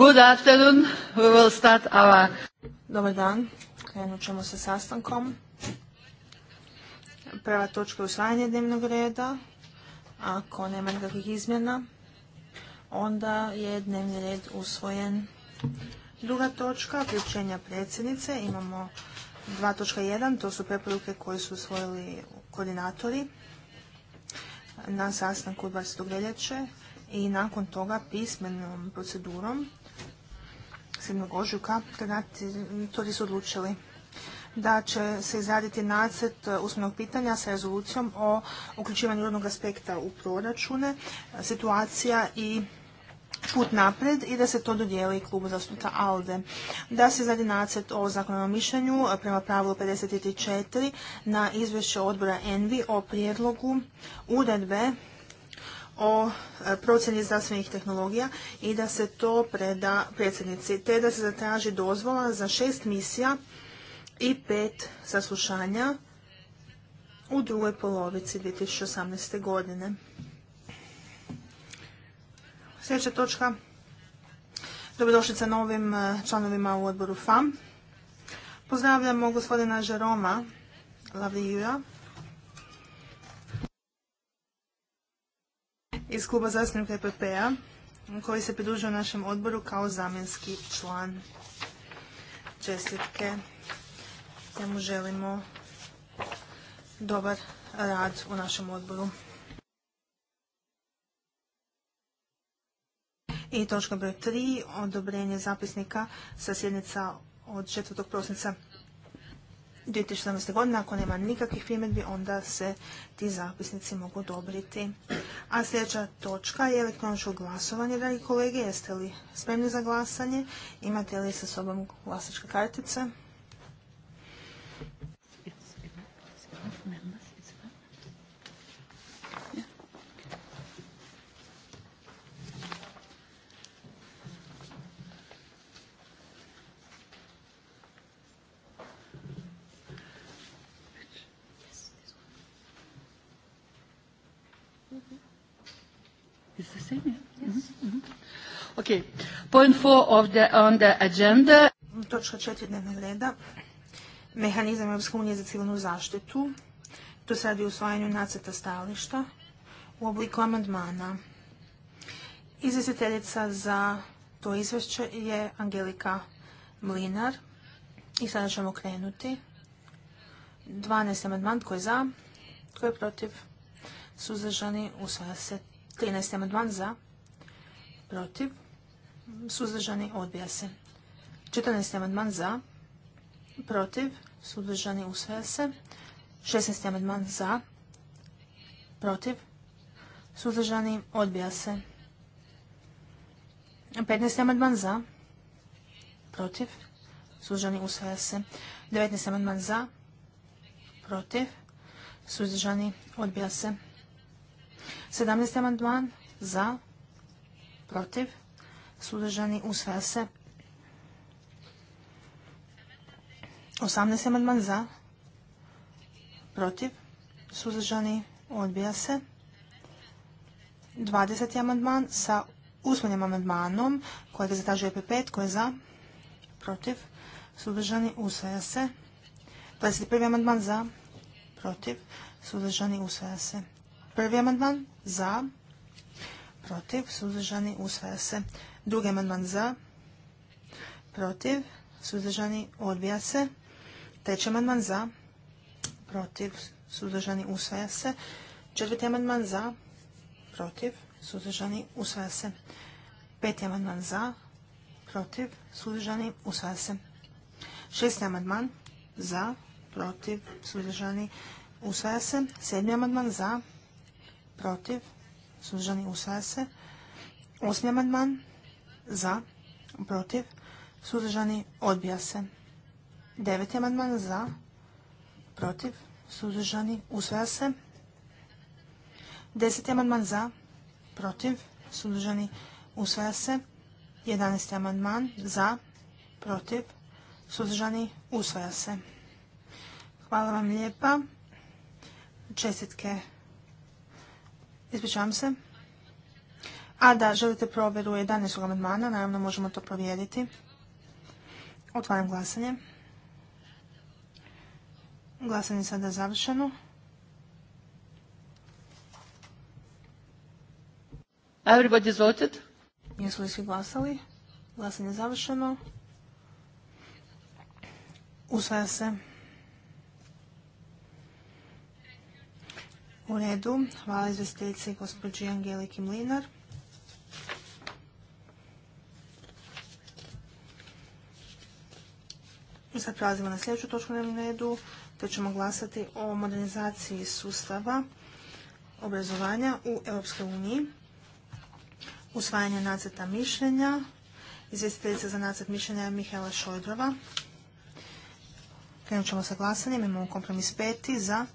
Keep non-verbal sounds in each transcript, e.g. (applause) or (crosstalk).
Good afternoon. We Dobar dan. Krenut ćemo sa sastankom. Prva točka je usvajanje dnevnog reda. Ako nema nikakvih izmjena, onda je dnevni red usvojen. Druga točka, priopćenja predsjednice. Imamo 2.1, to su preporuke koje su usvojili koordinatori na sastanku 20. veljače i nakon toga pismenom procedurom 7. ožujka koordinatori su odlučili da će se izraditi nacrt e, usmenog pitanja sa rezolucijom o uključivanju rodnog aspekta u proračune, situacija i put napred i da se to dodijeli klubu zastupnika ALDE. Da se izradi nacrt o zakonom mišljenju e, prema pravilu 54 na izvješće odbora ENVI o prijedlogu uredbe o e, procjeni zdravstvenih tehnologija i da se to preda predsjednici, te da se zatraži dozvola za šest misija i pet saslušanja u drugoj polovici 2018. godine. Sljedeća točka. Dobrodošlica novim e, članovima u odboru FAM. Pozdravljamo gospodina Žeroma Lavrijuja, iz kluba zastupnika EPP-a koji se pridružio našem odboru kao zamjenski član. Čestitke. Njemu želimo dobar rad u našem odboru. I točka broj 3, odobrenje zapisnika sa sjednica od 4. prosinca 2017. godine, ako nema nikakvih primjedbi, onda se ti zapisnici mogu odobriti. A sljedeća točka je elektroničko glasovanje. Dragi kolege, jeste li spremni za glasanje? Imate li sa sobom glasačke kartice? Okay. Point four of the, agenda. Točka četiri dnevnog reda. Mehanizam Europske unije za civilnu zaštitu. Tu se radi u usvajanju nacrta stajališta u obliku amandmana. Izvjestiteljica za to izvješće je Angelika Mlinar. I sada ćemo krenuti. 12. amandman, tko je za, tko je protiv, suzdržani, usvaja se. 13. amandman za, protiv, suzdržani, odbija se. 14. amandman za, protiv, suzdržani, usvaja se. 16. amandman za, protiv, suzdržani, odbija se. 15. amandman za, protiv, suzdržani, usvaja se. 19. amandman za, protiv, suzdržani, odbija se. 17. amandman za, protiv, suzdržani, usvaja se. 18. amandman za, protiv, suzdržani, odbija se. 20. amandman sa usmenim amandmanom kojeg zatražuje PP, tko je za, protiv, suzdržani, usvaja se. 21. amandman za, protiv, suzdržani, usvaja se. Prvi amandman za, protiv, suzdržani, usvaja se. Drugi amandman za, protiv, suzdržani, odbija se. Treći amandman za, protiv, suzdržani, usvaja se. Četvrti amandman za, protiv, suzdržani, usvaja se. Peti amandman za, protiv, suzdržani, usvaja se. Šesti amandman za, protiv, suzdržani, usvaja se. Sedmi amandman za, protiv, suzdržani, usvaja se. Osmi amandman za, protiv, suzdržani, odbija se. Deveti amandman za, protiv, suzdržani, usvaja se. Deseti amandman za, protiv, suzdržani, usvaja se. Jedanesti amandman za, protiv, suzdržani, usvaja se. Hvala vam lijepa. Čestitke Ispričavam se. A da, želite provjeru 11. amandmana, naravno možemo to provjeriti. Otvaram glasanje. Glasanje je sada završeno. Everybody's voted. Jesu li svi glasali? Glasanje je završeno. Usvaja se. U redu. Hvala izvjestiteljici gospođi Angeliki Mlinar. Sad prelazimo na sljedeću točku na redu, te ćemo glasati o modernizaciji sustava obrazovanja u Europskoj uniji, usvajanje nacrta mišljenja, izvjestiteljica za nacrt mišljenja je Mihaela Šojdrova. Krenut ćemo sa glasanjem, imamo kompromis peti za,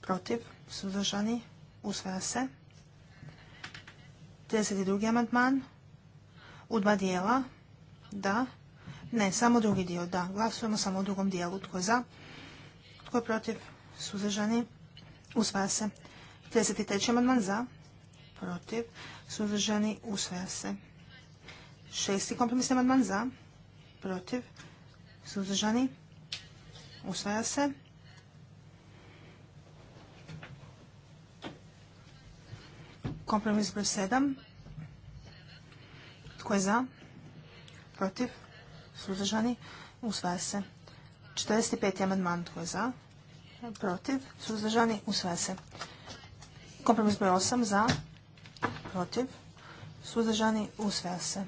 protiv, suzdržani, usvaja se. 32. amandman u dva dijela, da, ne, samo drugi dio, da, glasujemo samo u drugom dijelu, tko je za, tko je protiv, suzdržani, usvaja se. 33. amandman za, protiv, suzdržani, usvaja se. Šesti kompromisni amandman za, protiv, suzdržani, usvaja se. Kompromis broj 7. Tko je za? Protiv? Suzdržani? Usvaja se. 45. amandman. Tko je za? Protiv? Suzdržani? Usvaja se. Kompromis broj 8. Za? Protiv? Suzdržani? Usvaja se.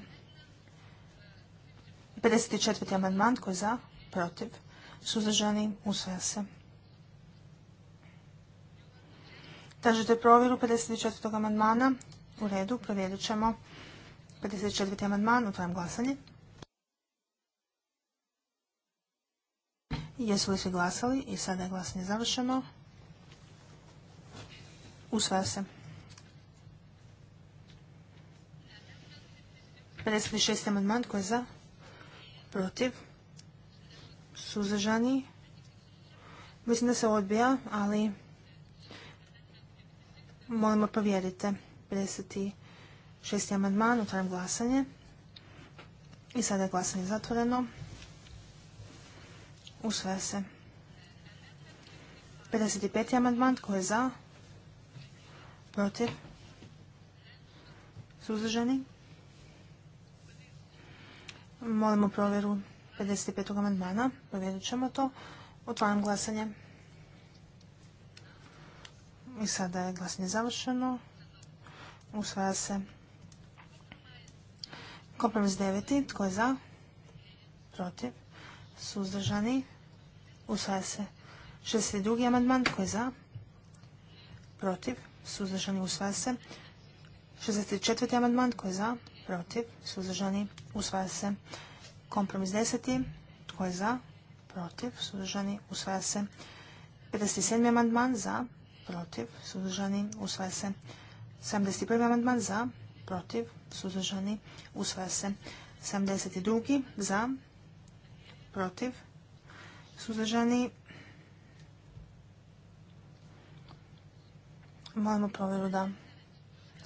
54. amandman. Tko je za? Protiv? Suzdržani? Usvaja se. Tražite provjeru 54. amandmana. U redu, provjerit ćemo. 54. amandman, otvaram glasanje. Jesu li svi glasali? I sada je glasanje završeno. Usvaja se. 56. amandman, tko je za? Protiv? Suzdržani? Mislim da se odbija, ali Molimo provjerite. 56. amandman, otvaram glasanje. I sada je glasanje zatvoreno. Usvaja se. 55. amandman, tko je za? Protiv? Suzdržani? Molimo provjeru 55. amandmana. Provjerit ćemo to. Otvaram glasanje. I sada je glasnje završeno. Usvaja se. Kompromis 9. Tko je za? Protiv. Suzdržani. Usvaja se. 62. amandman. Tko je za? Protiv. Suzdržani. Usvaja se. 64. amandman. Tko je za? Protiv. Suzdržani. Usvaja se. Kompromis 10. Tko je za? Protiv. Suzdržani. Usvaja se. 57. amandman. Za? protiv, suzdržani, usvaja se. 71. amandman za, protiv, suzdržani, usvaja se. 72. za, protiv, suzdržani. Molimo provjeru da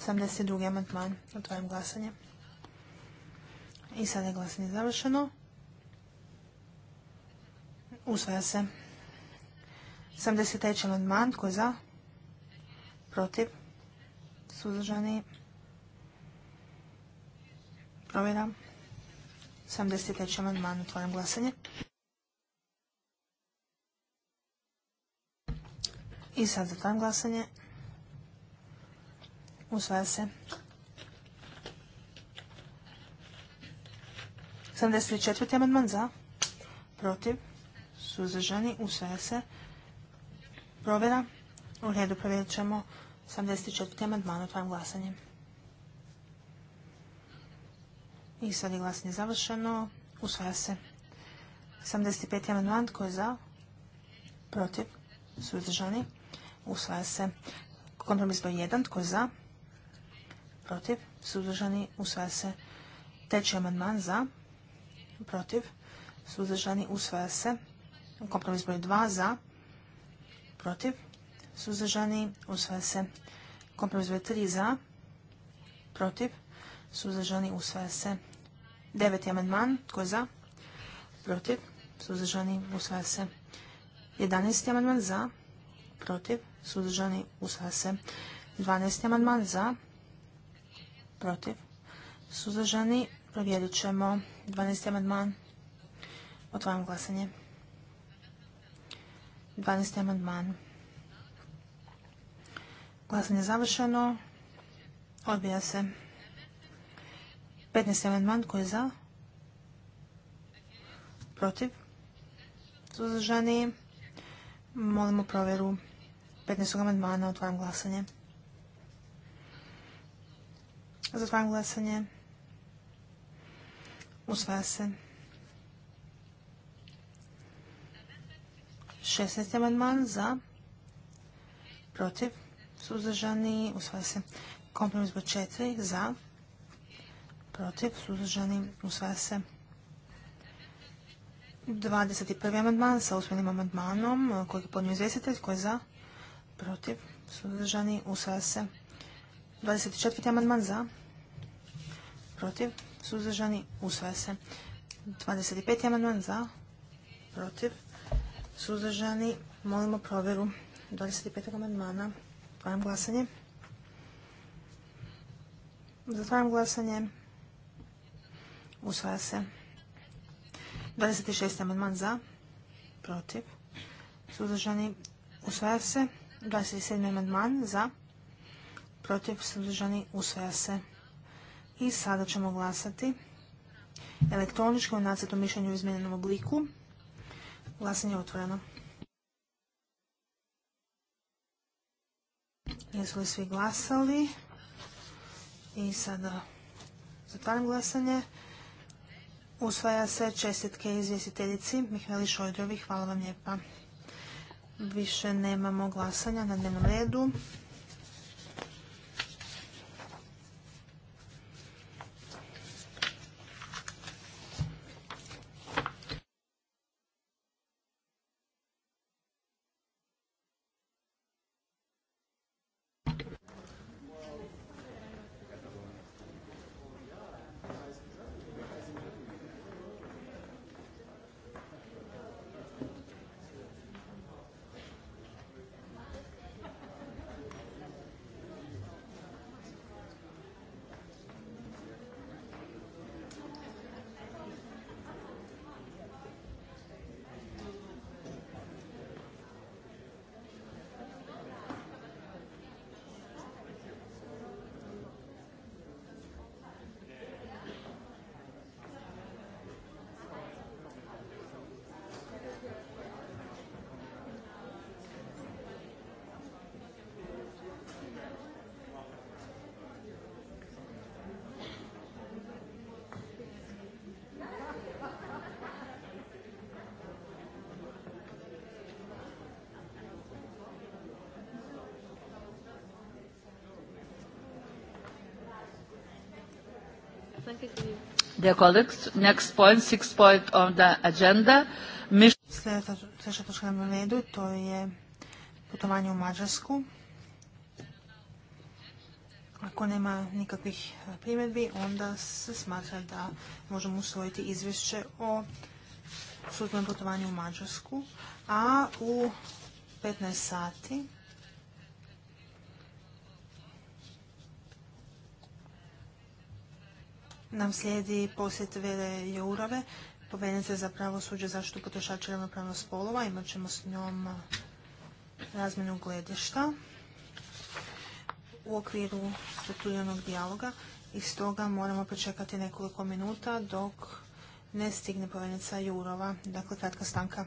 72. amandman. Otvaram glasanje. I sada je glasanje završeno. Usvaja se. 73. amandman. Tko je za? protiv, suzdržani, provjera, 73. amandman, otvorim glasanje. I sad zatvaram glasanje. Usvaja se. 74. amandman za, protiv, suzdržani, usvaja se. Provjera. U redu provjerit ćemo 74. amandman. Otvaram glasanje. I sad je glasanje završeno. Usvaja se. 75. amandman. Tko je za? Protiv? Suzdržani? Usvaja se. Kompromis broj 1. Tko je za? Protiv? Suzdržani? Usvaja se. Treći amandman. Za? Protiv? Suzdržani? Usvaja se. Kompromis broj 2. Za? Protiv? suzdržani, usvaja se. Kompromis broj 3 za, protiv, suzdržani, usvaja se. Deveti amandman, tko je za, protiv, suzdržani, usvaja se. Jedanesti amandman za, protiv, suzdržani, usvaja se. Dvanesti amandman za, protiv, suzdržani, provjerit ćemo. Dvanesti amandman, otvaram glasanje. 12. amandman. Glasanje je završeno. Odbija se. 15. amandman koji je za? Protiv? Suzdržani? Molimo provjeru 15. amandmana. Otvaram glasanje. Zatvaram glasanje. Usvaja se. 16. amandman za? Protiv? suzdržani, usvaja se. Kompromis broj četiri, za, protiv, suzdržani, usvaja se. 21. amandman sa usmenim amandmanom koji je podnio izvjestitelj, koji je za, protiv, suzdržani, usvaja se. 24. amandman za, protiv, suzdržani, usvaja se. 25. amandman za, protiv, suzdržani, molimo provjeru 25. amandmana. Zatvaram glasanje. Zatvaram glasanje. Usvaja se. 26. amandman za. Protiv. Suzdržani. Usvaja se. 27. amandman za. Protiv. Suzdržani. Usvaja se. I sada ćemo glasati elektroničko u mišljenju u izmijenjenom obliku. Glasanje je otvoreno. Jesu li svi glasali? I sada zatvaram glasanje. Usvaja se čestitke izvjestiteljici Mihveli Šojdrovi. Hvala vam lijepa. Više nemamo glasanja na dnevnom redu. Dear colleagues, next point, point on the agenda. Sljedeća točka na redu, to je putovanje u Mađarsku. Ako nema nikakvih e, primjedbi, onda se smatra da možemo usvojiti izvješće o službenom putovanju u Mađarsku. A u 15 sati nam slijedi posjet Vere Jourove, povjerenice za pravosuđe zaštitu potrošača i ravnopravnost spolova. Imat ćemo s njom razmjenu gledišta u okviru strukturiranog dijaloga i stoga moramo pričekati nekoliko minuta dok ne stigne povjerenica Jurova. Dakle, kratka stanka.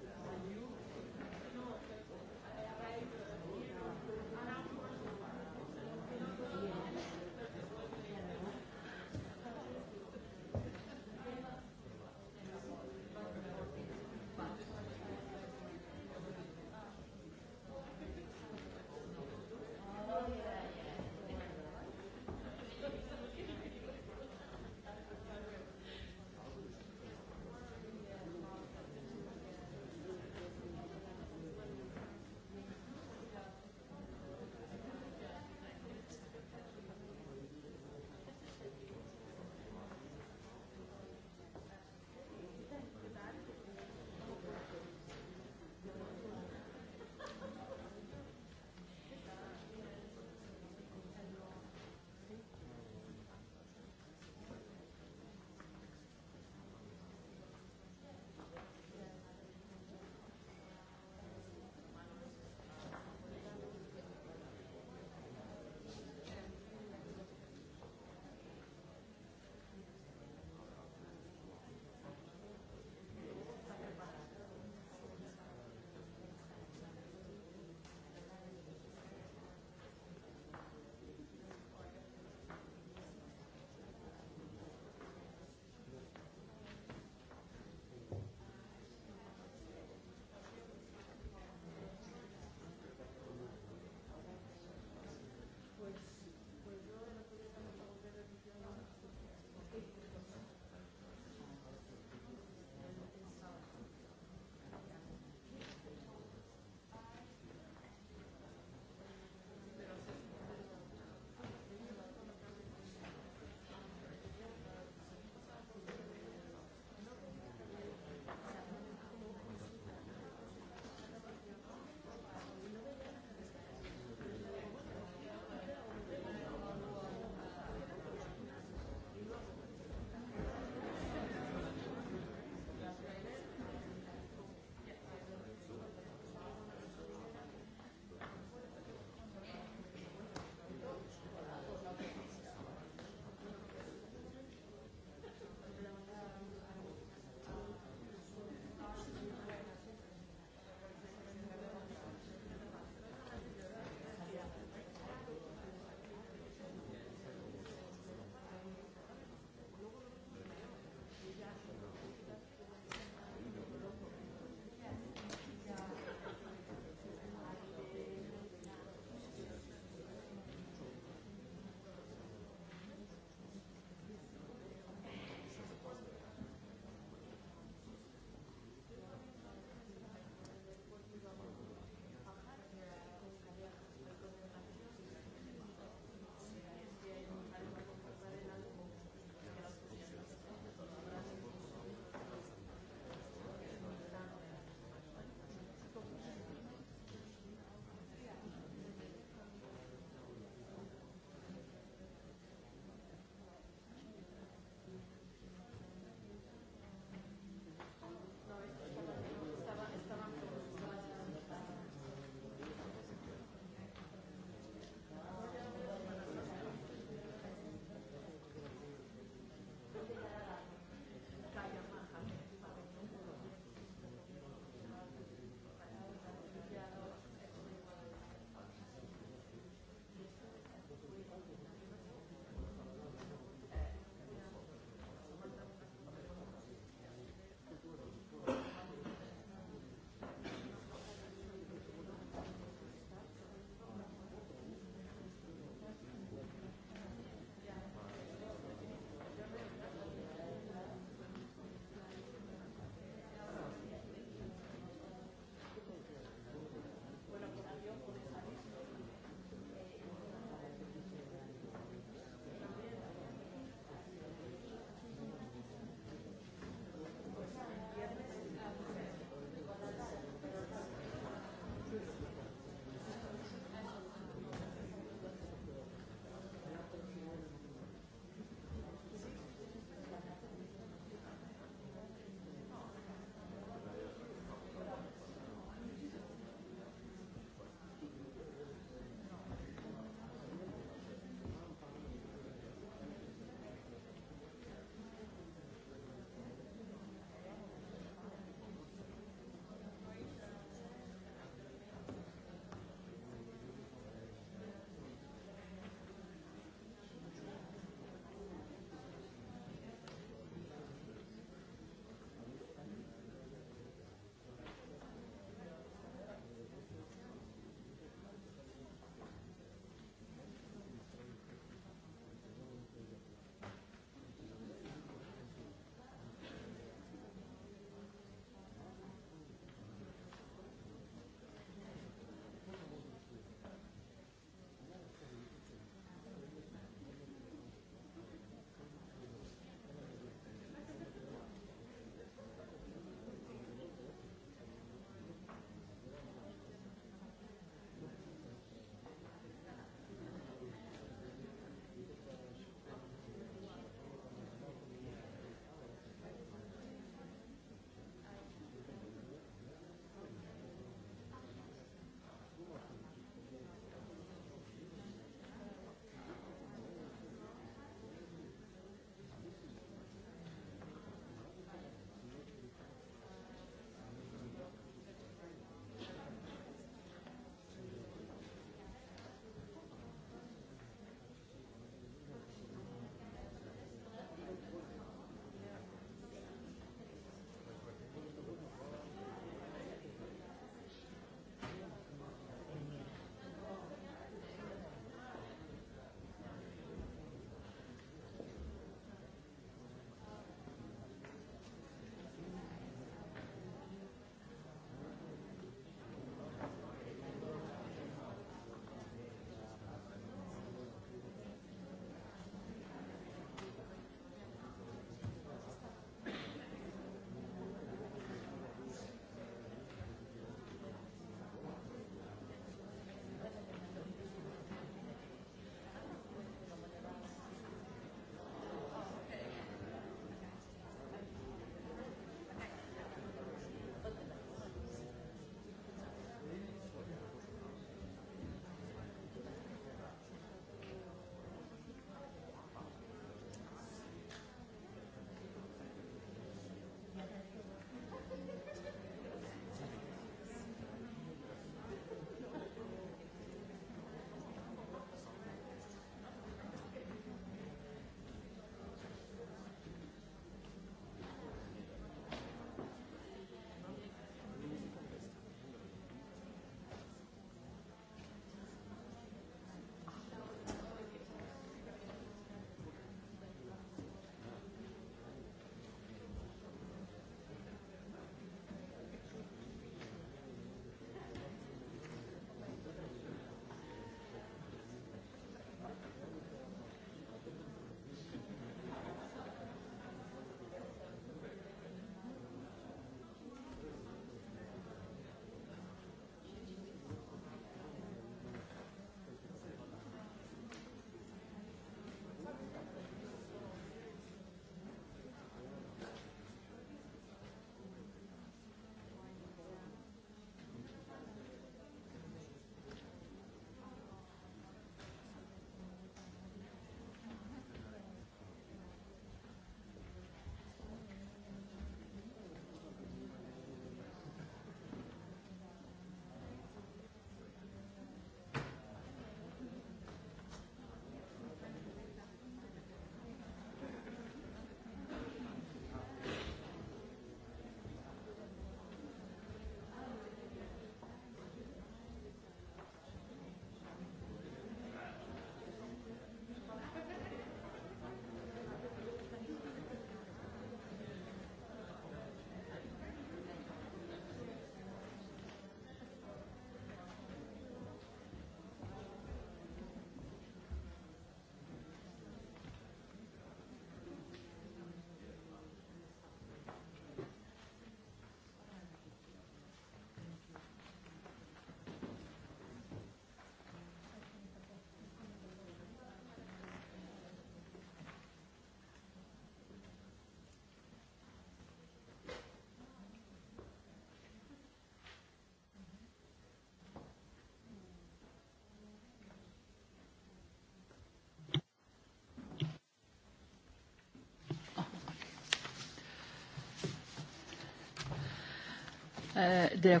Uh, dear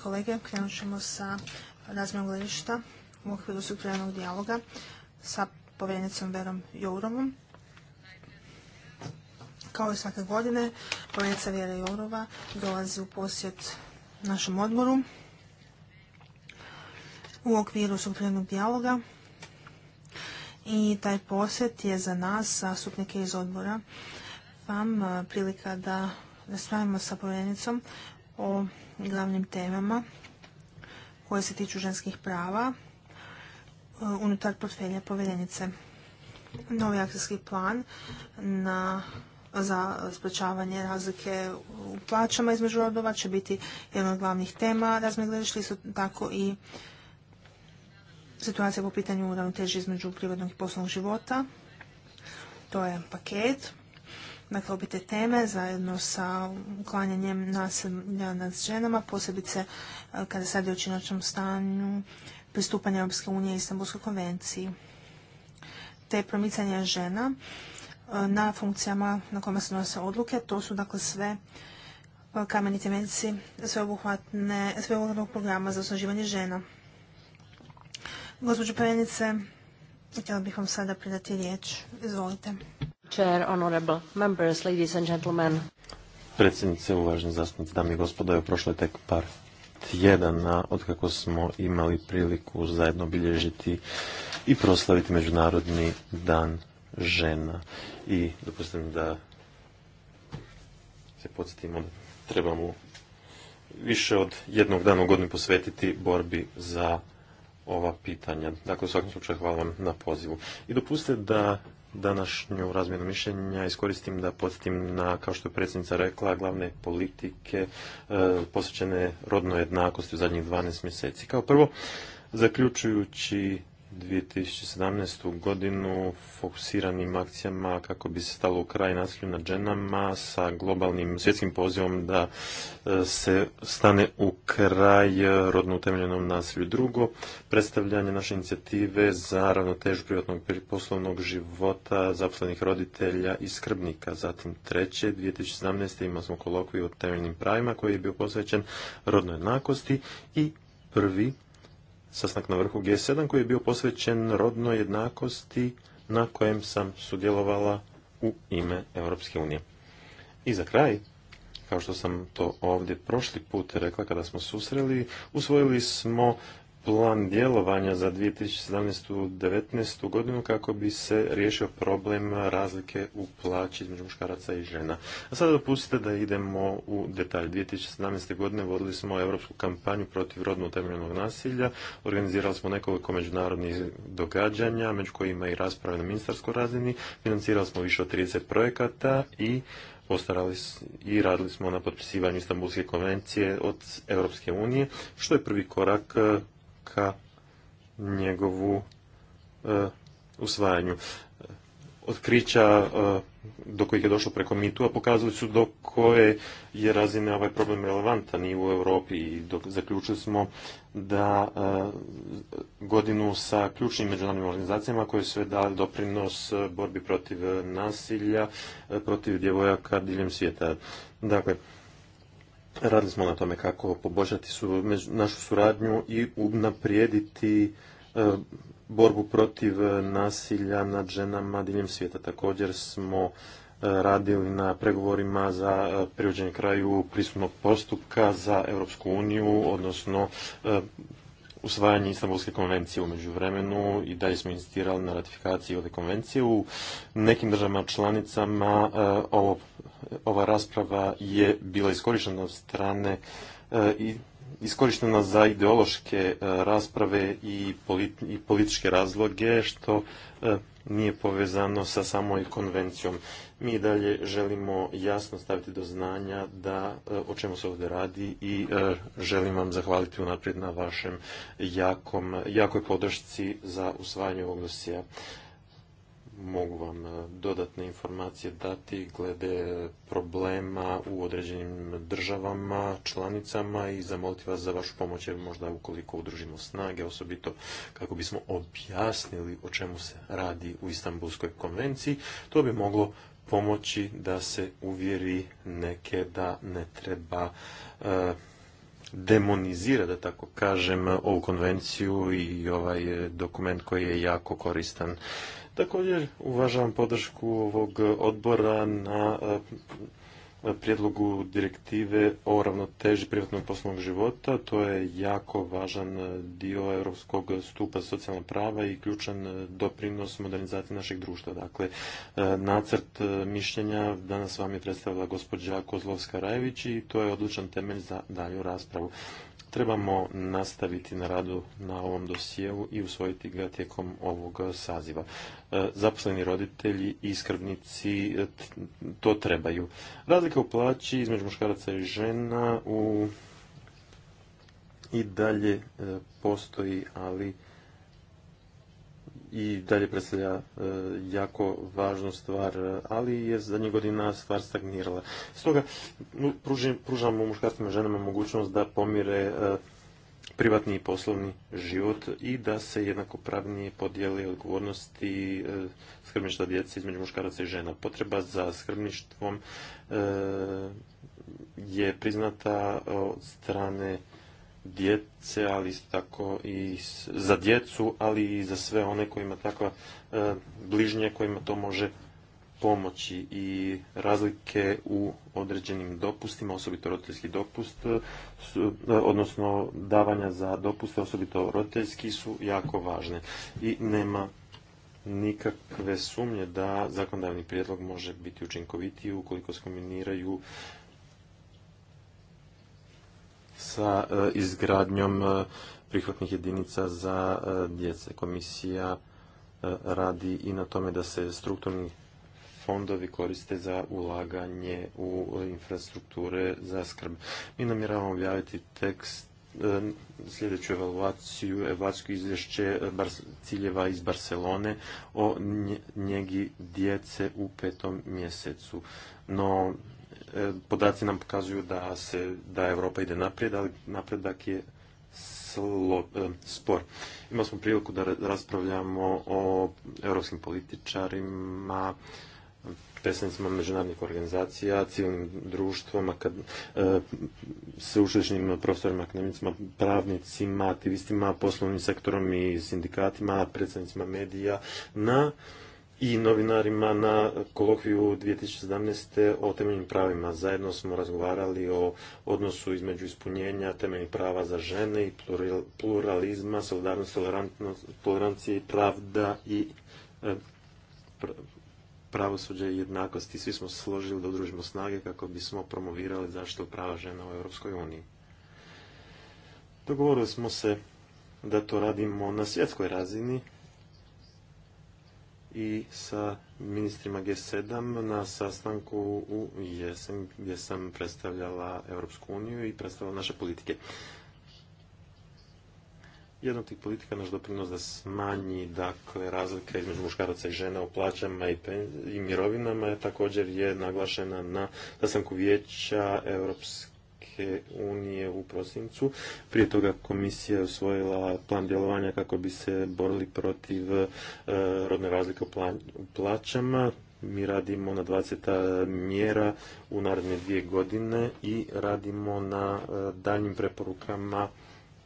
kolege, krenut ćemo sa razmjenom gledišta u okviru sukrenog dijaloga sa povjerenicom Verom Jourovom. Kao i svake godine, povjerenica Vjera Jourova dolazi u posjet našem odboru u okviru sukrenog dijaloga i taj posjet je za nas, zastupnike iz odbora, vam uh, prilika da raspravimo sa povjerenicom o glavnim temama koje se tiču ženskih prava e, unutar portfelja povjerenice. Novi akcijski plan za sprečavanje razlike u plaćama između rodova će biti jedna od glavnih tema razmegledišta, isto tako i situacija po pitanju ravnoteže između privatnog i poslovnog života. To je paket dakle, obite teme zajedno sa uklanjanjem nasilja nad ženama, posebice e, kada se radi o činačnom stanju pristupanja Europske unije i Istanbulskoj konvenciji, te promicanje žena e, na funkcijama na kojima se nose odluke. To su dakle sve e, kameni temeljci sveobuhvatnog programa za osnaživanje žena. Gospođo Prenice, htjela bih vam sada predati riječ. Izvolite. Predsjednice, uvaženi zastupnici, dame i gospodo, evo prošlo je tek par tjedana kako smo imali priliku zajedno obilježiti i proslaviti Međunarodni dan žena. I dopustim da se podsjetimo ono, da trebamo više od jednog dana u godinu posvetiti borbi za ova pitanja. Dakle, u svakom slučaju hvala vam na pozivu. I dopustite da današnju razmjenu mišljenja iskoristim da podsjetim na, kao što je predsjednica rekla, glavne politike e, posvećene rodnoj jednakosti u zadnjih 12 mjeseci. Kao prvo, zaključujući 2017. godinu fokusiranim akcijama kako bi se stalo u kraj nasilju nad ženama sa globalnim svjetskim pozivom da e, se stane u kraj rodno utemljenom nasilju. Drugo, predstavljanje naše inicijative za ravnotežu privatnog poslovnog života zaposlenih roditelja i skrbnika. Zatim treće, 2017. imali smo kolokviju o temeljnim pravima koji je bio posvećen rodnoj jednakosti i prvi sastanak na vrhu G7 koji je bio posvećen rodnoj jednakosti na kojem sam sudjelovala u ime Europske unije. I za kraj, kao što sam to ovdje prošli put rekla kada smo susreli, usvojili smo plan djelovanja za 2017-2019 godinu kako bi se riješio problem razlike u plaći između muškaraca i žena. A sada dopustite da idemo u detalj. 2017. godine vodili smo europsku kampanju protiv rodno utemeljenog nasilja, organizirali smo nekoliko međunarodnih događanja, među kojima i rasprave na ministarskoj razini, financirali smo više od 30 projekata i postarali i radili smo na potpisivanju Istanbulske konvencije od Europske unije, što je prvi korak njegovu e, usvajanju. Otkrića e, do kojih je došlo preko mitu, pokazali su do koje je razine ovaj problem relevantan i u Europi i dok zaključili smo da e, godinu sa ključnim međunarodnim organizacijama koje su dali doprinos borbi protiv nasilja, protiv djevojaka diljem svijeta. Dakle, Radili smo na tome kako poboljšati su, našu suradnju i unaprijediti e, borbu protiv nasilja nad ženama diljem svijeta. Također smo e, radili na pregovorima za e, privođenje kraju prisutnog postupka za Europsku uniju, odnosno usvajanje Istanbulske konvencije u međuvremenu i dalje smo insistirali na ratifikaciji ove konvencije. U nekim državama članicama ovo ova rasprava je bila iskorištena od strane e, i iskorištena za ideološke e, rasprave i političke razloge što e, nije povezano sa samoj konvencijom. Mi dalje želimo jasno staviti do znanja da o čemu se ovdje radi i želim vam zahvaliti unaprijed na vašem jakoj podršci za usvajanje ovog dosija mogu vam e, dodatne informacije dati glede problema u određenim državama, članicama i zamoliti vas za vašu pomoć jer možda ukoliko udružimo snage, osobito kako bismo objasnili o čemu se radi u Istanbulskoj konvenciji, to bi moglo pomoći da se uvjeri neke da ne treba demonizirati, demonizira, da tako kažem, ovu konvenciju i ovaj e, dokument koji je jako koristan Također uvažavam podršku ovog odbora na e, prijedlogu direktive o ravnoteži privatnog poslovnog života. To je jako važan dio europskog stupa socijalna prava i ključan doprinos modernizacije našeg društva. Dakle, e, nacrt mišljenja danas vam je predstavila gospođa Kozlovska Rajević i to je odličan temelj za dalju raspravu trebamo nastaviti na radu na ovom dosjevu i usvojiti ga tijekom ovog saziva. E, zaposleni roditelji i skrbnici e, to trebaju. Razlika u plaći između muškaraca i žena u i dalje e, postoji, ali i dalje predstavlja e, jako važnu stvar, e, ali je zadnjih godina stvar stagnirala. Stoga pružamo muškarcima i ženama mogućnost da pomire e, privatni i poslovni život i da se jednakopravnije podijeli odgovornosti skrbništva djece između muškaraca i žena. Potreba za skrbništvom je priznata od strane djece, ali tako i za djecu, ali i za sve one kojima takva e, bližnje kojima to može pomoći i razlike u određenim dopustima, osobito roditeljski dopust, e, e, odnosno davanja za dopuste, osobito roditeljski su jako važne i nema nikakve sumnje da zakonodavni prijedlog može biti učinkovitiji ukoliko skombiniraju sa e, izgradnjom e, prihvatnih jedinica za e, djece. Komisija radi i na tome da se strukturni fondovi koriste za ulaganje u infrastrukture za skrb. Mi namjeravamo objaviti tekst sljedeću evaluaciju, evaluacijsko izvješće ciljeva iz Barcelone o njegi djece u petom mjesecu. No, E, podaci nam pokazuju da se da Europa ide naprijed, ali napredak je e, spor. Imali smo priliku da raspravljamo o europskim političarima, predstavnicima međunarodnih organizacija, civilnim društvom, akad... E, sveučilišnim profesorima, akademicima, pravnicima, aktivistima, poslovnim sektorom i sindikatima, predstavnicima medija na i novinarima na kolokviju 2017. o temeljnim pravima. Zajedno smo razgovarali o odnosu između ispunjenja temeljnih prava za žene i pluralizma, solidarnost, tolerancije i pravda i e, pravosuđa i jednakosti. Svi smo složili da udružimo snage kako bismo promovirali zaštitu prava žena u Europskoj uniji. Dogovorili smo se da to radimo na svjetskoj razini, i sa ministrima G7 na sastanku u gdje sam predstavljala Europsku uniju i predstavljala naše politike. Jedna od tih politika naš doprinos da smanji dakle, razlika između muškaraca i žena u plaćama i, mirovinama je također je naglašena na sastanku vijeća Europske unije u prosincu. Prije toga komisija je usvojila plan djelovanja kako bi se borili protiv e, rodne razlike u plaćama. Mi radimo na 20 mjera u naredne dvije godine i radimo na daljnim e, daljnjim preporukama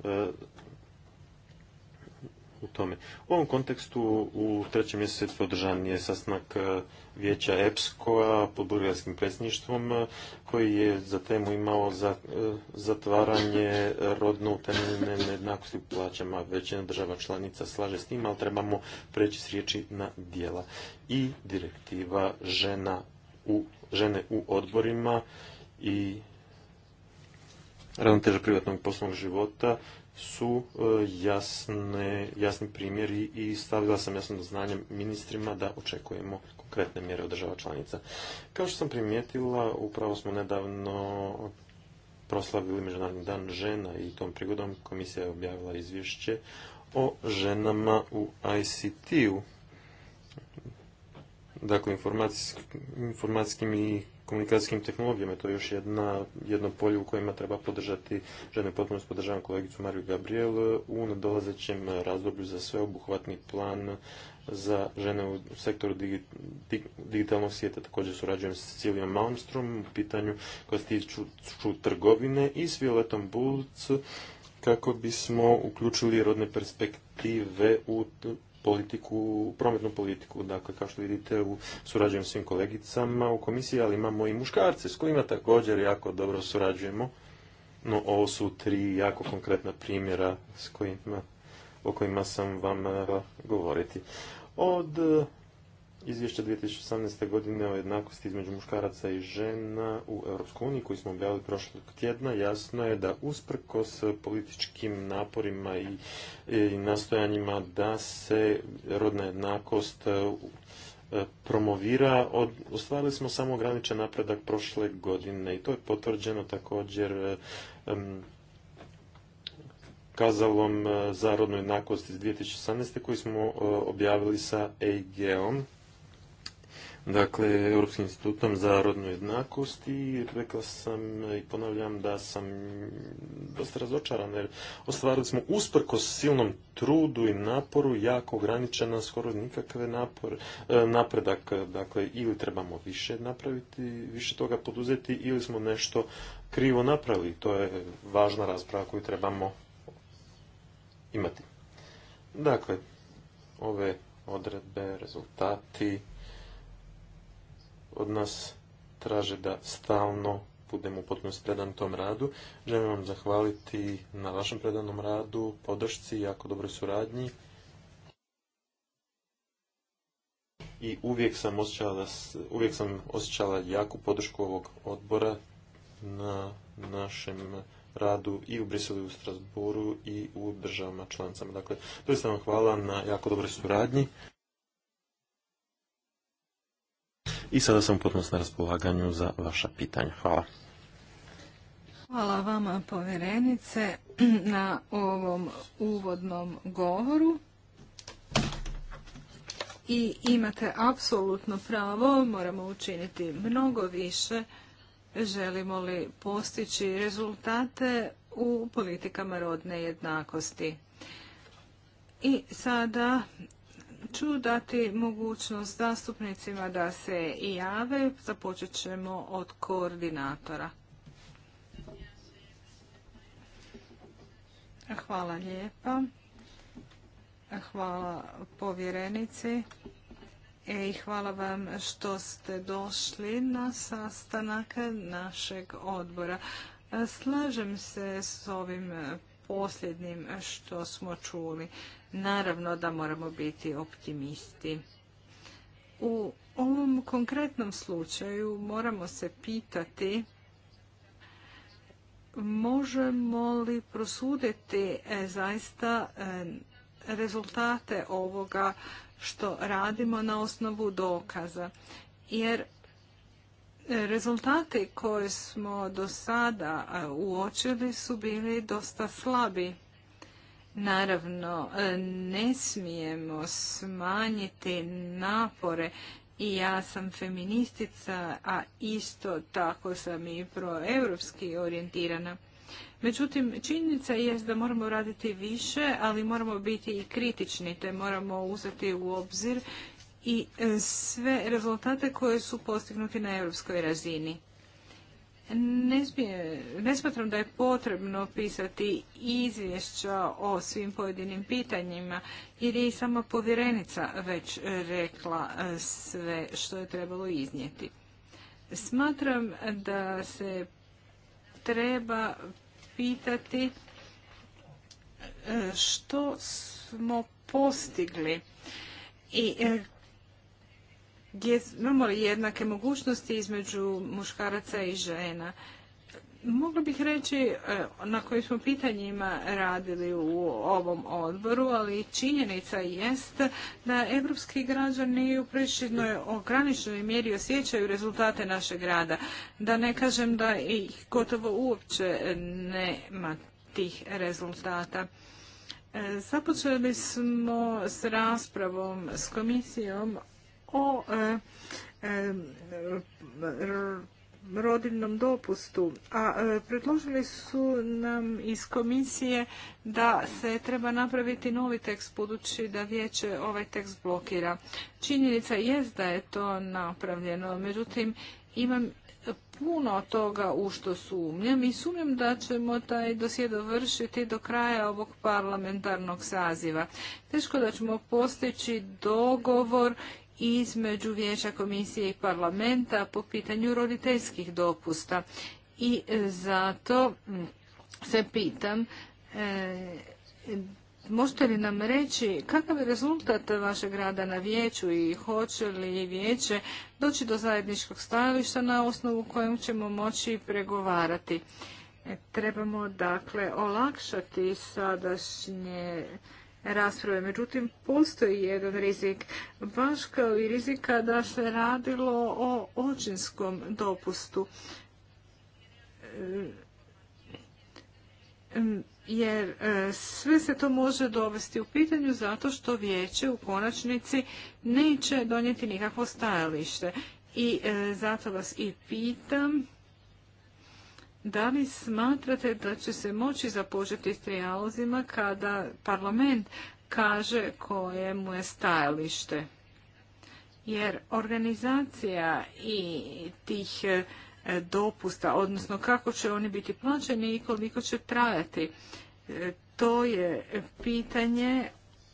e, u tome. U ovom kontekstu u trećem mjesecu održan je sastanak vijeća EPSCO-a pod burgarskim predsjedništvom e, koji je za temu imao e, zatvaranje rodno utemeljene nejednakosti u plaćama. Većina država članica slaže s tim, ali trebamo preći s riječi na dijela. I direktiva žena u, žene u odborima i ravnoteža privatnog poslovnog života su e, jasne, jasni primjeri i stavila sam jasno do znanja ministrima da očekujemo konkretne mjere od država članica. Kao što sam primijetila, upravo smo nedavno proslavili Međunarodni dan žena i tom prigodom komisija je objavila izvješće o ženama u ICT-u. Dakle, informacijskim i komunikacijskim tehnologijama. To je još jedno polje u kojima treba podržati žene. Potpuno podržavam kolegicu Mariju Gabriel u nadolazećem razdoblju za sveobuhvatni plan za žene u sektoru digitalnog svijeta. Također surađujem s Cilijom Malmstrom u pitanju koja se tiču trgovine i s Violetom Bulc kako bismo uključili rodne perspektive u politiku, prometnu politiku. Dakle, kao što vidite, surađujem surađujem svim kolegicama u komisiji, ali imamo i muškarce s kojima također jako dobro surađujemo. No, ovo su tri jako konkretna primjera s kojima, o kojima sam vam eh, govoriti od e, izvješća 2018. godine o jednakosti između muškaraca i žena u uniji koji smo objavili prošlog tjedna, jasno je da usprkos s političkim naporima i, e, i nastojanjima da se rodna jednakost e, promovira, od, ostvarili smo samo ograničen napredak prošle godine i to je potvrđeno također kazalom e, za rodnu jednakost iz 2018. koji smo e, objavili sa eig dakle, Europskim institutom za rodnu jednakost i rekla sam i ponavljam da sam dosta razočaran jer ostvarili smo usprko silnom trudu i naporu jako ograničena skoro nikakve napor, e, napredak, dakle, ili trebamo više napraviti, više toga poduzeti ili smo nešto krivo napravili. To je važna rasprava koju trebamo imati. Dakle, ove odredbe, rezultati od nas traže da stalno budemo u potpunosti predani tom radu. Želim vam zahvaliti na vašem predanom radu, podršci i jako dobroj suradnji. I uvijek sam, osjećala, uvijek sam osjećala jaku podršku ovog odbora na našem radu i u Briselu i u Strasboru i u državama članicama. Dakle, sam vam hvala na jako dobroj suradnji. I sada sam potpuno na raspolaganju za vaša pitanja. Hvala. Hvala vama povjerenice (clears throat) na ovom uvodnom govoru. I imate apsolutno pravo, moramo učiniti mnogo više želimo li postići rezultate u politikama rodne jednakosti. I sada ću dati mogućnost zastupnicima da se i jave. Započet ćemo od koordinatora. Hvala lijepa. Hvala povjerenici i hvala vam što ste došli na sastanak našeg odbora. Slažem se s ovim posljednjim što smo čuli. Naravno da moramo biti optimisti. U ovom konkretnom slučaju moramo se pitati možemo li prosuditi e, zaista e, rezultate ovoga što radimo na osnovu dokaza. Jer rezultati koje smo do sada uočili su bili dosta slabi. Naravno, e, ne smijemo smanjiti napore i ja sam feministica, a isto tako sam i proeuropski orijentirana. Međutim, činjenica je da moramo raditi više, ali moramo biti i kritični, te moramo uzeti u obzir i e, sve rezultate koje su postignuti na europskoj razini. Ne, ne smatram da je potrebno pisati izvješća o svim pojedinim pitanjima, jer je i sama povjerenica već rekla e, sve što je trebalo iznijeti. Smatram da se treba pitati e, što smo postigli i e, imamo li jednake mogućnosti između muškaraca i žena. Mogla bih reći e, na kojim smo pitanjima radili u ovom odboru, ali činjenica jest da evropski građani u prešidnoj ograničenoj mjeri osjećaju rezultate našeg rada. Da ne kažem da ih gotovo uopće nema tih rezultata. E, započeli smo s raspravom s komisijom o e, rodiljnom dopustu, a e, predložili su nam iz komisije da se treba napraviti novi tekst budući da vijeće ovaj tekst blokira. Činjenica jest da je to napravljeno, međutim imam puno toga u što sumnjam i sumnjam da ćemo taj dosje dovršiti do kraja ovog parlamentarnog saziva. Teško da ćemo postići dogovor između Vijeća komisije i parlamenta po pitanju roditeljskih dopusta. I zato se pitam, e, možete li nam reći kakav je rezultat vašeg rada na vijeću i hoće li vijeće doći do zajedničkog stajališta na osnovu kojem ćemo moći pregovarati? E, trebamo dakle olakšati sadašnje rasprave. Međutim, postoji jedan rizik, baš kao i rizika da se radilo o očinskom dopustu. E, jer e, sve se to može dovesti u pitanju zato što vijeće u konačnici neće donijeti nikakvo stajalište. I e, zato vas i pitam da li smatrate da će se moći započeti s trijalozima kada parlament kaže koje mu je stajalište? Jer organizacija i tih e, dopusta, odnosno kako će oni biti plaćeni i koliko će trajati, e, to je pitanje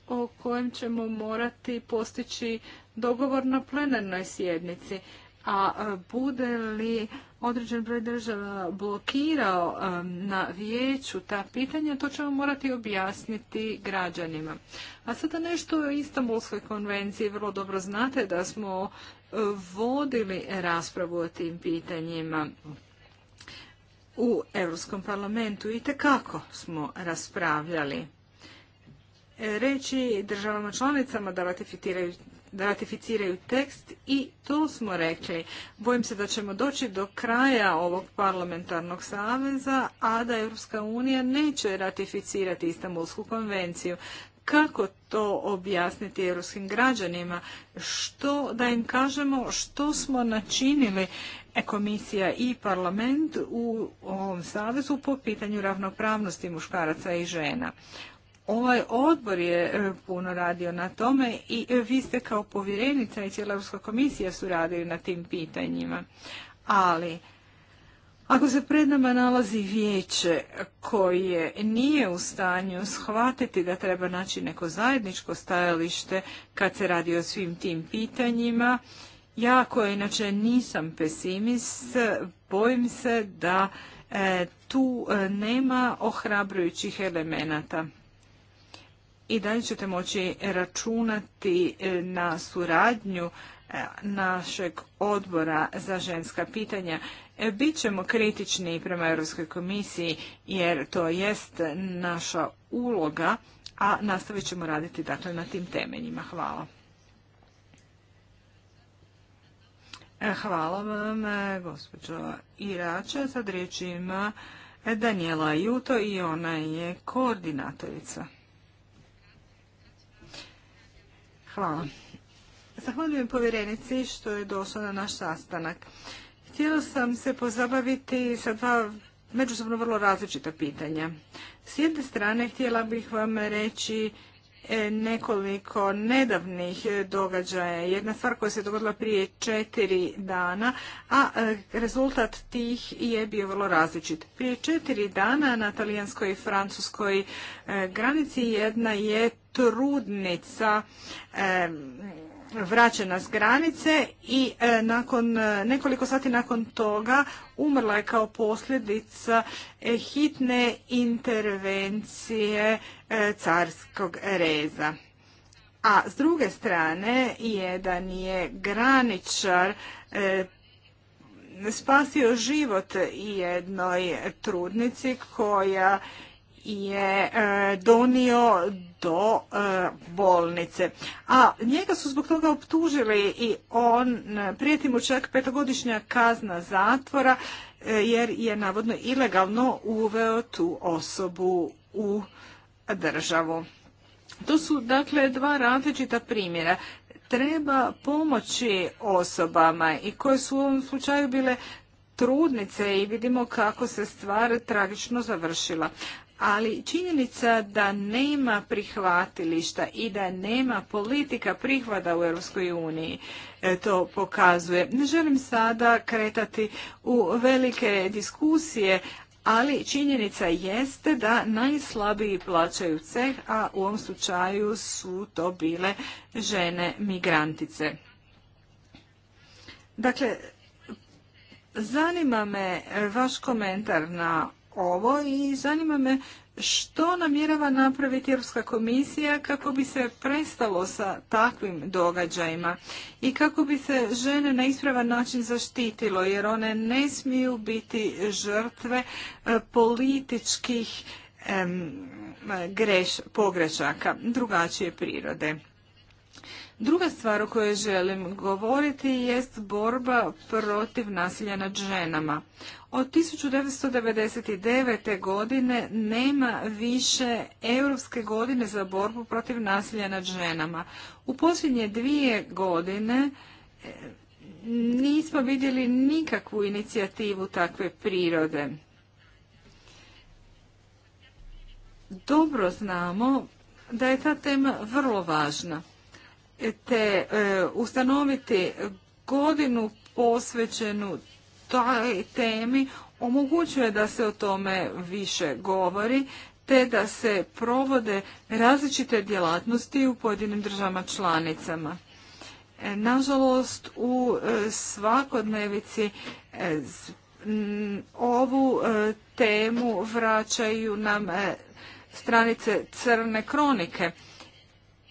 o kojem ćemo morati postići dogovor na plenarnoj sjednici. A e, bude li određen broj država blokirao na vijeću ta pitanja, to ćemo morati objasniti građanima. A sada nešto o Istanbulskoj konvenciji. Vrlo dobro znate da smo e, vodili raspravu o tim pitanjima u Europskom parlamentu i kako smo raspravljali e, reći državama članicama da ratificiraju da ratificiraju tekst i to smo rekli. Bojim se da ćemo doći do kraja ovog parlamentarnog saveza, a da Europska unija neće ratificirati Istanbulsku konvenciju. Kako to objasniti europskim građanima? Što da im kažemo što smo načinili e, komisija i parlament u ovom savezu po pitanju ravnopravnosti muškaraca i žena. Ovaj odbor je e, puno radio na tome i e, vi ste kao povjerenica i cijela Europska komisija su radili na tim pitanjima. Ali, ako se pred nama nalazi vijeće koje nije u stanju shvatiti da treba naći neko zajedničko stajalište kad se radi o svim tim pitanjima, ja koja inače nisam pesimist, bojim se da e, tu nema ohrabrujućih elemenata i dalje ćete moći računati e, na suradnju e, našeg odbora za ženska pitanja. E, Bićemo kritični prema Europskoj komisiji jer to jest naša uloga, a nastavit ćemo raditi dakle, na tim temeljima. Hvala. Hvala vam, gospođo Irača. Sad riječ ima Daniela Juto i ona je koordinatorica. Hvala. Zahvaljujem povjerenici što je došla na naš sastanak. Htjela sam se pozabaviti sa dva međusobno vrlo različita pitanja. S jedne strane htjela bih vam reći E, nekoliko nedavnih događaja. Jedna stvar koja se dogodila prije četiri dana, a e, rezultat tih je bio vrlo različit. Prije četiri dana na talijanskoj i francuskoj e, granici jedna je trudnica vraćena s granice i e, nakon, e, nekoliko sati nakon toga umrla je kao posljedica e, hitne intervencije carskog reza. A s druge strane, jedan je graničar spasio život jednoj trudnici koja je e, donio do e, bolnice. A njega su zbog toga optužili i on e, prijeti mu čak petogodišnja kazna zatvora jer je navodno ilegalno uveo tu osobu u državu. To su dakle dva različita primjera. Treba pomoći osobama i koje su u ovom slučaju bile trudnice i vidimo kako se stvar tragično završila ali činjenica da nema prihvatilišta i da nema politika prihvada u Europskoj uniji e, to pokazuje. Ne želim sada kretati u velike diskusije, ali činjenica jeste da najslabiji plaćaju ceh, a u ovom slučaju su to bile žene migrantice. Dakle, zanima me vaš komentar na ovo i zanima me što namjerava napraviti Europska komisija kako bi se prestalo sa takvim događajima i kako bi se žene na ispravan način zaštitilo jer one ne smiju biti žrtve e, političkih pogrešaka drugačije prirode. Druga stvar o kojoj želim govoriti jest borba protiv nasilja nad ženama. Od 1999. godine nema više Europske godine za borbu protiv nasilja nad ženama. U posljednje dvije godine eh, nismo vidjeli nikakvu inicijativu takve prirode. Dobro znamo da je ta tema vrlo važna. Te eh, ustanoviti godinu posvećenu toj temi omogućuje da se o tome više govori te da se provode različite djelatnosti u pojedinim državama članicama. E, nažalost, u e, svakodnevici e, ovu temu vraćaju nam stranice crne kronike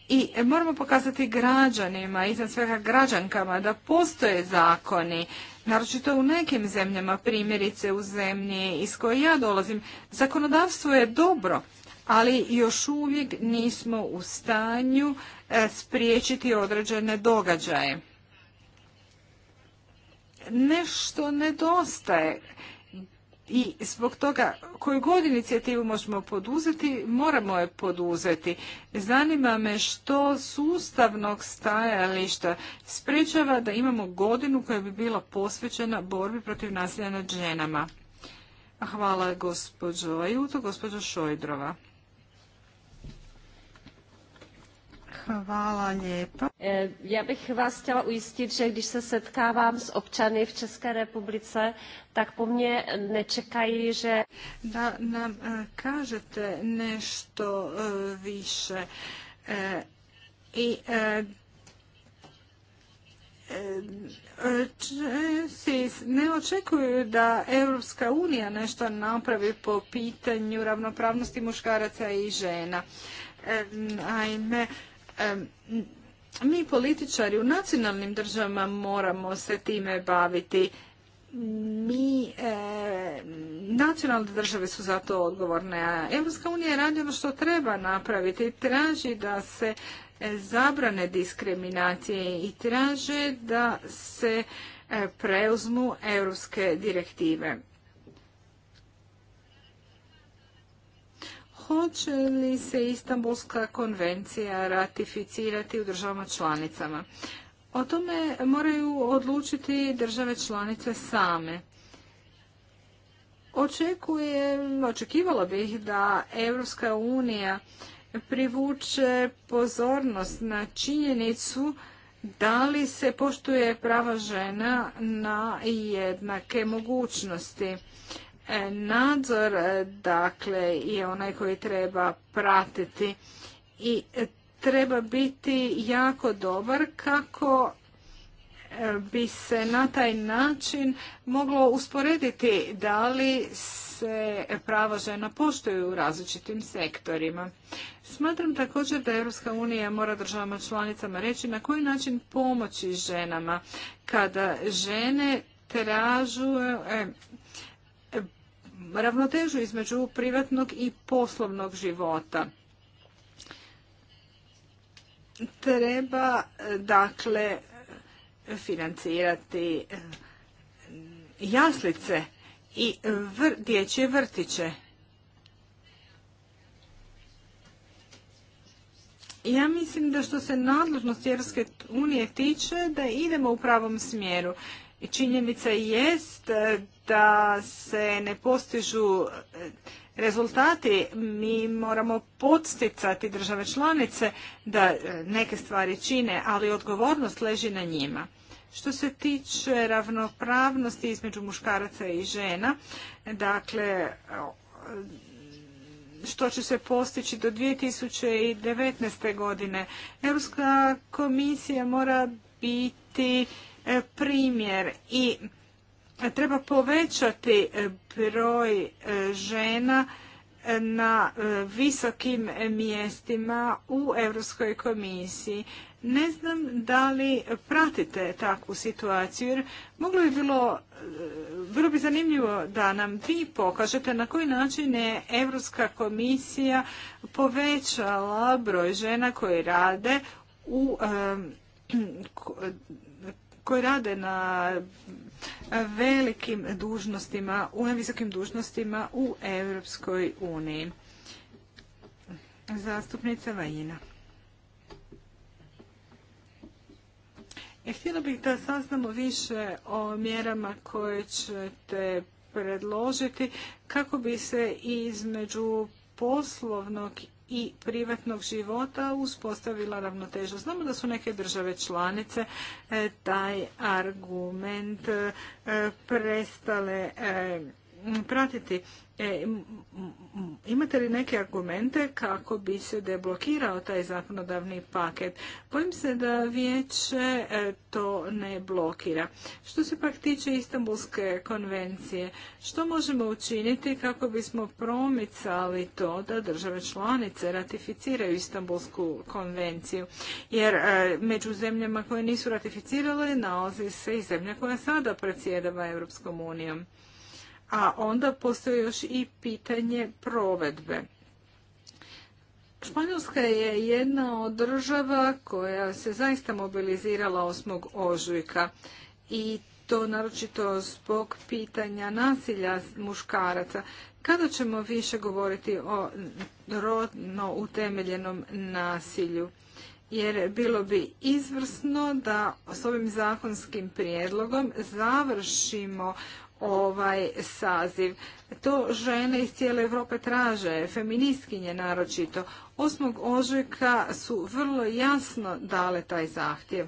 i moramo pokazati građanima, iznad svega građankama, da postoje zakoni, naročito u nekim zemljama, primjerice u zemlji iz koje ja dolazim. Zakonodavstvo je dobro, ali još uvijek nismo u stanju e, spriječiti određene događaje. Nešto nedostaje i zbog toga koju god inicijativu možemo poduzeti, moramo je poduzeti. Zanima me što sustavnog stajališta sprečava da imamo godinu koja bi bila posvećena borbi protiv nasilja nad ženama. Hvala gospođo Ajuto, gospođo Šojdrova. Hvala lijepa. Eh, ja bych vás chtěla ujistit, že když se setkávám s občany v České republice, tak po mně nečekají, že... Da nam kažete nešto više i ne očekuju da Europska unija nešto napravi po pitanju ravnopravnosti muškaraca i žena. Eh, naime, mi političari u nacionalnim državama moramo se time baviti. Mi, e, nacionalne države su za to odgovorne, a Evropska unija radi ono što treba napraviti. Traži da se e, zabrane diskriminacije i traže da se e, preuzmu europske direktive. hoće li se Istanbulska konvencija ratificirati u državama članicama. O tome moraju odlučiti države članice same. očekuje očekivala bih da Europska unija privuče pozornost na činjenicu da li se poštuje prava žena na jednake mogućnosti. E, nadzor e, dakle je onaj koji treba pratiti i treba biti jako dobar kako e, bi se na taj način moglo usporediti da li se prava žena poštuju u različitim sektorima. Smatram također da Europska unija mora državama članicama reći na koji način pomoći ženama kada žene tražu ravnotežu između privatnog i poslovnog života. Treba dakle financirati e, jaslice i vr dječje vrtiće. Ja mislim da što se nadležnost Europske unije tiče da idemo u pravom smjeru. Činjenica jest e, da se ne postižu eh, rezultati, mi moramo podsticati države članice da eh, neke stvari čine, ali odgovornost leži na njima. Što se tiče ravnopravnosti između muškaraca i žena, dakle, eh, što će se postići do 2019. godine. Europska komisija mora biti primjer i treba povećati e, broj e, žena e, na visokim mjestima u Europskoj komisiji. Ne znam da li pratite takvu situaciju, jer moglo bi bilo, bilo bi zanimljivo da nam vi pokažete na koji način je Europska komisija povećala broj žena koje rade u koji rade na velikim dužnostima, u visokim dužnostima u Europskoj uniji. Zastupnica Vajina. Ja e, htjela bih da saznamo više o mjerama koje ćete predložiti kako bi se između poslovnog i privatnog života uspostavila ravnotežu. Znamo da su neke države članice e, taj argument e, prestale e, pratiti. E, imate li neke argumente kako bi se deblokirao taj zakonodavni paket? Bojim se da vijeće e, to ne blokira. Što se pak tiče Istanbulske konvencije, što možemo učiniti kako bismo promicali to da države članice ratificiraju Istanbulsku konvenciju? Jer e, među zemljama koje nisu ratificirale nalazi se i zemlja koja sada predsjedava Europskom unijom a onda postoji još i pitanje provedbe. Španjolska je jedna od država koja se zaista mobilizirala 8. ožujka i to naročito zbog pitanja nasilja muškaraca. Kada ćemo više govoriti o rodno utemeljenom nasilju? Jer bilo bi izvrsno da s ovim zakonskim prijedlogom završimo ovaj saziv. To žene iz cijele Europe traže, feministkinje naročito. 8. ožujka su vrlo jasno dale taj zahtjev.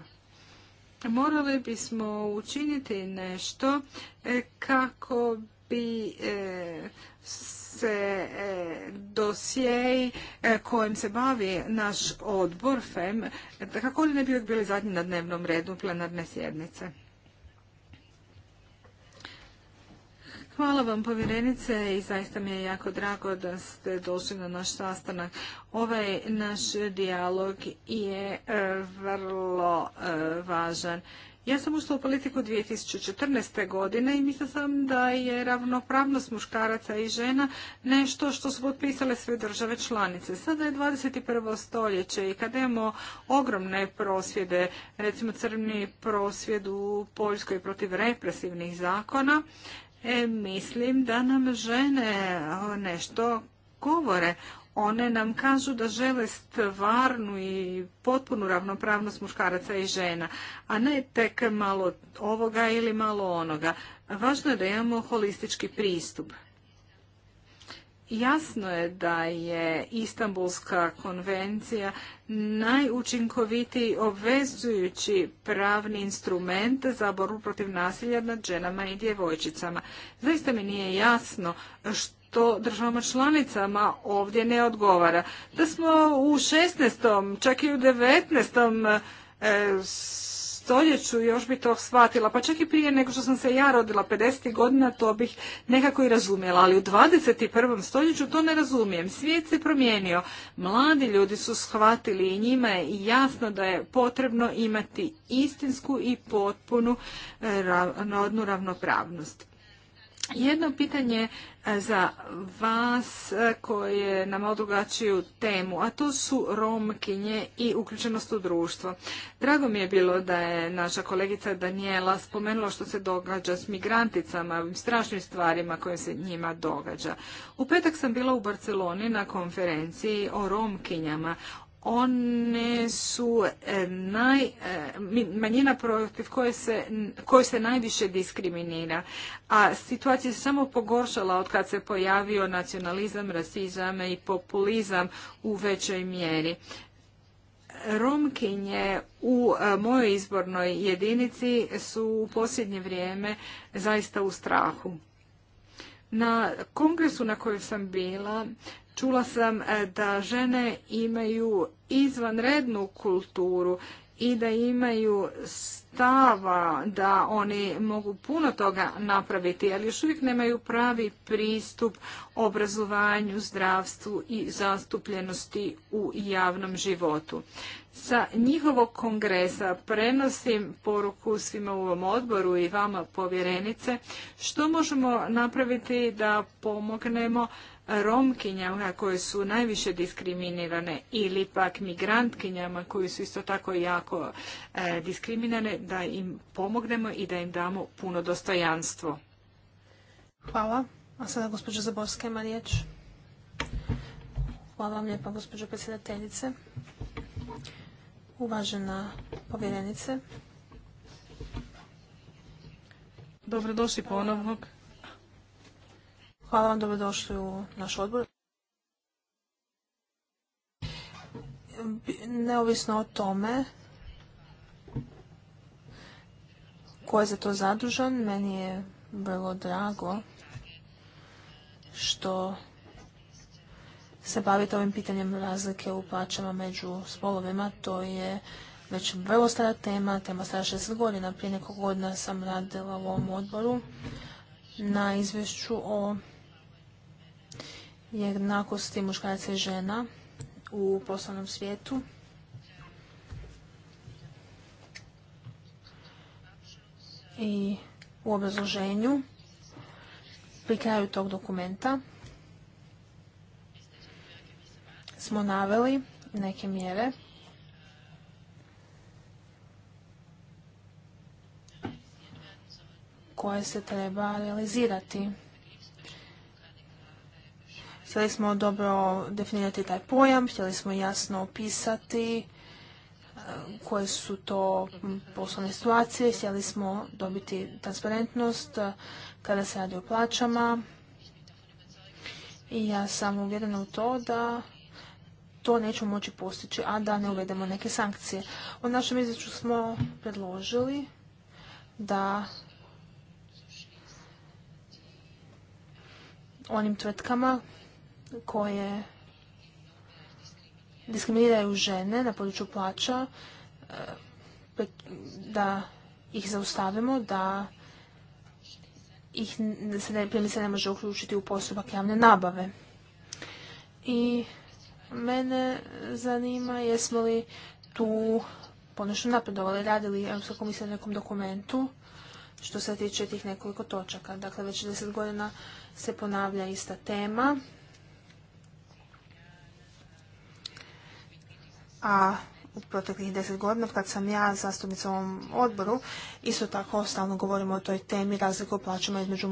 Morali bismo učiniti nešto e, kako bi e, se e, dosjeji kojim se bavi naš odbor FEM, kako li ne bi bili zadnji na dnevnom redu plenarne sjednice. Hvala vam povjerenice i zaista mi je jako drago da ste došli na naš sastanak. Ovaj naš dijalog je e, vrlo e, važan. Ja sam ušla u politiku 2014. godine i mislila sam da je ravnopravnost muškaraca i žena nešto što su potpisale sve države članice. Sada je 21. stoljeće i kada imamo ogromne prosvjede, recimo crni prosvjed u Poljskoj protiv represivnih zakona, E, mislim da nam žene nešto govore. One nam kažu da žele stvarnu i potpunu ravnopravnost muškaraca i žena, a ne tek malo ovoga ili malo onoga. Važno je da imamo holistički pristup. Jasno je da je Istanbulska konvencija najučinkovitiji obvezujući pravni instrument za borbu protiv nasilja nad ženama i djevojčicama. Zaista mi nije jasno što državama članicama ovdje ne odgovara. Da smo u 16. čak i u 19 stoljeću još bi to shvatila, pa čak i prije nego što sam se ja rodila 50. godina to bih nekako i razumjela, ali u 21. stoljeću to ne razumijem. Svijet se promijenio, mladi ljudi su shvatili i njima je jasno da je potrebno imati istinsku i potpunu eh, rodnu ravnopravnost. Jedno pitanje e, za vas e, koje nam malo drugačiju temu, a to su romkinje i uključenost u društvo. Drago mi je bilo da je naša kolegica Daniela spomenula što se događa s migranticama, ovim strašnim stvarima koje se njima događa. U petak sam bila u Barceloni na konferenciji o romkinjama one su e, naj, e, manjina protiv koje se, se najviše diskriminira. A situacija se samo pogoršala od kad se pojavio nacionalizam, rasizam i populizam u većoj mjeri. Romkinje u e, mojoj izbornoj jedinici su u posljednje vrijeme zaista u strahu. Na kongresu na kojem sam bila Čula sam e, da žene imaju izvanrednu kulturu i da imaju stava da oni mogu puno toga napraviti, ali još uvijek nemaju pravi pristup obrazovanju, zdravstvu i zastupljenosti u javnom životu. Sa njihovog kongresa prenosim poruku svima u ovom odboru i vama povjerenice što možemo napraviti da pomognemo romkinjama koje su najviše diskriminirane ili pak migrantkinjama koji su isto tako jako e, diskriminirane da im pomognemo i da im damo puno dostojanstvo. Hvala. A sada gospođa Zaborska ima riječ. Hvala vam lijepa gospođo predsjedateljice. Uvažena povjerenice. Dobrodošli ponovno Hvala vam, dobrodošli u naš odbor. Neovisno o tome ko je za to zadužan, meni je vrlo drago što se bavite ovim pitanjem razlike u plaćama među spolovima. To je već vrlo stara tema, tema stara 60 godina. Prije nekog godina sam radila u ovom odboru na izvješću o jednakosti muškarca i žena u poslovnom svijetu. I u obrazloženju pri kraju tog dokumenta smo naveli neke mjere koje se treba realizirati Htjeli smo dobro definirati taj pojam, htjeli smo jasno opisati e, koje su to poslovne situacije, htjeli smo dobiti transparentnost e, kada se radi o plaćama. I ja sam uvjerena u to da to nećemo moći postići, a da ne uvedemo neke sankcije. U našem izvješću smo predložili da onim tvrtkama koje diskriminiraju žene na području plaća, e, da ih zaustavimo, da ih se ne, može uključiti u postupak javne nabave. I mene zanima jesmo li tu ponešto napredovali, radili Europska komisija na nekom dokumentu što se tiče tih nekoliko točaka. Dakle, već deset godina se ponavlja ista tema, a u proteklih deset godina, kad sam ja zastupnica u ovom odboru, isto tako stalno govorimo o toj temi razliku u plaćama između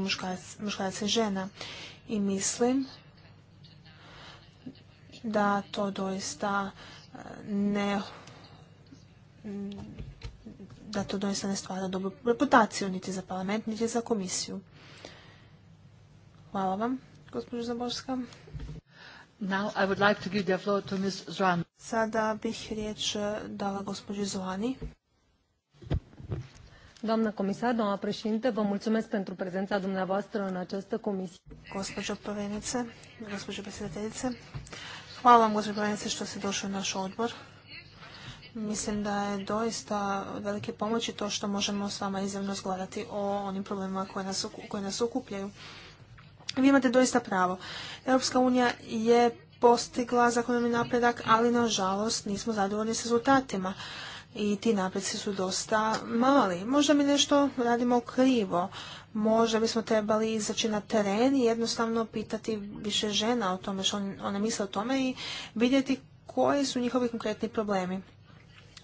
muškaraca i žena. I mislim da to doista eh, ne da to doista ne stvara dobru reputaciju niti za parlament, niti za komisiju. Hvala vam, gospođo Zaborska. Now I would like to give the floor to Ms. Sada bih riječ eh, dala gospođi Zoani. Doamna comisar, doamna președinte, vă mulțumesc pentru prezența dumneavoastră în această comisie. Gospođo Provenice, gospođo predsjedateljice, hvala vam gospođo Provenice što ste došli u naš odbor. Mislim da je doista velike pomoći to što možemo s vama izravno zgledati o onim problemima koje nas, koje nas okupljaju. Vi imate doista pravo. Europska unija je postigla zakonodavni napredak, ali nažalost nismo zadovoljni s rezultatima i ti napreci su dosta mali. Možda mi nešto radimo krivo, možda bismo trebali izaći na teren i jednostavno pitati više žena o tome što one misle o tome i vidjeti koji su njihovi konkretni problemi.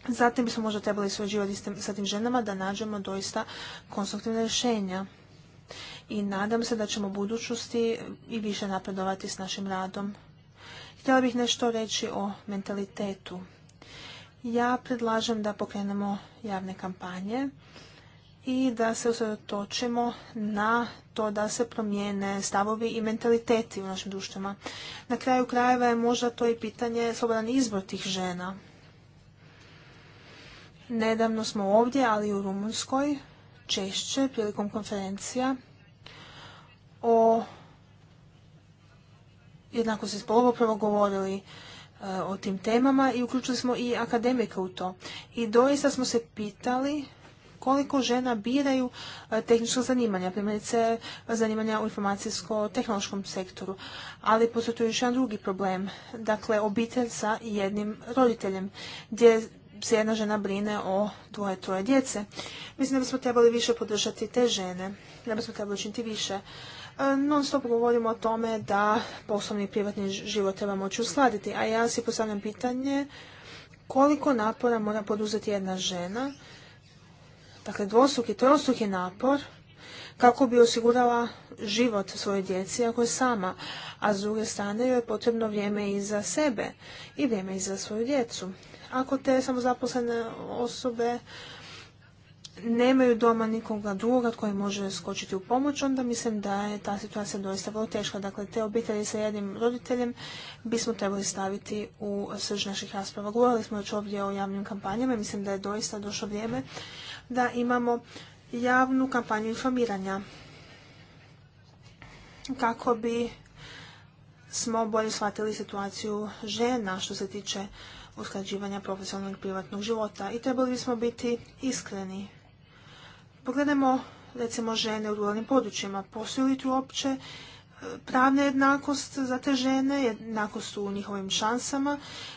Zatim bismo možda trebali surađivati sa tim ženama da nađemo doista konstruktivne rješenja i nadam se da ćemo u budućnosti i više napredovati s našim radom. Htjela bih nešto reći o mentalitetu. Ja predlažem da pokrenemo javne kampanje i da se usredotočimo na to da se promijene stavovi i mentaliteti u našim društvima. Na kraju krajeva je možda to i pitanje slobodan izbor tih žena. Nedavno smo ovdje, ali i u Rumunskoj, češće prilikom konferencija o se spolova upravo govorili e, o tim temama i uključili smo i akademike u to. I doista smo se pitali koliko žena biraju e, tehnička zanimanja, primjerice zanimanja u informacijsko-tehnološkom sektoru. Ali postoji tu još jedan drugi problem, dakle obitelj sa jednim roditeljem, gdje se jedna žena brine o dvoje, troje djece. Mislim da bismo trebali više podržati te žene, da bismo trebali učiniti više. E, non stop govorimo o tome da poslovni i privatni život treba moći uskladiti, a ja si postavljam pitanje koliko napora mora poduzeti jedna žena, dakle dvostruki, trostruki napor, kako bi osigurala život svoje djeci ako je sama, a s druge strane joj je potrebno vrijeme i za sebe i vrijeme i za svoju djecu. Ako te samozaposlene osobe nemaju doma nikoga drugoga koji može skočiti u pomoć, onda mislim da je ta situacija doista vrlo teška. Dakle, te obitelji sa jednim roditeljem bismo trebali staviti u srž naših rasprava. Govorili smo još ovdje o javnim kampanjama i mislim da je doista došlo vrijeme da imamo javnu kampanju informiranja kako bi smo bolje shvatili situaciju žena što se tiče usklađivanja profesionalnog i privatnog života i trebali bismo biti iskreni Pogledajmo recimo žene u ruralnim područjima. Postoji li tu uopće e, pravna jednakost za te žene, jednakost u njihovim šansama.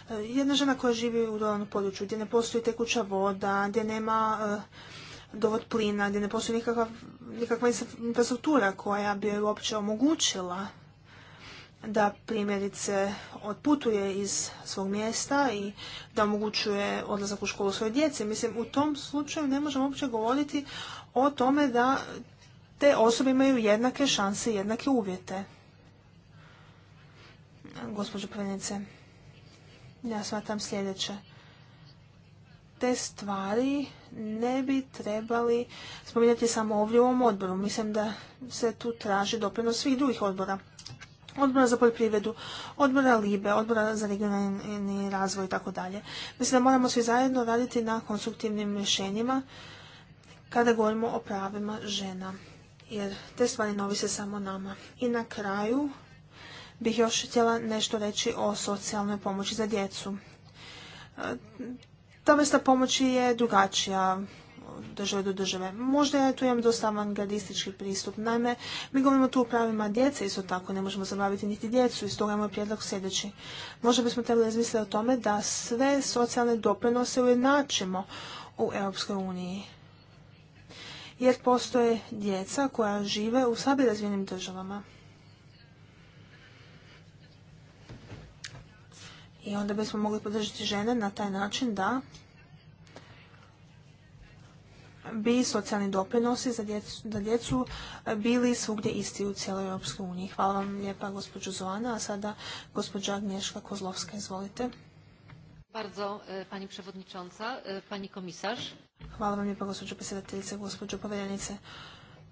E, jedna žena koja živi u ruralnom području gdje ne postoji tekuća voda, gdje nema e, dovod plina, gdje ne postoji nikakva, nikakva infrastruktura koja bi joj uopće omogućila da primjerice otputuje iz svog mjesta i da omogućuje odlazak u školu svoje djece. Mislim, u tom slučaju ne možemo uopće govoriti o tome da te osobe imaju jednake šanse i jednake uvjete. Gospođo Prvenice, ja smatram sljedeće. Te stvari ne bi trebali spominjati samo ovdje u ovom odboru. Mislim da se tu traži doprinos svih drugih odbora odbora za poljoprivredu, odbora LIBE, odbora za regionalni razvoj i tako dalje. Mislim da moramo svi zajedno raditi na konstruktivnim rješenjima kada govorimo o pravima žena, jer te stvari novi se samo nama. I na kraju bih još htjela nešto reći o socijalnoj pomoći za djecu. E, ta vrsta pomoći je drugačija države do države. Možda ja tu imam dosta avangardistički pristup. Naime, mi govorimo tu o pravima djece, isto tako ne možemo zabaviti niti djecu i stoga je moj prijedlog sljedeći. Možda bismo trebali razmisliti o tome da sve socijalne doprinose ujednačimo u Europskoj uniji. Jer postoje djeca koja žive u slabije razvijenim državama. I onda bismo mogli podržati žene na taj način da bi socijalni doprinosi za djecu, e, bili svugdje isti u cijeloj Europskoj uniji. Hvala vam lijepa gospođo Zoana, a sada gospođa Agnješka Kozlovska, izvolite. Bardzo, e, pani przewodnicząca, e, pani komisarz. Hvala vam lijepa gospođo predsjedateljice, gospođo povjerenice.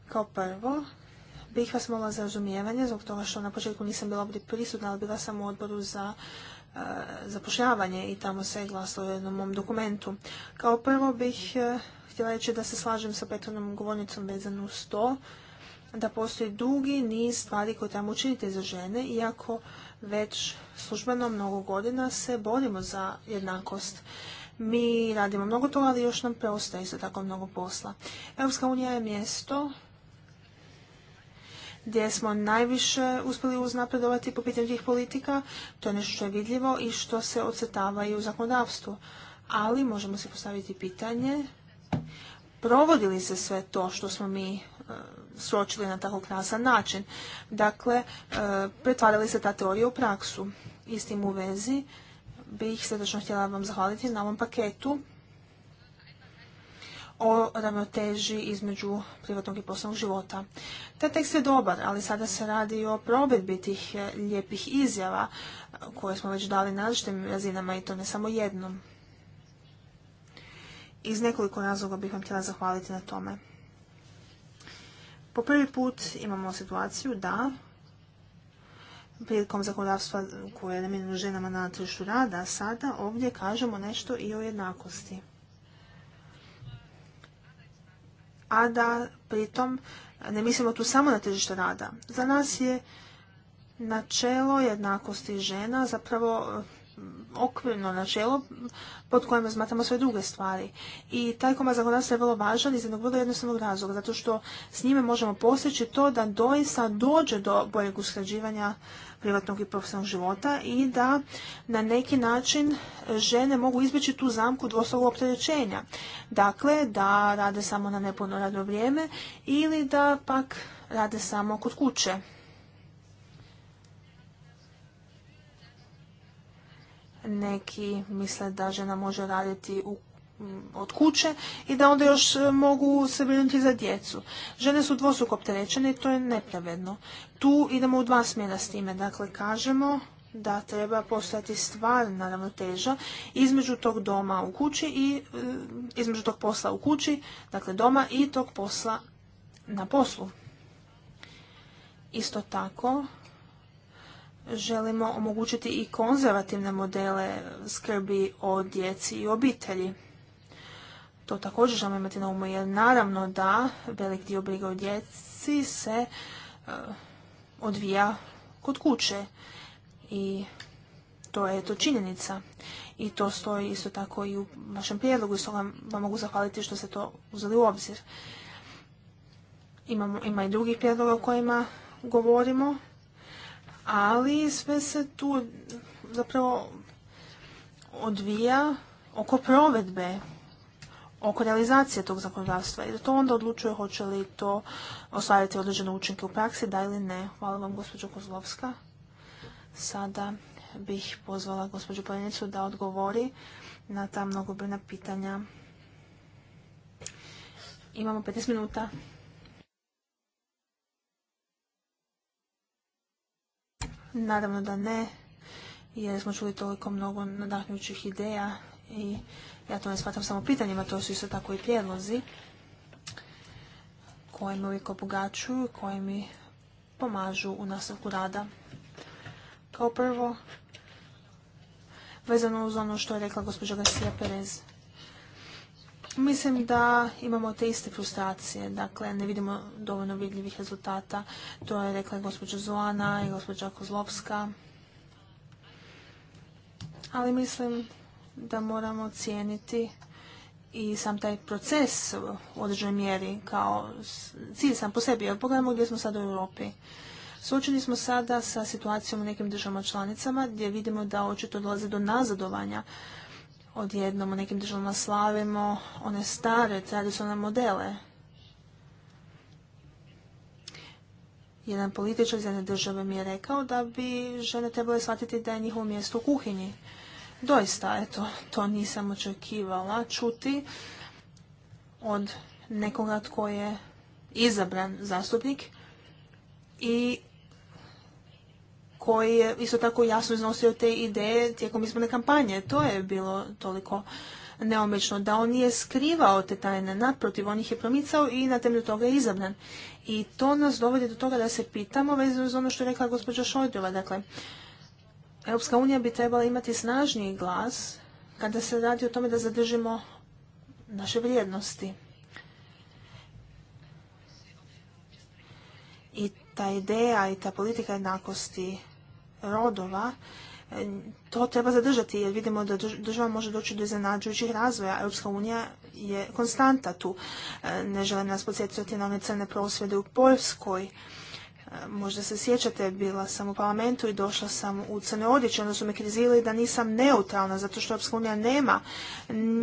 Kao prvo, bih vas molila za razumijevanje zbog toga što na početku nisam bila ovdje prisutna, ali bila sam u odboru za zapošljavanje i tamo se je glasilo u jednom mom dokumentu. Kao prvo bih htjela reći da se slažem sa prethodnom govornicom vezano uz to, da postoji dugi niz stvari koje trebamo učinite za žene, iako već službeno mnogo godina se borimo za jednakost. Mi radimo mnogo toga, ali još nam preostaje isto tako mnogo posla. Europska unija je mjesto gdje smo najviše uspjeli uznapredovati po pitanju tih politika. To je nešto što je vidljivo i što se ocrtava i u zakonodavstvu. Ali možemo se postaviti pitanje provodi li se sve to što smo mi e, sročili na tako krasan način. Dakle, e, pretvarali se ta teorija u praksu. I s tim u vezi bih srdečno htjela vam zahvaliti na ovom paketu o ravnoteži između privatnog i poslovnog života. Taj tekst je dobar, ali sada se radi o provedbi tih e, lijepih izjava koje smo već dali na različitim razinama i to ne samo jednom iz nekoliko razloga bih vam htjela zahvaliti na tome. Po prvi put imamo situaciju da prilikom zakonodavstva koje je namijenjeno ženama na tržištu rada, sada ovdje kažemo nešto i o jednakosti. A da pritom ne mislimo tu samo na tržište rada. Za nas je načelo jednakosti žena zapravo okvirno načelo pod kojim razmatramo sve druge stvari. I taj komad zakonodavstva je vrlo važan iz jednog vrlo jednostavnog razloga, zato što s njime možemo postići to da doista dođe do boljeg usklađivanja privatnog i profesionalnog života i da na neki način žene mogu izbjeći tu zamku dvostog opterećenja. Dakle, da rade samo na nepuno radno vrijeme ili da pak rade samo kod kuće neki misle da žena može raditi mm, od kuće i da onda još e, mogu se brinuti za djecu. Žene su dvostruko opterećene i to je nepravedno. Tu idemo u dva smjera s time. Dakle, kažemo da treba postojati stvarna ravnoteža između tog doma u kući i e, između tog posla u kući, dakle doma i tog posla na poslu. Isto tako, želimo omogućiti i konzervativne modele skrbi o djeci i obitelji. To također želimo imati na umu jer naravno da velik dio briga o djeci se e, odvija kod kuće i to je to činjenica i to stoji isto tako i u vašem prijedlogu i stoga vam mogu zahvaliti što ste to uzeli u obzir. ima i drugih prijedloga o kojima govorimo ali sve se tu zapravo odvija oko provedbe, oko realizacije tog zakonodavstva. I da to onda odlučuje hoće li to ostvariti određene učinke u praksi, da ili ne. Hvala vam, gospođo Kozlovska. Sada bih pozvala gospođu Polenicu da odgovori na ta mnogobrna pitanja. Imamo 15 minuta Naravno da ne, jer smo čuli toliko mnogo nadahnjućih ideja i ja to ne shvatam samo pitanjima, to su isto tako i prijedlozi koji me uvijek obogačuju, koji mi pomažu u nastavku rada. Kao prvo, vezano uz ono što je rekla gospođa Garcia Perez, Mislim da imamo te iste frustracije, dakle ne vidimo dovoljno vidljivih rezultata. To je rekla i gospođa Zoana i gospođa Kozlovska. Ali mislim da moramo cijeniti i sam taj proces u određenoj mjeri kao cilj sam po sebi. Jer pogledamo gdje smo sada u Europi. Suočeni smo sada sa situacijom u nekim državama članicama gdje vidimo da očito dolaze do nazadovanja odjednom u nekim državama slavimo one stare tradicionalne modele. Jedan političar iz jedne države mi je rekao da bi žene trebale shvatiti da je njihovo mjesto u kuhinji. Doista, eto, to nisam očekivala čuti od nekoga tko je izabran zastupnik i koji je isto tako jasno iznosio te ideje tijekom izborne kampanje. To je bilo toliko neomično da on nije skrivao te tajne, naprotiv, on ih je promicao i na temelju toga je izabran. I to nas dovodi do toga da se pitamo vezano uz ono što je rekla gospođa Šojdova. Dakle, Europska unija bi trebala imati snažniji glas kada se radi o tome da zadržimo naše vrijednosti. I ta ideja i ta politika jednakosti rodova, e, to treba zadržati jer vidimo da država može doći do iznenađujućih razvoja. Europska unija je konstanta tu. E, ne želim nas podsjetiti na one crne prosvjede u Poljskoj. E, možda se sjećate, bila sam u parlamentu i došla sam u crne odjeće, onda su me krizili da nisam neutralna, zato što Europska unija nema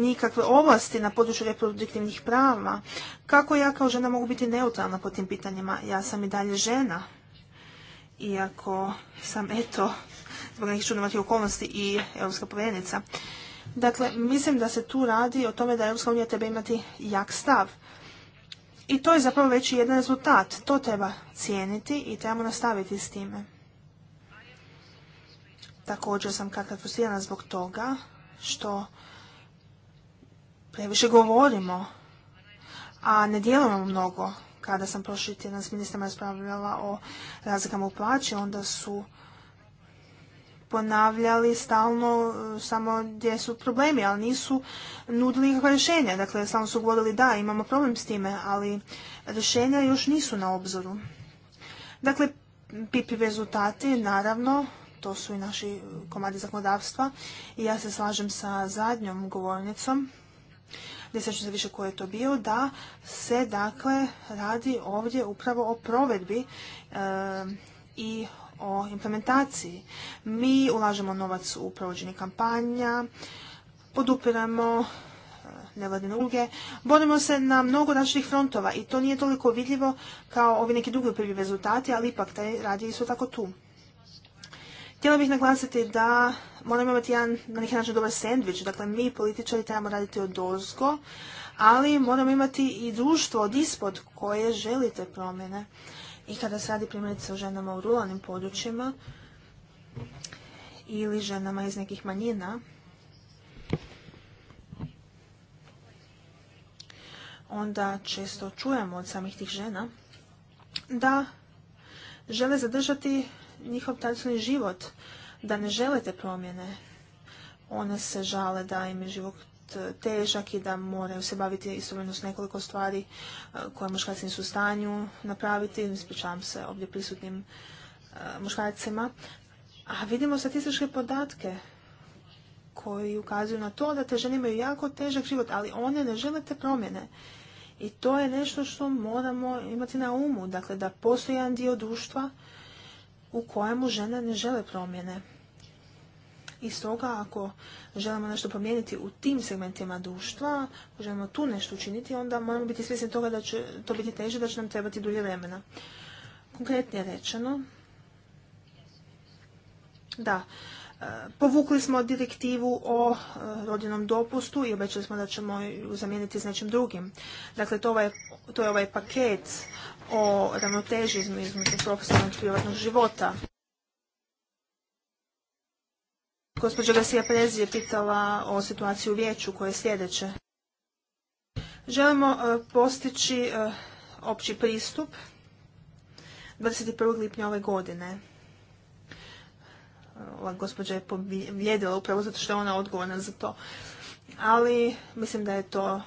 nikakve ovlasti na području reproduktivnih prava. Kako ja kao žena mogu biti neutralna po tim pitanjima? Ja sam i dalje žena, iako sam eto zbog nekih čudnovatih okolnosti i europska povjerenica. Dakle, mislim da se tu radi o tome da Europska unija treba imati jak stav. I to je zapravo već jedan rezultat. To treba cijeniti i trebamo nastaviti s time. Također sam kakva frustrirana zbog toga što previše govorimo, a ne djelujemo mnogo kada sam prošli tjedan s ministrama raspravljala o razlikama u plaći, onda su ponavljali stalno e, samo gdje su problemi, ali nisu nudili nikakva rješenja. Dakle, samo su govorili da, imamo problem s time, ali rješenja još nisu na obzoru. Dakle, pipi rezultati, naravno, to su i naši komadi zakonodavstva i ja se slažem sa zadnjom govornicom ne sjećam se više koji je to bio, da se dakle radi ovdje upravo o provedbi i o implementaciji. Mi ulažemo novac u provođenje kampanja, podupiramo eh, nevladine uloge. Borimo se na mnogo različitih frontova i to nije toliko vidljivo kao ovi neki drugi prvi rezultati, ali ipak taj radi isto tako tu. Htjela bih naglasiti da moramo imati jedan na neki način dobar sandvič, dakle mi političari trebamo raditi od dozgo, ali moramo imati i društvo od ispod koje želite promjene. I kada se radi primjerice o ženama u ruralnim područjima ili ženama iz nekih manjina, onda često čujemo od samih tih žena da žele zadržati njihov tradicionalni život, da ne žele promjene. One se žale da im je život e, težak i da moraju se baviti istovremeno s nekoliko stvari e, koje muškarci nisu u stanju napraviti. Ispričavam se ovdje prisutnim e, muškarcima. A vidimo statističke podatke koji ukazuju na to da te žene imaju jako težak život, ali one ne žele te promjene. I to je nešto što moramo imati na umu, dakle da postoji jedan dio društva u kojemu žene ne žele promjene. I stoga ako želimo nešto promijeniti u tim segmentima društva, ako želimo tu nešto učiniti, onda moramo biti svjesni toga da će to biti teže, da će nam trebati dulje vremena. Konkretnije rečeno, da, e, Povukli smo direktivu o e, rodinom dopustu i obećali smo da ćemo ju zamijeniti s nečim drugim. Dakle, to, ovaj, to je ovaj paket o ravnoteži između profesionalnog i privatnog života. Gospođa Garcia Prezi je pitala o situaciji u vijeću koje je sljedeće. Želimo e, postići e, opći pristup 21. lipnja ove godine. Ova gospođa je pobjedila upravo zato što je ona odgovorna za to. Ali mislim da je to e,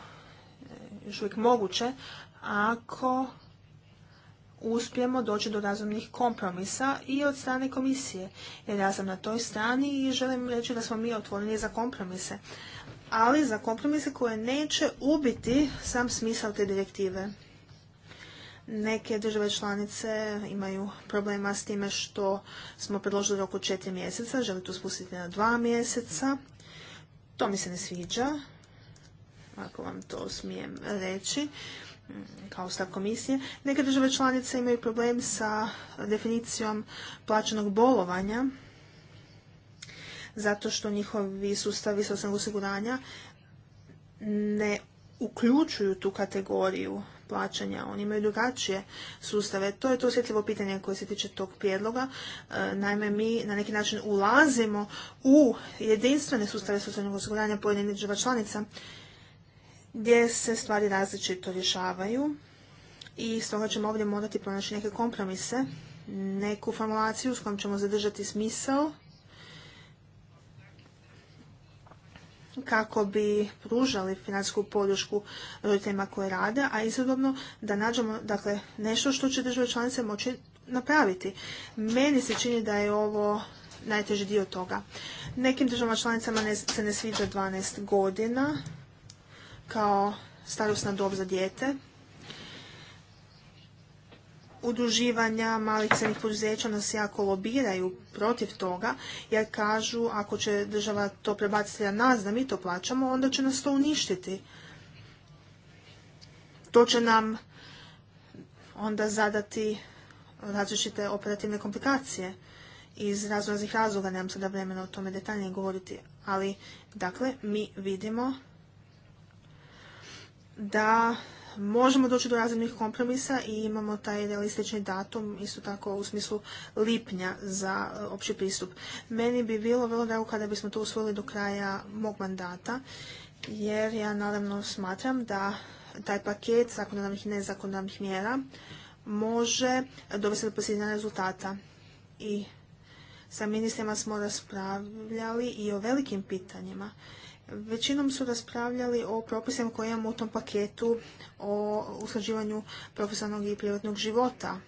još uvijek moguće ako uspijemo doći do razumnih kompromisa i od strane komisije. Jer ja sam na toj strani i želim reći da smo mi otvoreni za kompromise. Ali za kompromise koje neće ubiti sam smisao te direktive. Neke države članice imaju problema s time što smo predložili oko četiri mjeseca, želi to spustiti na dva mjeseca. To mi se ne sviđa, ako vam to smijem reći kao stav komisije. Neke države članice imaju problem sa definicijom plaćenog bolovanja zato što njihovi sustavi socijalnog osiguranja ne uključuju tu kategoriju plaćanja. Oni imaju drugačije sustave. To je to osjetljivo pitanje koje se tiče tog prijedloga. E, naime, mi na neki način ulazimo u jedinstvene sustave socijalnog osiguranja pojedinih država članica gdje se stvari različito rješavaju i stoga ćemo ovdje morati pronaći neke kompromise, neku formulaciju s kojom ćemo zadržati smisao kako bi pružali financijsku podršku roditeljima e, koje rade, a istodobno da nađemo dakle, nešto što će države članice moći napraviti. Meni se čini da je ovo najteži dio toga. Nekim državama članicama se ne sviđa 12 godina, kao starosna dob za dijete, udruživanja malih srednjih poduzeća nas jako lobiraju protiv toga, jer kažu ako će država to prebaciti na nas da mi to plaćamo, onda će nas to uništiti. To će nam onda zadati različite operativne komplikacije iz raznih razloga, nemam sada vremena o tome detaljnije govoriti, ali dakle mi vidimo da možemo doći do razumnih kompromisa i imamo taj realistični datum isto tako u smislu lipnja za e, opći pristup. Meni bi bilo vrlo drago kada bismo to usvojili do kraja mog mandata jer ja naravno smatram da taj paket zakonodavnih i nezakonodavnih mjera može dovesti do posljednja rezultata. I sa ministrima smo raspravljali i o velikim pitanjima Većinom su raspravljali o propisima koje imamo u tom paketu o usklađivanju profesionalnog i privatnog života.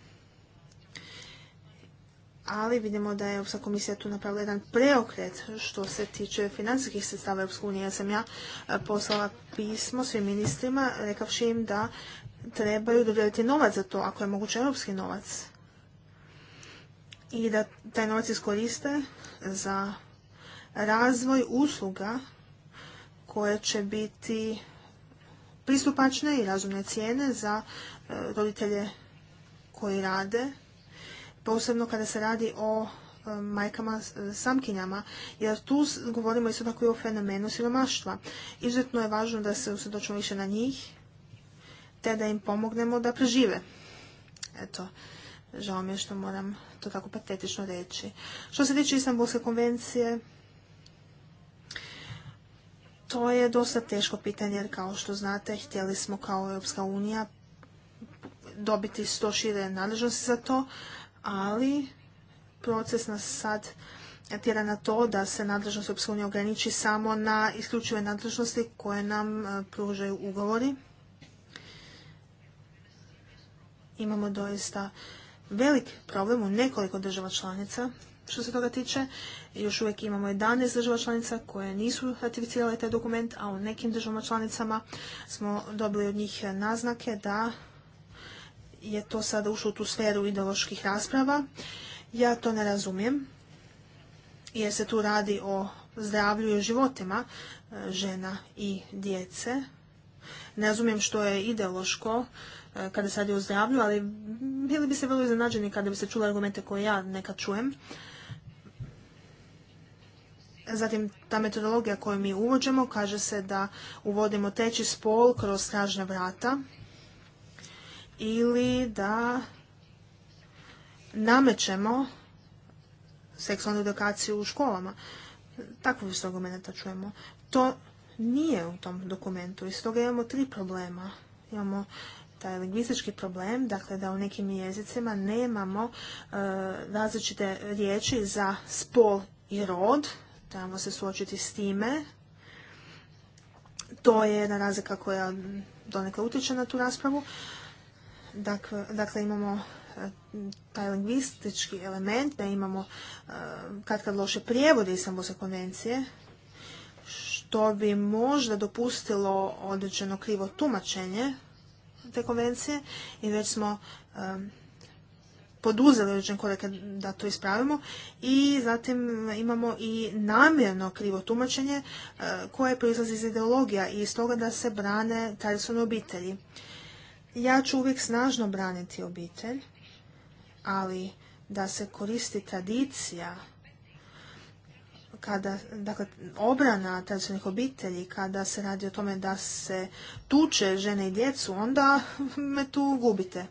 Ali vidimo da je Europska komisija tu napravila jedan preokret što se tiče financijskih sredstava Europske unije. Ja sam ja e, poslala pismo svim ministrima rekavši im da trebaju dodijeliti novac za to, ako je moguće europski novac. I da taj novac iskoriste za razvoj usluga koje će biti pristupačne i razumne cijene za e, roditelje koji rade, posebno kada se radi o e, majkama e, samkinjama, jer tu govorimo isto tako i o fenomenu siromaštva. Izuzetno je važno da se usredočimo više na njih, te da im pomognemo da prežive. Eto, žao mi je što moram to tako patetično reći. Što se tiče Istanbulske konvencije, to je dosta teško pitanje jer kao što znate htjeli smo kao Europska unija dobiti sto šire nadležnosti za to, ali proces nas sad tjera na to da se nadležnost EU ograniči samo na isključive nadležnosti koje nam e, pružaju ugovori. Imamo doista velik problem u nekoliko država članica što se toga tiče. Još uvijek imamo 11 država članica koje nisu ratificirale taj dokument, a u nekim državama članicama smo dobili od njih naznake da je to sada ušlo u tu sferu ideoloških rasprava. Ja to ne razumijem, jer se tu radi o zdravlju i životima e, žena i djece. Ne razumijem što je ideološko e, kada se radi o zdravlju, ali bili bi se vrlo iznenađeni kada bi se čuli argumente koje ja nekad čujem. Zatim ta metodologija koju mi uvođemo kaže se da uvodimo teći spol kroz stražna vrata ili da namećemo seksualnu edukaciju u školama. Takvu iz argumenta čujemo. To nije u tom dokumentu i stoga imamo tri problema. Imamo taj lingvistički problem, dakle da u nekim jezicima nemamo e, različite riječi za spol i rod, trebamo se suočiti s time. To je jedna razlika koja donekle utječe na tu raspravu. Dakle, dakle imamo e, taj lingvistički element, da imamo e, kad kad loše prijevode Istanbulske konvencije, što bi možda dopustilo određeno krivo tumačenje te konvencije i već smo e, poduzeli određene korake da to ispravimo i zatim imamo i namjerno krivo tumačenje e, koje proizlazi iz ideologija i iz toga da se brane tradicionalne obitelji. Ja ću uvijek snažno braniti obitelj, ali da se koristi tradicija kada, dakle, obrana tradicionalnih obitelji, kada se radi o tome da se tuče žene i djecu, onda (laughs) me tu gubite.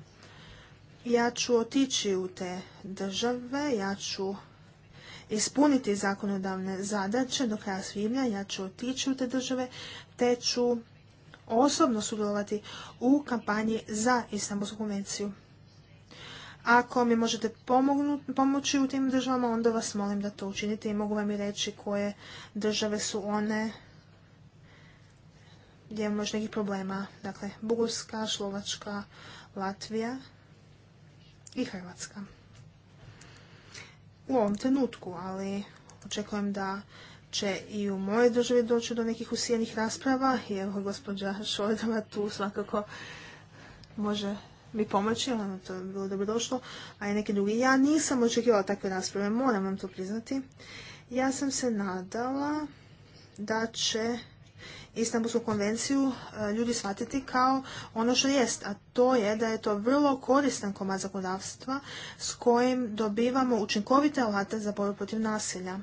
Ja ću otići u te države, ja ću ispuniti zakonodavne zadaće do kraja svibnja, ja ću otići u te države, te ću osobno sudjelovati u kampanji za Istanbulsku konvenciju. Ako mi možete pomoći u tim državama, onda vas molim da to učinite i mogu vam i reći koje države su one gdje imamo još nekih problema. Dakle, Bugarska, Slovačka, Latvija, i Hrvatska. U ovom trenutku, ali očekujem da će i u mojoj državi doći do nekih usijenih rasprava jer gospođa Šojdova tu svakako može mi pomoći, ono to je bilo dobro došlo, a i neki drugi. Ja nisam očekivala takve rasprave, moram vam to priznati. Ja sam se nadala da će Istanbulsku konvenciju e, ljudi shvatiti kao ono što jest, a to je da je to vrlo koristan komad zakonodavstva s kojim dobivamo učinkovite alate za borbu protiv nasilja.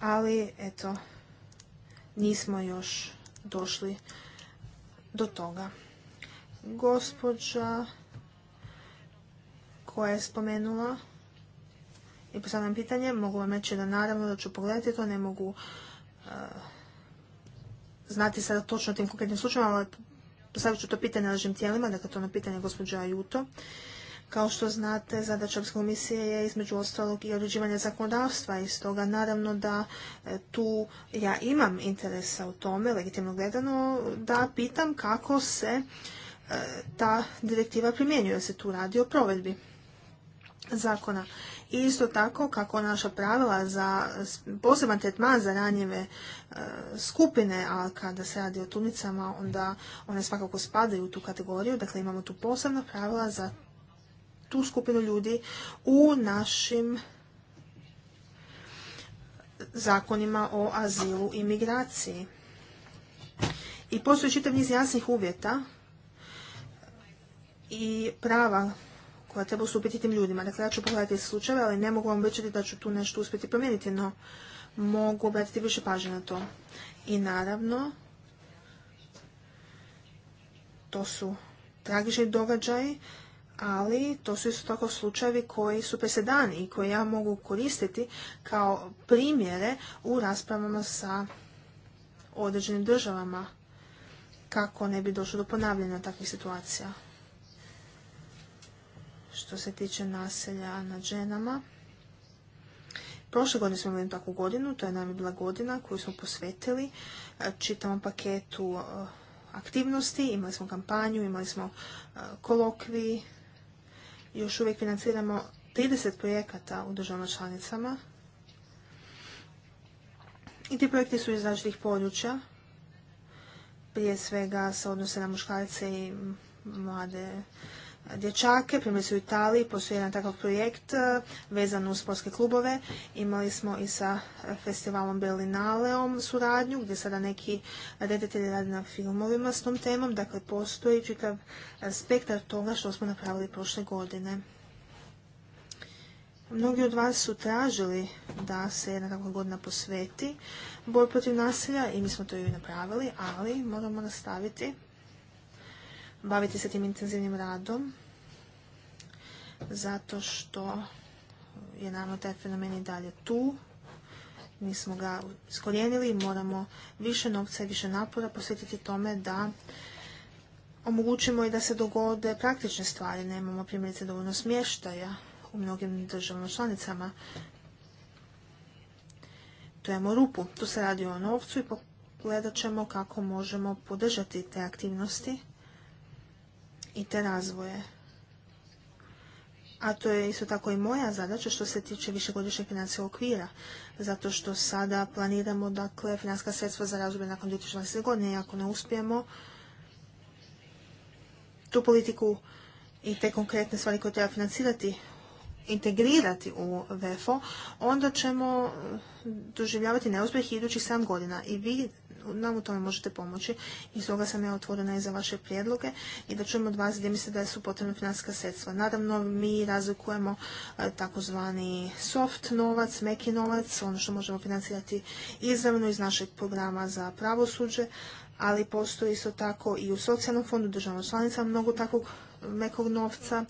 Ali, eto, nismo još došli do toga. Gospođa koja je spomenula i postavljam pitanje, mogu vam reći da naravno da ću pogledati to, ne mogu e, znati sada točno o tim konkretnim slučajima, ali postavit ću to pitanje našim tijelima, dakle to na ono pitanje gospođa Juto. Kao što znate, zadaća Europske komisije je između ostalog i određivanje zakonodavstva i stoga naravno da e, tu ja imam interesa u tome, legitimno gledano, da pitam kako se e, ta direktiva primjenjuje, se tu radi o provedbi zakona. I isto tako kako naša pravila za poseban tretman za ranjive e, skupine, a kada se radi o tunicama, onda one svakako spadaju u tu kategoriju. Dakle, imamo tu posebna pravila za tu skupinu ljudi u našim zakonima o azilu i migraciji. I postoji čitav niz jasnih uvjeta i prava koja treba ustupiti tim ljudima. Dakle, ja ću pogledati slučajeve, ali ne mogu vam obećati da ću tu nešto uspjeti promijeniti, no mogu obratiti više pažnje na to. I naravno, to su tragični događaji, ali to su isto tako slučajevi koji su presedani i koje ja mogu koristiti kao primjere u raspravama sa određenim državama kako ne bi došlo do ponavljanja takvih situacija što se tiče naselja nad ženama. Prošle godine smo imali takvu godinu, to je nam je bila godina koju smo posvetili e, čitavom paketu e, aktivnosti, imali smo kampanju, imali smo e, kolokvi, još uvijek financiramo 30 projekata u državama članicama. I ti projekti su iz različitih područja, prije svega se odnose na muškarce i mlade dječake, primjer su u Italiji, postoji jedan takav projekt e, vezan uz sportske klubove. Imali smo i sa festivalom Berlinaleom suradnju, gdje sada neki reditelji rade na filmovima s tom temom, dakle postoji čitav spektar toga što smo napravili prošle godine. Mnogi od vas su tražili da se jedna takva godina posveti boj protiv nasilja i mi smo to i napravili, ali moramo nastaviti baviti se tim intenzivnim radom zato što je naravno taj fenomen i dalje tu. Nismo ga iskorijenili i moramo više novca i više napora posvetiti tome da omogućimo i da se dogode praktične stvari. Nemamo primjerice dovoljno smještaja u mnogim državama članicama. To imamo rupu. Tu se radi o novcu i pogledat ćemo kako možemo podržati te aktivnosti i te razvoje. A to je isto tako i moja zadaća što se tiče višegodišnjeg financijskog okvira, zato što sada planiramo dakle financijska sredstva za razvoj nakon 2020. godine i ako ne uspijemo tu politiku i te konkretne stvari koje treba financirati integrirati u VFO, onda ćemo doživljavati neuspjeh idućih 7 godina. I vi nam u tome možete pomoći. I stoga sam ja otvorena i za vaše prijedloge i da čujemo od vas gdje mislite da su potrebna financijska sredstva. Naravno, mi razlikujemo e, takozvani soft novac, meki novac, ono što možemo financirati izravno iz našeg programa za pravosuđe, ali postoji isto tako i u socijalnom fondu državnog članica mnogo takvog mekog novca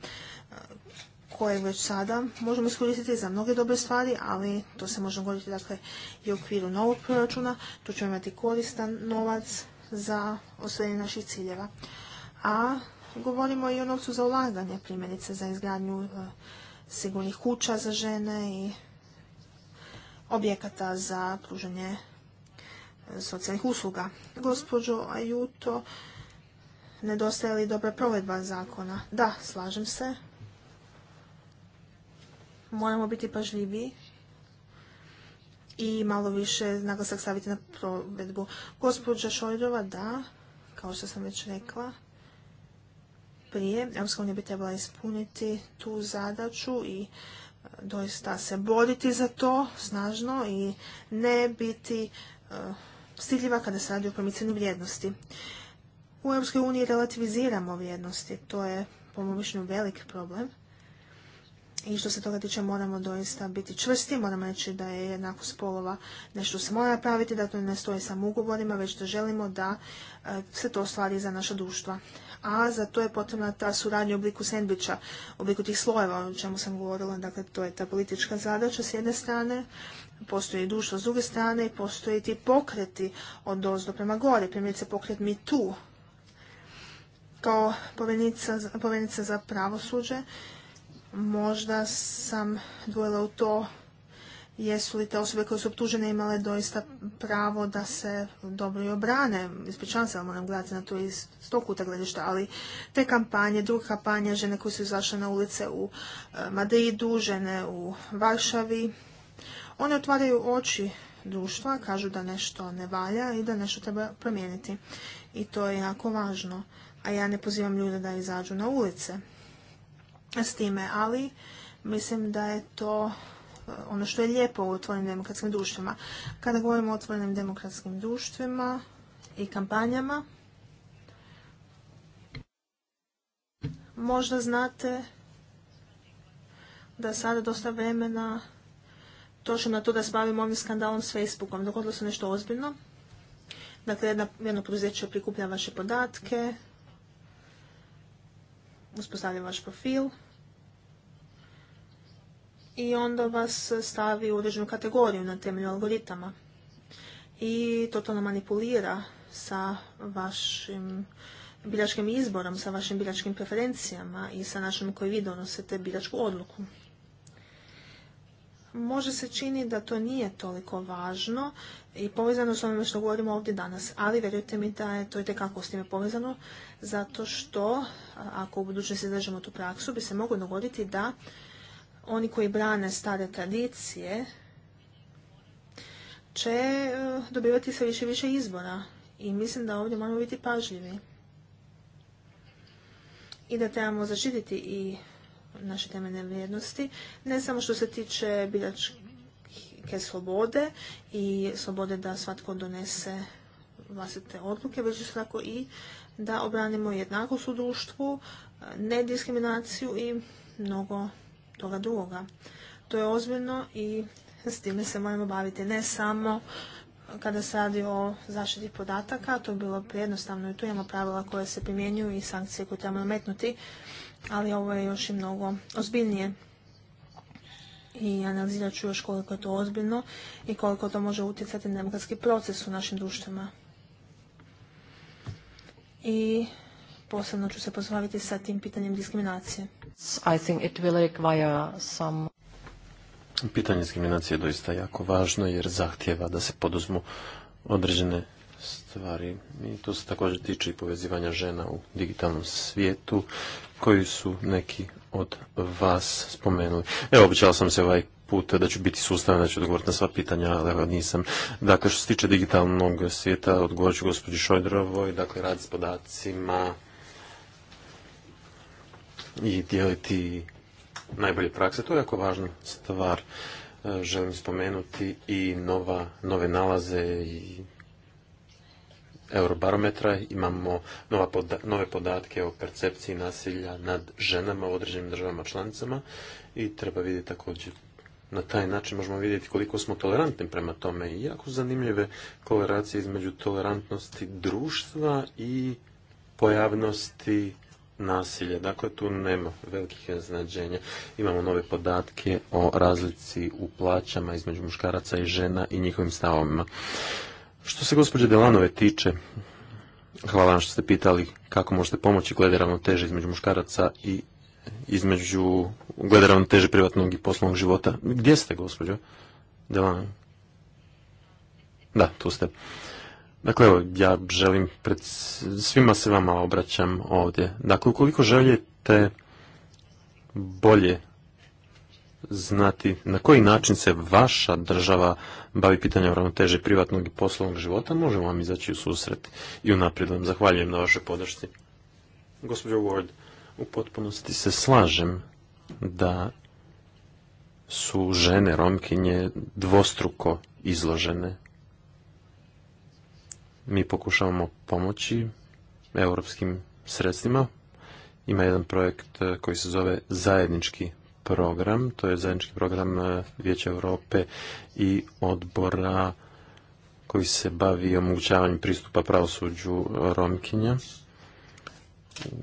koje već sada možemo iskoristiti za mnoge dobre stvari, ali to se može govoriti dakle, i u okviru novog proračuna. Tu ćemo imati koristan novac za ostvarenje naših ciljeva. A govorimo i o novcu za ulaganje, primjerice za izgradnju e, sigurnih kuća za žene i objekata za pružanje e, socijalnih usluga. Gospođo Ajuto, nedostaje li dobra provedba zakona? Da, slažem se moramo biti pažljiviji i malo više naglasak staviti na provedbu. Gospođa šojdova da, kao što sam već rekla, prije EU unija bi trebala ispuniti tu zadaću i e, doista se boriti za to snažno i ne biti uh, stidljiva kada se radi o promicanju vrijednosti. U Europskoj uniji relativiziramo vrijednosti, to je po mom mišljenju velik problem. I što se toga tiče moramo doista biti čvrsti, moramo reći da je jednako spolova nešto se mora napraviti, da to ne stoji samo ugovorima, već da želimo da e, se to stvari za naša društva. A za to je potrebna ta suradnja u obliku sendviča, u obliku tih slojeva, o čemu sam govorila, dakle to je ta politička zadaća s jedne strane, postoji društvo s druge strane i postoji ti pokreti od dozdo prema gore, primjerice pokret mi tu, kao povjerenica za pravosuđe, Možda sam dvojila u to jesu li te osobe koje su optužene imale doista pravo da se dobro i obrane. Ispričavam se, moram gledati na to iz sto kuta gledišta, ali te kampanje, druga kampanja, žene koje su izašle na ulice u e, Madridu, žene u Varšavi, one otvaraju oči društva, kažu da nešto ne valja i da nešto treba promijeniti. I to je jako važno. A ja ne pozivam ljude da izađu na ulice s time, ali mislim da je to eh, ono što je lijepo u otvorenim demokratskim društvima. Kada govorimo o otvorenim demokratskim društvima i kampanjama, možda znate da sada dosta vremena točno na to da se bavimo ovim skandalom s Facebookom. Dogodilo se nešto ozbiljno. Dakle, jedna, jedno poduzeće prikuplja vaše podatke, uspostavlja vaš profil i onda vas stavi u određenu kategoriju na temelju algoritama i totalno manipulira sa vašim biračkim izborom, sa vašim biračkim preferencijama i sa načinom koji vi donosite biračku odluku. Može se čini da to nije toliko važno i povezano s onome što govorimo ovdje danas, ali vjerujte mi da je to i tekako s time povezano, zato što ako u budućnosti držimo tu praksu, bi se moglo dogoditi da oni koji brane stare tradicije će e, dobivati sve više i više izbora. I mislim da ovdje moramo biti pažljivi. I da trebamo zaštititi i naše temeljne vrijednosti, ne samo što se tiče biračke slobode i slobode da svatko donese vlastite odluke, već isto tako i da obranimo jednakost u društvu, nediskriminaciju i mnogo toga drugoga. To je ozbiljno i s time se moramo baviti ne samo kada se radi o zaštiti podataka, to je bilo prijednostavno i tu imamo pravila koje se primjenjuju i sankcije koje trebamo nametnuti, ali ovo je još i mnogo ozbiljnije i analizirat ću još koliko je to ozbiljno i koliko to može utjecati na demokratski proces u našim društvima i posebno ću se pozvaviti sa tim pitanjem diskriminacije. I think it will some... Pitanje diskriminacije je doista jako važno jer zahtjeva da se poduzmu određene stvari. I to se također tiče i povezivanja žena u digitalnom svijetu, koji su neki od vas spomenuli. Evo, običala sam se ovaj puta da ću biti sustavan, da ću odgovoriti na sva pitanja, ali evo nisam. Dakle, što se tiče digitalnog svijeta, odgovorit ću gospođi Šojdrovoj, dakle, rad s podacima i dijeliti najbolje prakse. To je jako važna stvar. E, želim spomenuti i nove nalaze i Eurobarometra, imamo nove podatke o percepciji nasilja nad ženama u određenim državama članicama i treba vidjeti također na taj način možemo vidjeti koliko smo tolerantni prema tome. I jako zanimljive koleracije između tolerantnosti društva i pojavnosti nasilja. Dakle, tu nema velikih znađenja. Imamo nove podatke o razlici u plaćama između muškaraca i žena i njihovim stavovima. Što se gospođe Delanove tiče, hvala vam što ste pitali kako možete pomoći glede ravnoteže između muškaraca i između glede ravnoteže privatnog i poslovnog života. Gdje ste, gospođo? Da, da tu ste. Dakle, evo, ja želim, pred svima se vama obraćam ovdje. Dakle, ukoliko želite bolje znati na koji način se vaša država bavi pitanjem ravnoteže privatnog i poslovnog života, možemo vam izaći u susret i unaprijed vam zahvaljujem na vašoj podršci. Gospođo Ward, u potpunosti se slažem da su žene romkinje dvostruko izložene. Mi pokušavamo pomoći europskim sredstvima. Ima jedan projekt e, koji se zove zajednički program, to je zajednički program e, Vijeća Europe i odbora koji se bavi omogućavanjem pristupa pravosuđu Romkinja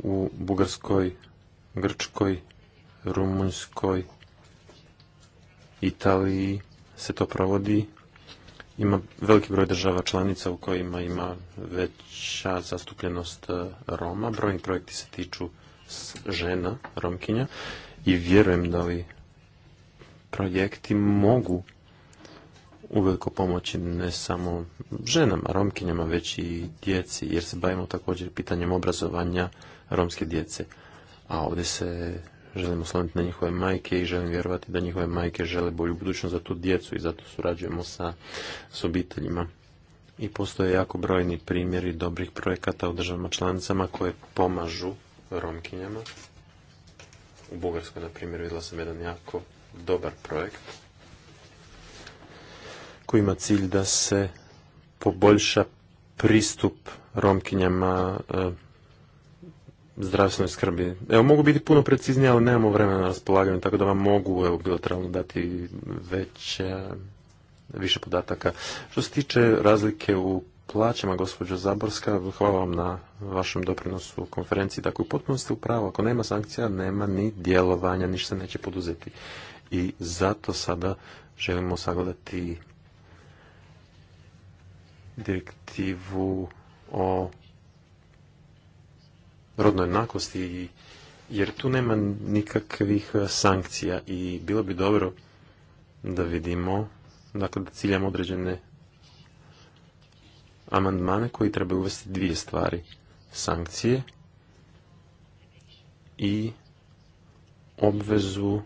u Bugarskoj, Grčkoj, Rumunjskoj, Italiji se to provodi. Ima veliki broj država članica u kojima ima veća zastupljenost e, Roma. Brojni projekti se tiču žena, Romkinja i vjerujem da li projekti mogu uveliko pomoći ne samo ženama, romkinjama, već i djeci, jer se bavimo također pitanjem obrazovanja romske djece. A ovdje se želimo osloniti na njihove majke i želim vjerovati da njihove majke žele bolju budućnost za tu djecu i zato surađujemo sa, obiteljima. I postoje jako brojni primjeri dobrih projekata u državama članicama koje pomažu romkinjama. U Bugarskoj, na primjer, vidjela sam jedan jako dobar projekt koji ima cilj da se poboljša pristup romkinjama e, zdravstvenoj skrbi. Evo, mogu biti puno preciznije, ali nemamo vremena na raspolaganju, tako da vam mogu evo, bilateralno dati veće, više podataka. Što se tiče razlike u plaćama, gospođo Zaborska, hvala vam na vašem doprinosu u konferenciji. Dakle, u potpunosti u pravu, ako nema sankcija, nema ni djelovanja, ništa neće poduzeti. I zato sada želimo sagledati direktivu o rodnoj jednakosti jer tu nema nikakvih sankcija i bilo bi dobro da vidimo dakle da ciljamo određene amandmane koji trebaju uvesti dvije stvari sankcije i obvezu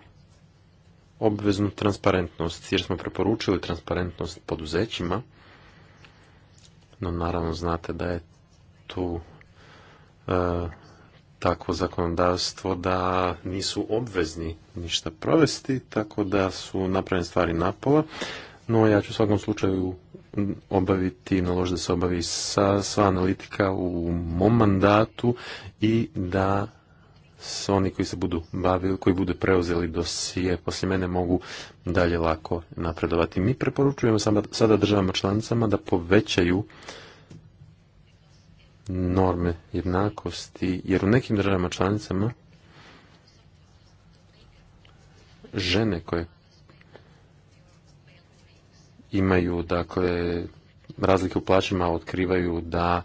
obveznu transparentnost jer smo preporučili transparentnost poduzećima no naravno znate da je tu e, takvo zakonodavstvo da nisu obvezni ništa provesti, tako da su napravljene stvari napola. No ja ću u svakom slučaju obaviti, naložiti da se obavi sa, sva analitika u mom mandatu i da s oni koji se budu bavili, koji budu preuzeli dosije, poslije mene mogu dalje lako napredovati. Mi preporučujemo sada državama članicama da povećaju norme jednakosti, jer u nekim državama članicama žene koje imaju dakle razlike u plaćama otkrivaju da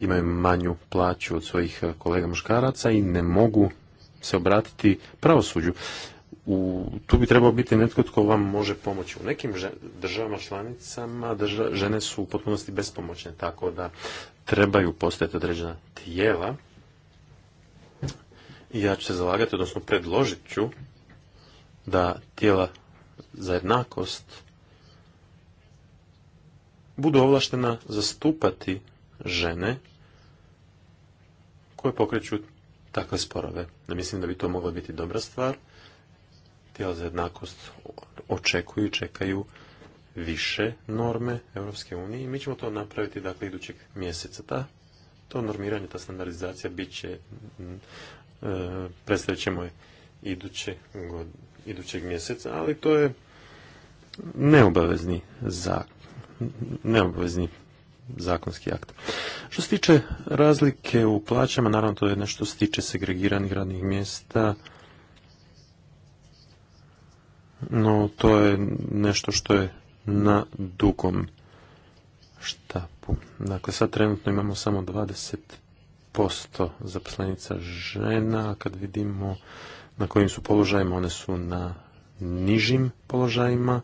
imaju manju plaću od svojih eh, kolega muškaraca i ne mogu se obratiti pravosuđu. U, tu bi trebao biti netko tko vam može pomoći. U nekim državama članicama žene su u potpunosti bespomoćne, tako da trebaju postojati određena tijela. ja ću se zalagati, odnosno predložit ću da tijela za jednakost budu ovlaštena zastupati žene koje pokreću takve sporove. Ne mislim da bi to mogla biti dobra stvar. Tijela za jednakost očekuju čekaju više norme Europske unije i mi ćemo to napraviti dakle idućeg mjeseca. Ta, to normiranje, ta standardizacija bit će mm, e, predstavit ćemo iduće, god, idućeg mjeseca, ali to je neobavezni za neobavezni zakonski akt. Što se tiče razlike u plaćama, naravno to je nešto što se tiče segregiranih radnih mjesta, no to je nešto što je na dugom štapu. Dakle, sad trenutno imamo samo 20% zaposlenica žena, kad vidimo na kojim su položajima, one su na nižim položajima,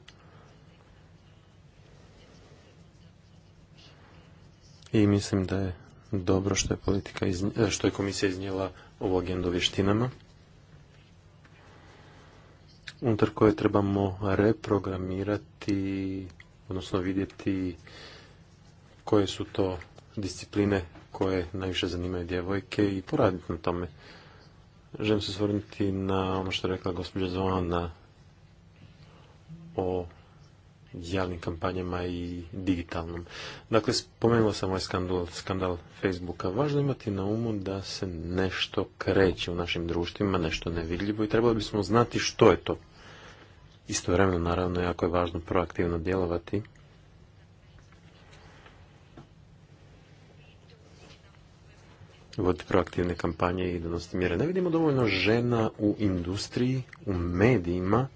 i mislim da je dobro što je, politika e, što je komisija iznijela ovu agendu vještinama unutar koje trebamo reprogramirati, odnosno vidjeti koje su to discipline koje najviše zanimaju djevojke i poraditi na tome. Želim se svrniti na ono što je rekla gospođa Zvona o javnim kampanjama i digitalnom. Dakle, spomenuo sam ovaj skandal, skandal Facebooka. Važno imati na umu da se nešto kreće u našim društvima, nešto nevidljivo i trebali bismo znati što je to. Istovremeno, naravno, jako je važno proaktivno djelovati. Voditi proaktivne kampanje i donosti mjere. Ne vidimo dovoljno žena u industriji, u medijima,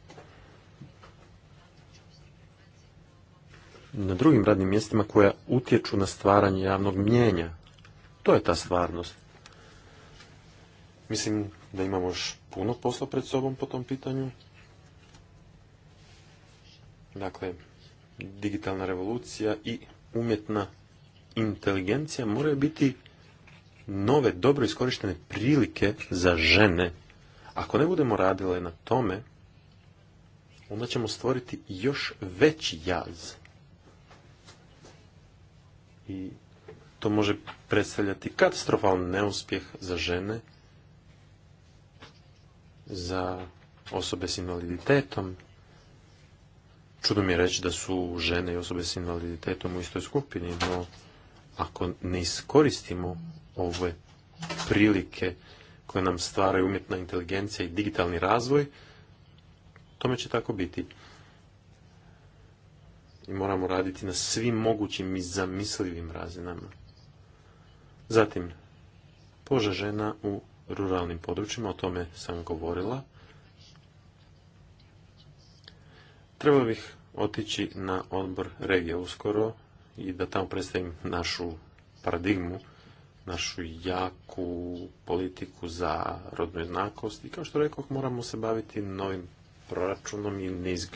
na drugim radnim mjestima koja utječu na stvaranje javnog mnjenja. To je ta stvarnost. Mislim da imamo još puno posla pred sobom po tom pitanju. Dakle, digitalna revolucija i umjetna inteligencija moraju biti nove, dobro iskorištene prilike za žene. Ako ne budemo radile na tome, onda ćemo stvoriti još veći jaz i to može predstavljati katastrofalan neuspjeh za žene, za osobe s invaliditetom. Čudo mi je reći da su žene i osobe s invaliditetom u istoj skupini, no ako ne iskoristimo ove prilike koje nam stvaraju umjetna inteligencija i digitalni razvoj, tome će tako biti i moramo raditi na svim mogućim i zamislivim razinama. Zatim, poža žena u ruralnim područjima, o tome sam govorila. Treba bih otići na odbor regije uskoro i da tamo predstavim našu paradigmu, našu jaku politiku za rodnu jednakost i kao što rekao moramo se baviti novim proračunom i niz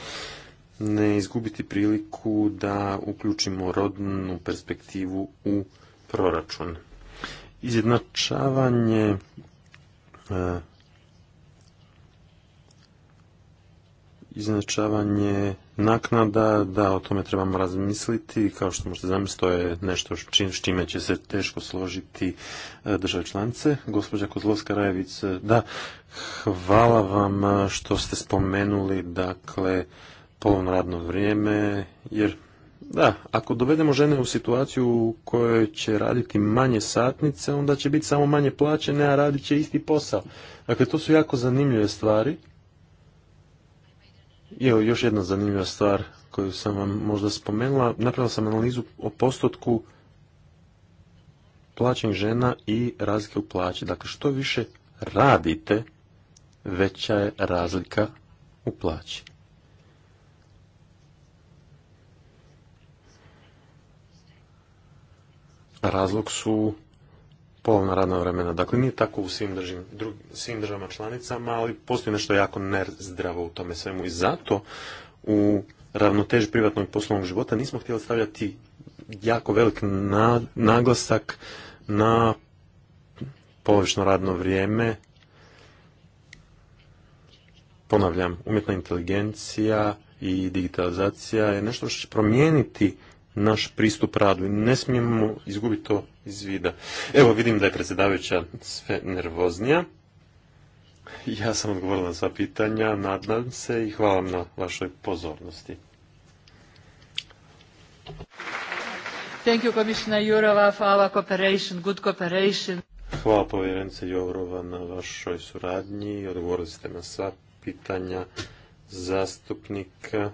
ne izgubiti priliku da uključimo rodnu perspektivu u proračun. Izjednačavanje e, izjednačavanje naknada, da o tome trebamo razmisliti, kao što možete zamisliti, to je nešto s čime će se teško složiti e, države članice. Gospođa Kozlovska Rajevic, e, da, hvala vam što ste spomenuli, dakle, polovno radno vrijeme, jer da, ako dovedemo žene u situaciju u kojoj će raditi manje satnice, onda će biti samo manje plaćene, a radit će isti posao. Dakle, to su jako zanimljive stvari. I evo, još jedna zanimljiva stvar koju sam vam možda spomenula. Napravila sam analizu o postotku plaćenih žena i razlike u plaći. Dakle, što više radite, veća je razlika u plaći. razlog su polovna radna vremena. Dakle, nije tako u svim, držim, drug, svim državama članicama, ali postoji nešto jako nezdravo u tome svemu. I zato u ravnoteži privatnog i poslovnog života nismo htjeli stavljati jako velik naglasak na površno radno vrijeme. Ponavljam, umjetna inteligencija i digitalizacija je nešto što će promijeniti naš pristup radu. Ne smijemo izgubiti to iz vida. Evo vidim da je predsjedavajuća sve nervoznija. Ja sam odgovorila na sva pitanja, nadam se i hvala na vašoj pozornosti. Thank you, cooperation, good cooperation. Hvala povjerenice Jourova na vašoj suradnji i odgovorili ste na sva pitanja zastupnika.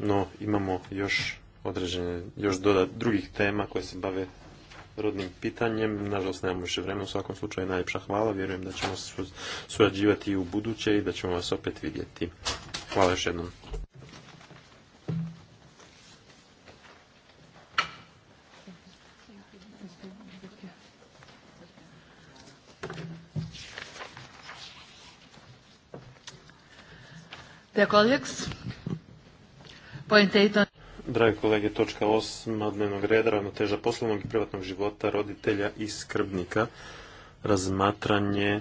no imamo još određene, još dodat drugih tema koje se bave rodnim pitanjem. Nažalost, nemamo više vremena. U svakom slučaju, najljepša hvala. Vjerujem da ćemo surađivati i u buduće i da ćemo vas opet vidjeti. Hvala još jednom. Dragi kolege, točka 8 dnevnog reda, ravnoteža poslovnog i privatnog života roditelja i skrbnika, razmatranje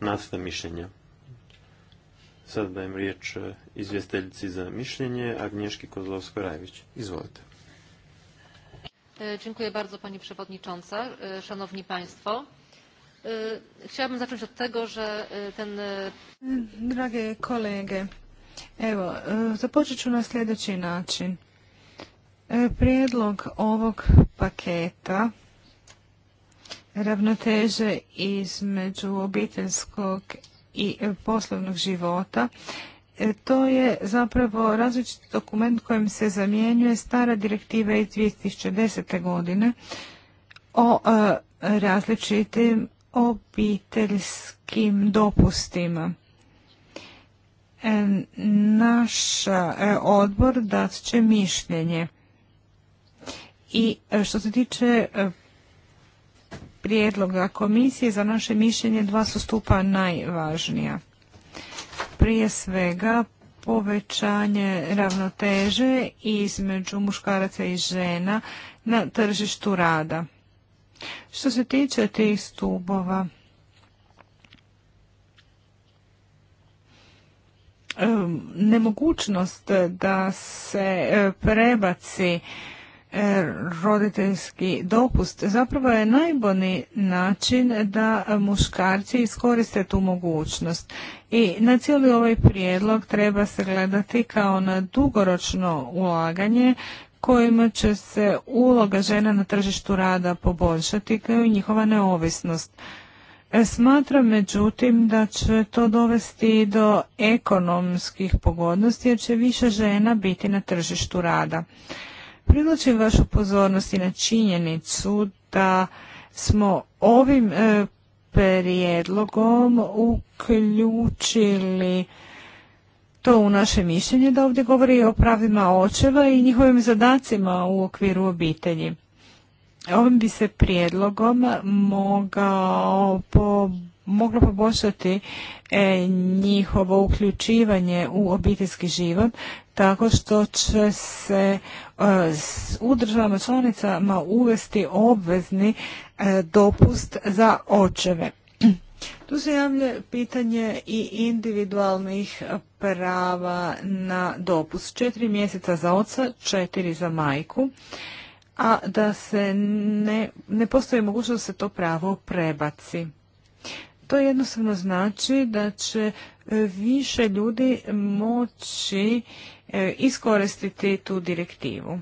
nacrta mišljenja. Sada dajem riječ e, izvjestiteljici za mišljenje, Agnješki Kozlovsko-Rajević. Izvolite. E, dziękuję bardzo Pani Przewodnicząca, e, Szanowni Państwo. Chciałabym zacząć od tego, że ten... Drage kolege, Evo, e, započet ću na sljedeći način. E, prijedlog ovog paketa ravnoteže između obiteljskog i poslovnog života e, to je zapravo različit dokument kojim se zamjenjuje stara direktiva iz 2010. godine o različitim obiteljskim dopustima. E, naš e, odbor dat će mišljenje. I e, što se tiče prijedloga komisije, za naše mišljenje dva su stupa najvažnija. Prije svega povećanje ravnoteže između muškaraca i žena na tržištu rada. Što se tiče tih stubova, nemogućnost da se e, prebaci e, roditeljski dopust zapravo je najbolji način da muškarci iskoriste tu mogućnost. I na cijeli ovaj prijedlog treba se gledati kao na dugoročno ulaganje kojima će se uloga žena na tržištu rada poboljšati kao i njihova neovisnost. E, smatram međutim da će to dovesti do ekonomskih pogodnosti jer će više žena biti na tržištu rada. Privlačim vašu pozornost i na činjenicu da smo ovim e, prijedlogom uključili to u naše mišljenje da ovdje govori o pravima očeva i njihovim zadacima u okviru obitelji. Ovim bi se prijedlogom mogao moglo poboljšati e, njihovo uključivanje u obiteljski život tako što će se e, s, u državama članicama uvesti obvezni e, dopust za očeve. Tu se javlja pitanje i individualnih prava na dopust. Četiri mjeseca za oca, četiri za majku a da se ne, ne postoji mogućnost da se to pravo prebaci. To jednostavno znači da će e, više ljudi moći e, iskoristiti tu direktivu.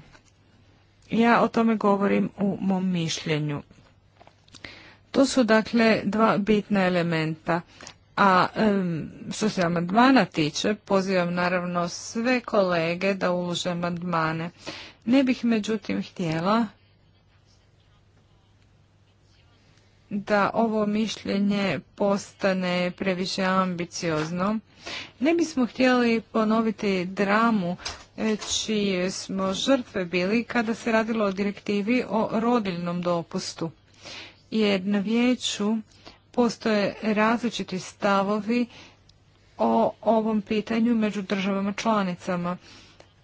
Ja o tome govorim u mom mišljenju. To su dakle dva bitna elementa. A što se amandmana tiče, pozivam naravno sve kolege da ulože amandmane. Ne bih međutim htjela da ovo mišljenje postane previše ambiciozno. Ne bismo htjeli ponoviti dramu e, čije smo žrtve bili kada se radilo o direktivi o rodiljnom dopustu. Jer na vijeću postoje različiti stavovi o ovom pitanju među državama članicama.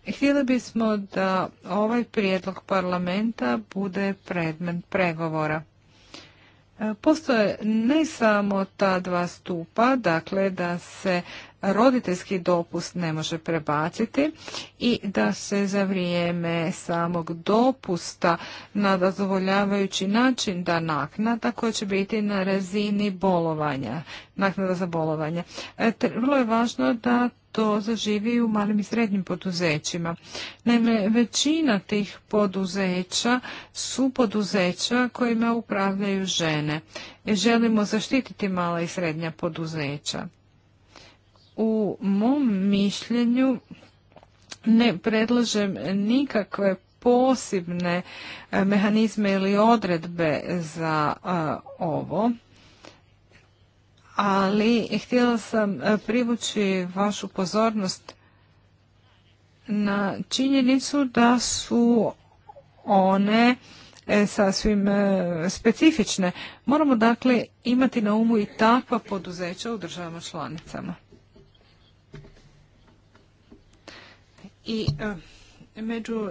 Htjeli bismo da ovaj prijedlog parlamenta bude predmet pregovora. E, postoje ne samo ta dva stupa, dakle da se roditeljski dopust ne može prebaciti i da se za vrijeme samog dopusta na dozvoljavajući način da naknada koja će biti na razini bolovanja, naknada za bolovanje. E, vrlo je važno da to zaživi u malim i srednjim poduzećima. Naime, većina tih poduzeća su poduzeća kojima upravljaju žene. Želimo zaštititi mala i srednja poduzeća u mom mišljenju ne predlažem nikakve posebne e, mehanizme ili odredbe za e, ovo, ali htjela sam e, privući vašu pozornost na činjenicu da su one sasvim specifične. Moramo dakle imati na umu i takva poduzeća u državama članicama. i e, među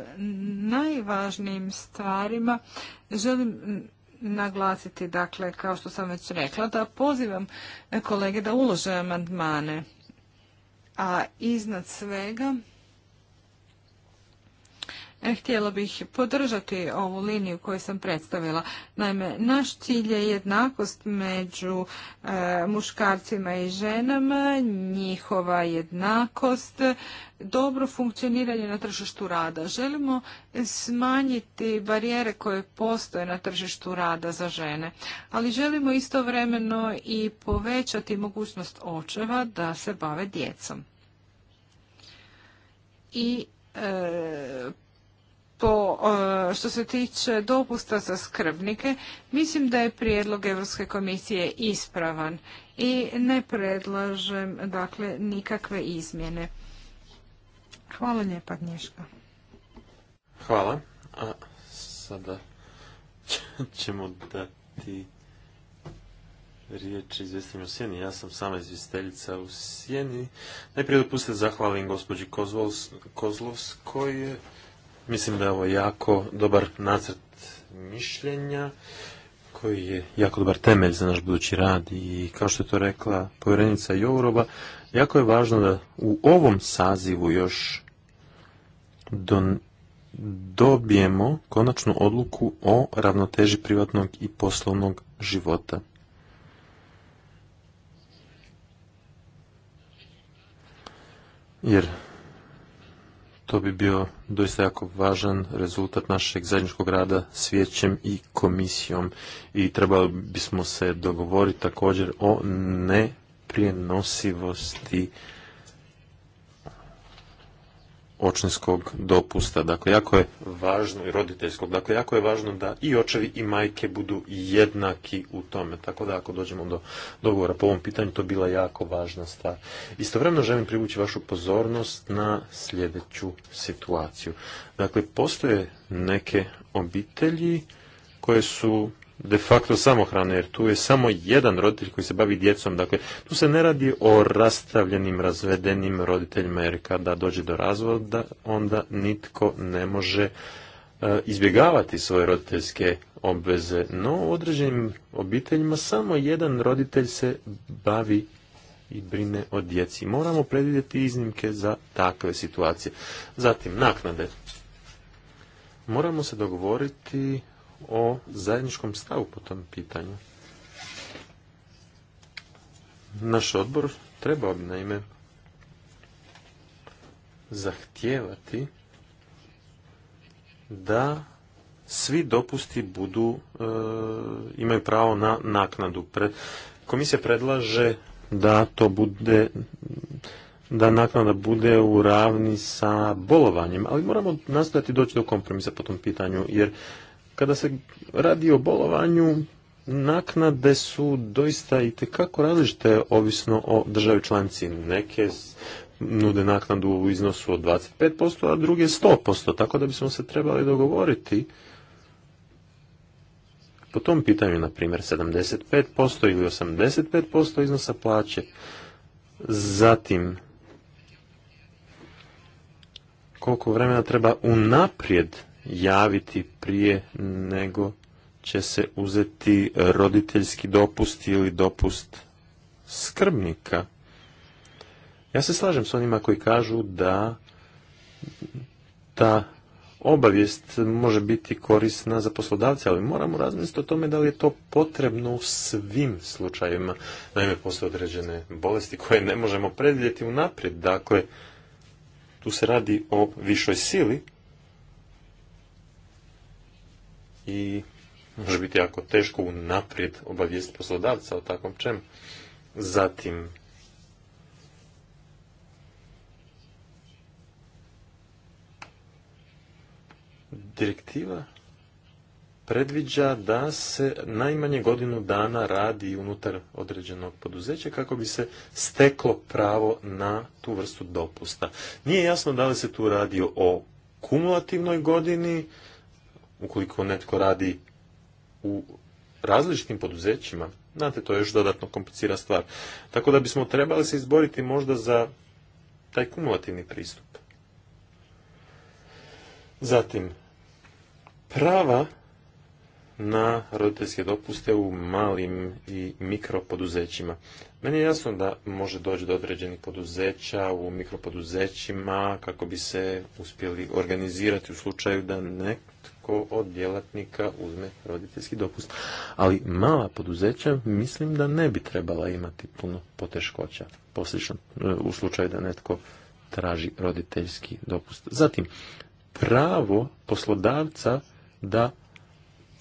najvažnijim stvarima želim naglasiti, dakle, kao što sam već rekla, da pozivam kolege da ulože amandmane. A iznad svega Htjela bih podržati ovu liniju koju sam predstavila. Naime, naš cilj je jednakost među e, muškarcima i ženama, njihova jednakost, dobro funkcioniranje na tržištu rada. Želimo smanjiti barijere koje postoje na tržištu rada za žene, ali želimo istovremeno i povećati mogućnost očeva da se bave djecom. I e, po, eh, što se tiče dopusta za skrbnike, mislim da je prijedlog Europske komisije ispravan i ne predlažem dakle nikakve izmjene. Hvala lijepa, Hvala. A sada ćemo dati riječ izvjestim u sjeni. Ja sam sama izvjesteljica u sjeni. Najprije dopustite zahvalim gospođi Kozlovskoj Mislim da je ovo jako dobar nacrt mišljenja koji je jako dobar temelj za naš budući rad i kao što je to rekla povjerenica Jouroba, jako je važno da u ovom sazivu još don, dobijemo konačnu odluku o ravnoteži privatnog i poslovnog života. Jer to bi bio doista jako važan rezultat našeg zajedničkog rada s vijećem i komisijom i trebali bismo se dogovoriti također o neprenosivosti očinskog dopusta. Dakle, jako je važno i roditeljskog. Dakle, jako je važno da i očevi i majke budu jednaki u tome. Tako da ako dođemo do dogovora po ovom pitanju, to bila jako važna stvar. Istovremeno želim privući vašu pozornost na sljedeću situaciju. Dakle, postoje neke obitelji koje su de facto samohrane, jer tu je samo jedan roditelj koji se bavi djecom. Dakle, tu se ne radi o rastavljenim, razvedenim roditeljima, jer kada dođe do razvoda, onda nitko ne može e, izbjegavati svoje roditeljske obveze. No, u određenim obiteljima samo jedan roditelj se bavi i brine o djeci. Moramo predvidjeti iznimke za takve situacije. Zatim, naknade. Moramo se dogovoriti o zajedničkom stavu po tom pitanju. Naš odbor trebao bi naime zahtijevati da svi dopusti budu e, imaju pravo na naknadu. Pred, komisija predlaže da to bude da naknada bude u ravni sa bolovanjem, ali moramo nastojati doći do kompromisa po tom pitanju, jer kada se radi o bolovanju, naknade su doista i tekako različite ovisno o državi članci. Neke nude naknadu u iznosu od 25%, a druge 100%, tako da bismo se trebali dogovoriti po tom pitanju, na primjer, 75% ili 85% iznosa plaće. Zatim, koliko vremena treba unaprijed javiti prije nego će se uzeti roditeljski dopust ili dopust skrbnika. Ja se slažem s onima koji kažu da ta obavijest može biti korisna za poslodavce, ali moramo razmisliti o tome da li je to potrebno u svim slučajevima. Naime, postoje određene bolesti koje ne možemo predvidjeti unaprijed. Dakle, tu se radi o višoj sili i može biti jako teško unaprijed obavijestiti poslodavca o takvom čemu. Zatim, direktiva predviđa da se najmanje godinu dana radi unutar određenog poduzeća kako bi se steklo pravo na tu vrstu dopusta. Nije jasno da li se tu radi o kumulativnoj godini ukoliko netko radi u različitim poduzećima, znate, to još dodatno komplicira stvar. Tako da bismo trebali se izboriti možda za taj kumulativni pristup. Zatim, prava na roditeljske dopuste u malim i mikropoduzećima. Meni je jasno da može doći do određenih poduzeća u mikropoduzećima kako bi se uspjeli organizirati u slučaju da ne od djelatnika uzme roditeljski dopust. Ali mala poduzeća mislim da ne bi trebala imati puno poteškoća, poslično e, u slučaju da netko traži roditeljski dopust. Zatim, pravo poslodavca da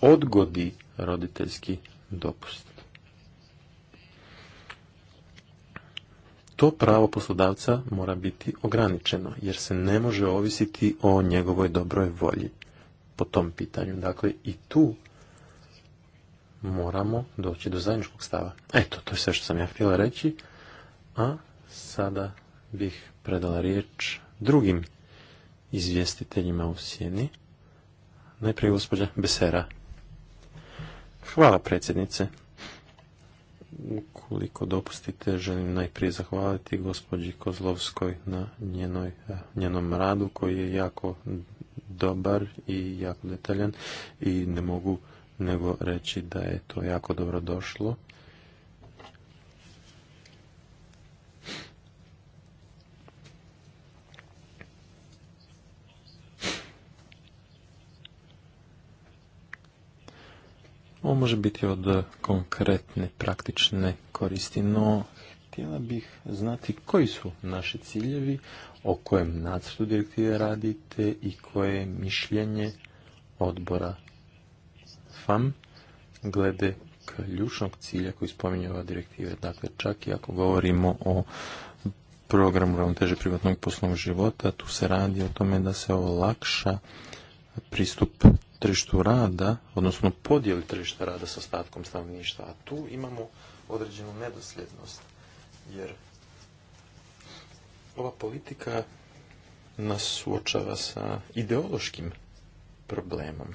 odgodi roditeljski dopust. to pravo poslodavca mora biti ograničeno, jer se ne može ovisiti o njegovoj dobroj volji po tom pitanju. Dakle, i tu moramo doći do zajedničkog stava. Eto, to je sve što sam ja htjela reći. A sada bih predala riječ drugim izvjestiteljima u sjeni. Najprije gospođa Besera. Hvala predsjednice. Ukoliko dopustite, želim najprije zahvaliti gospođi Kozlovskoj na njenoj, njenom radu koji je jako dobar i jako detaljan i ne mogu nego reći da je to jako dobro došlo. Ovo može biti od konkretne, praktične koristi, no htjela bih znati koji su naši ciljevi, o kojem nacrtu direktive radite i koje je mišljenje odbora FAM glede ključnog cilja koji spominje ova direktiva. Dakle, čak i ako govorimo o programu ravnoteže privatnog poslovnog života, tu se radi o tome da se olakša pristup tržištu rada, odnosno podjeli tržišta rada sa ostatkom stanovništva. A tu imamo određenu nedosljednost, jer ova politika nas suočava sa ideološkim problemom.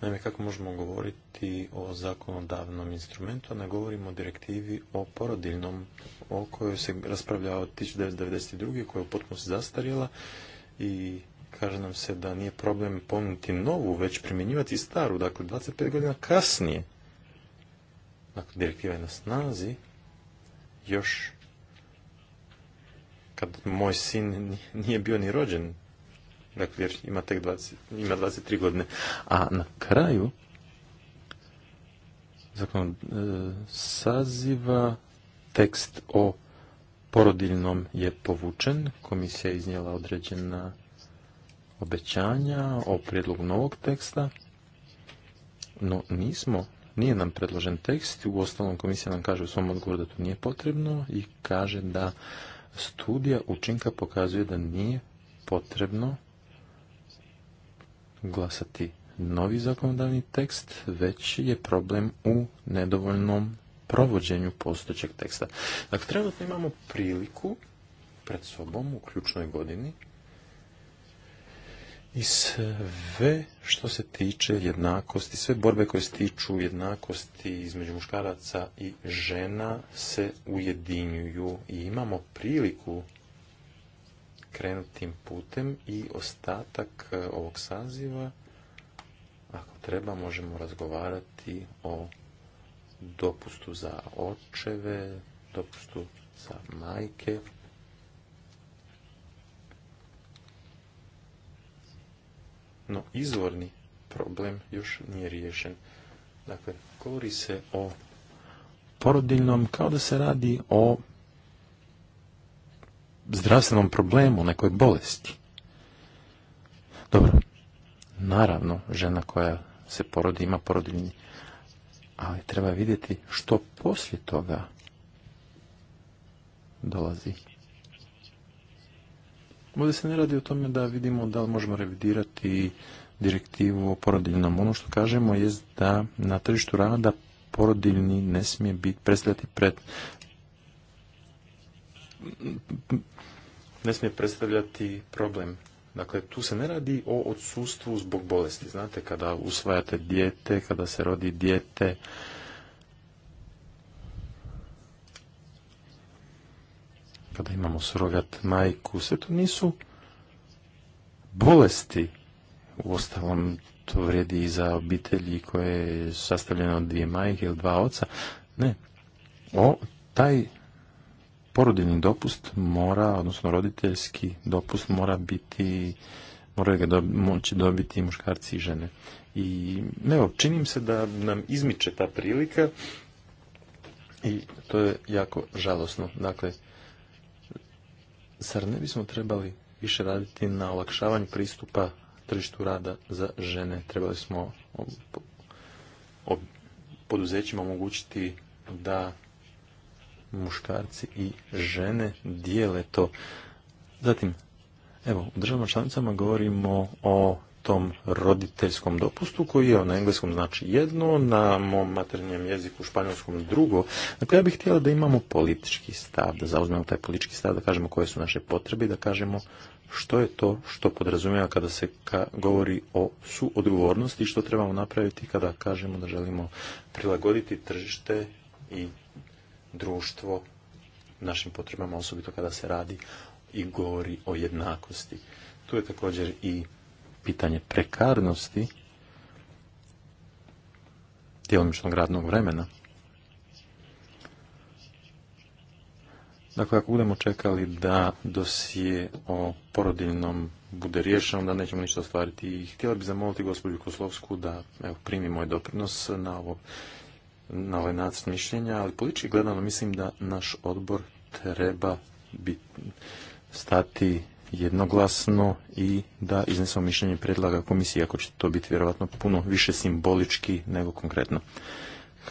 Naime, kako možemo govoriti o zakonodavnom instrumentu, a ne govorimo o direktivi o porodiljnom, o kojoj se raspravlja od 1992. koja je potpuno zastarjela i kaže nam se da nije problem ponuti novu, već primjenjivati staru, dakle 25 godina kasnije. Dakle, direktiva je na snazi, još kad moj sin nije bio ni rođen, dakle, jer ima tek 20, ima 23 godine, a na kraju zakon e, saziva tekst o porodiljnom je povučen, komisija je iznijela određena obećanja o prijedlogu novog teksta, no nismo nije nam predložen tekst, u ostalom komisija nam kaže u svom odgovoru da to nije potrebno i kaže da studija učinka pokazuje da nije potrebno glasati novi zakonodavni tekst, već je problem u nedovoljnom provođenju postojećeg teksta. Dakle, trenutno imamo priliku pred sobom u ključnoj godini i sve što se tiče jednakosti, sve borbe koje se tiču jednakosti između muškaraca i žena se ujedinjuju i imamo priliku krenuti tim putem i ostatak e, ovog saziva, ako treba, možemo razgovarati o dopustu za očeve, dopustu za majke. no izvorni problem još nije riješen. Dakle, govori se o porodiljnom kao da se radi o zdravstvenom problemu, nekoj bolesti. Dobro, naravno, žena koja se porodi ima porodiljni, ali treba vidjeti što poslije toga dolazi. Ovdje se ne radi o tome da vidimo da li možemo revidirati direktivu o porodiljnom. Ono što kažemo je da na tržištu rada porodiljni ne smije biti predstavljati pred ne smije predstavljati problem. Dakle, tu se ne radi o odsustvu zbog bolesti. Znate, kada usvajate dijete, kada se rodi dijete, kada imamo surogat majku, sve to nisu bolesti. U ostalom, to vredi i za obitelji koje je sastavljeno od dvije majke ili dva oca. Ne. O, taj porodiljni dopust mora, odnosno roditeljski dopust mora biti, moraju ga moći dobiti i muškarci i žene. I evo, činim se da nam izmiče ta prilika i to je jako žalosno. Dakle, Zar ne bismo trebali više raditi na olakšavanju pristupa tržištu rada za žene? Trebali smo poduzećima omogućiti da muškarci i žene dijele to. Zatim, evo, u državama članicama govorimo o tom roditeljskom dopustu koji je na engleskom znači jedno, na mom maternjem jeziku španjolskom drugo. Dakle, ja bih htjela da imamo politički stav, da zauzmemo taj politički stav, da kažemo koje su naše potrebe, i da kažemo što je to što podrazumijeva kada se govori o suodgovornosti i što trebamo napraviti kada kažemo da želimo prilagoditi tržište i društvo našim potrebama, osobito kada se radi i govori o jednakosti. Tu je također i pitanje prekarnosti djelomičnog radnog vremena. Dakle, ako budemo čekali da dosije o porodiljnom bude riješeno, onda nećemo ništa ostvariti. I htjela bih zamoliti gospođu Koslovsku da evo, primi moj doprinos na ovo na ovaj nacrt mišljenja, ali politički gledano mislim da naš odbor treba biti, stati jednoglasno i da iznesemo mišljenje predlaga komisije, ako će to biti vjerovatno puno više simbolički nego konkretno.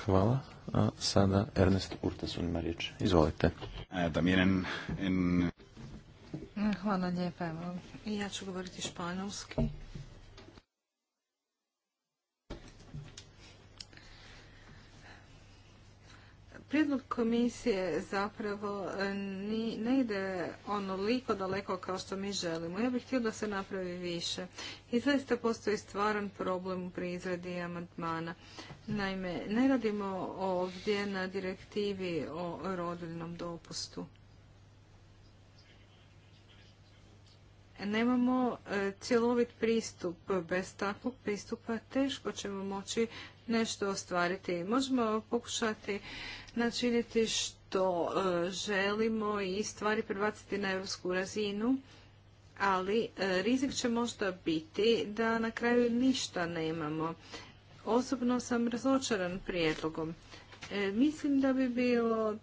Hvala. A sada Ernest Urtasun ima riječ. Izvolite. Hvala lijepa. ja ću govoriti španjolski. Prijedlog komisije zapravo e, ne ide onoliko daleko kao što mi želimo. Ja bih htio da se napravi više. I zaista postoji stvaran problem pri izradi amandmana. Naime, ne radimo ovdje na direktivi o rodiljnom dopustu. nemamo e, cjelovit pristup. Bez takvog pristupa teško ćemo moći nešto ostvariti. Možemo pokušati načiniti što e, želimo i stvari prebaciti na europsku razinu, ali e, rizik će možda biti da na kraju ništa nemamo. Osobno sam razočaran prijedlogom. E, mislim da bi bilo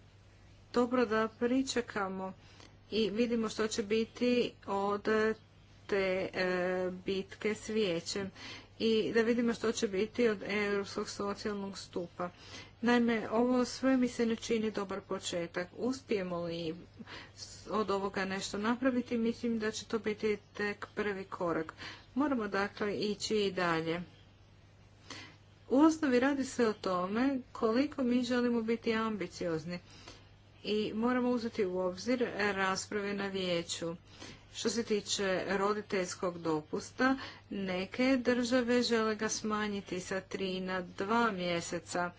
dobro da pričekamo i vidimo što će biti od te bitke s vijećem i da vidimo što će biti od europskog socijalnog stupa. Naime, ovo sve mi se ne čini dobar početak. Uspijemo li od ovoga nešto napraviti, mislim da će to biti tek prvi korak. Moramo dakle ići i dalje. U osnovi radi se o tome koliko mi želimo biti ambiciozni i moramo uzeti u obzir rasprave na vijeću. Što se tiče roditeljskog dopusta, neke države žele ga smanjiti sa tri na dva mjeseca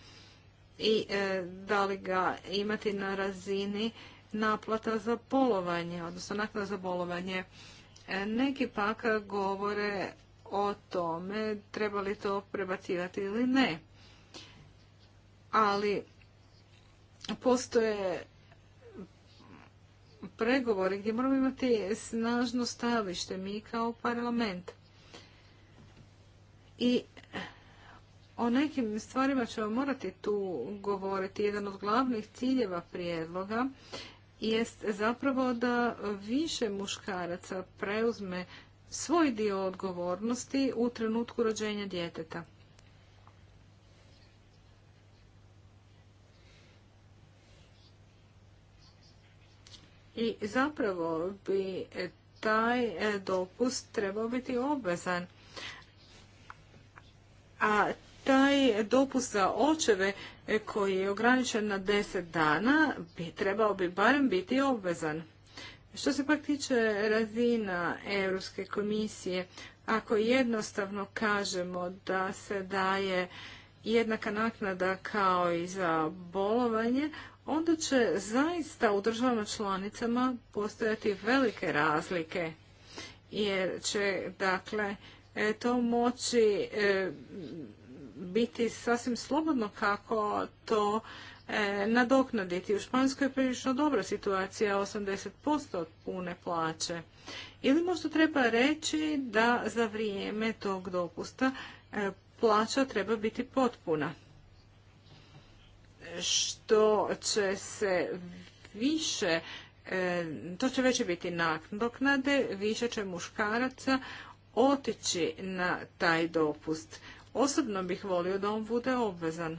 i e, da li ga imati na razini naplata za polovanje, odnosno naknada za bolovanje. E, neki pak govore o tome treba li to prebacivati ili ne. Ali postoje pregovore gdje moramo imati snažno stavište mi kao parlament. I o nekim stvarima ćemo morati tu govoriti. Jedan od glavnih ciljeva prijedloga jest zapravo da više muškaraca preuzme svoj dio odgovornosti u trenutku rođenja djeteta. i zapravo bi taj e, dopust trebao biti obvezan. A taj dopust za očeve e, koji je ograničen na 10 dana bi, trebao bi barem biti obvezan. Što se pak tiče razina Europske komisije, ako jednostavno kažemo da se daje jednaka naknada kao i za bolovanje, onda će zaista u državama članicama postojati velike razlike jer će dakle e, to moći e, biti sasvim slobodno kako to e, nadoknaditi. U Španjskoj je prilično dobra situacija, 80% pune plaće. Ili možda treba reći da za vrijeme tog dopusta plaća treba biti potpuna što će se više e, to će veće biti naknade, više će muškaraca otići na taj dopust. Osobno bih volio da on bude obvezan.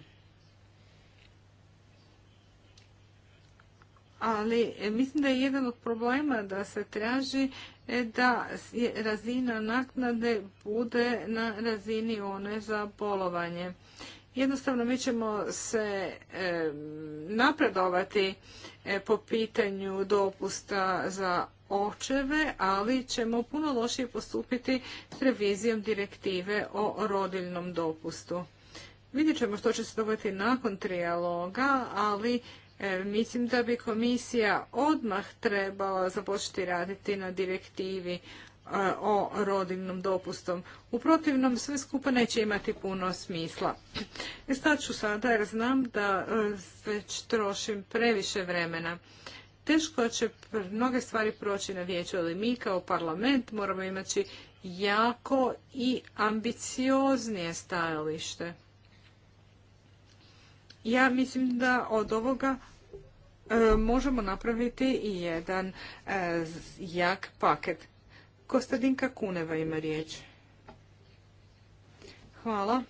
Ali e, mislim da je jedan od problema da se traži e, da razina naknade bude na razini one za bolovanje. Jednostavno mi ćemo se e, napredovati e, po pitanju dopusta za očeve, ali ćemo puno lošije postupiti s revizijom direktive o rodiljnom dopustu. Vidjet ćemo što će se dogoditi nakon trijaloga, ali e, mislim da bi komisija odmah trebala započeti raditi na direktivi o rodinnom dopustom. U protivnom sve skupa neće imati puno smisla. E, sad ću sada jer znam da e, već trošim previše vremena. Teško će mnoge stvari proći na vijeću, ali mi kao parlament moramo imati jako i ambicioznije stajalište. Ja mislim da od ovoga e, možemo napraviti i jedan jak paket. Kostadinka Kuneva ima riječ. Hvala.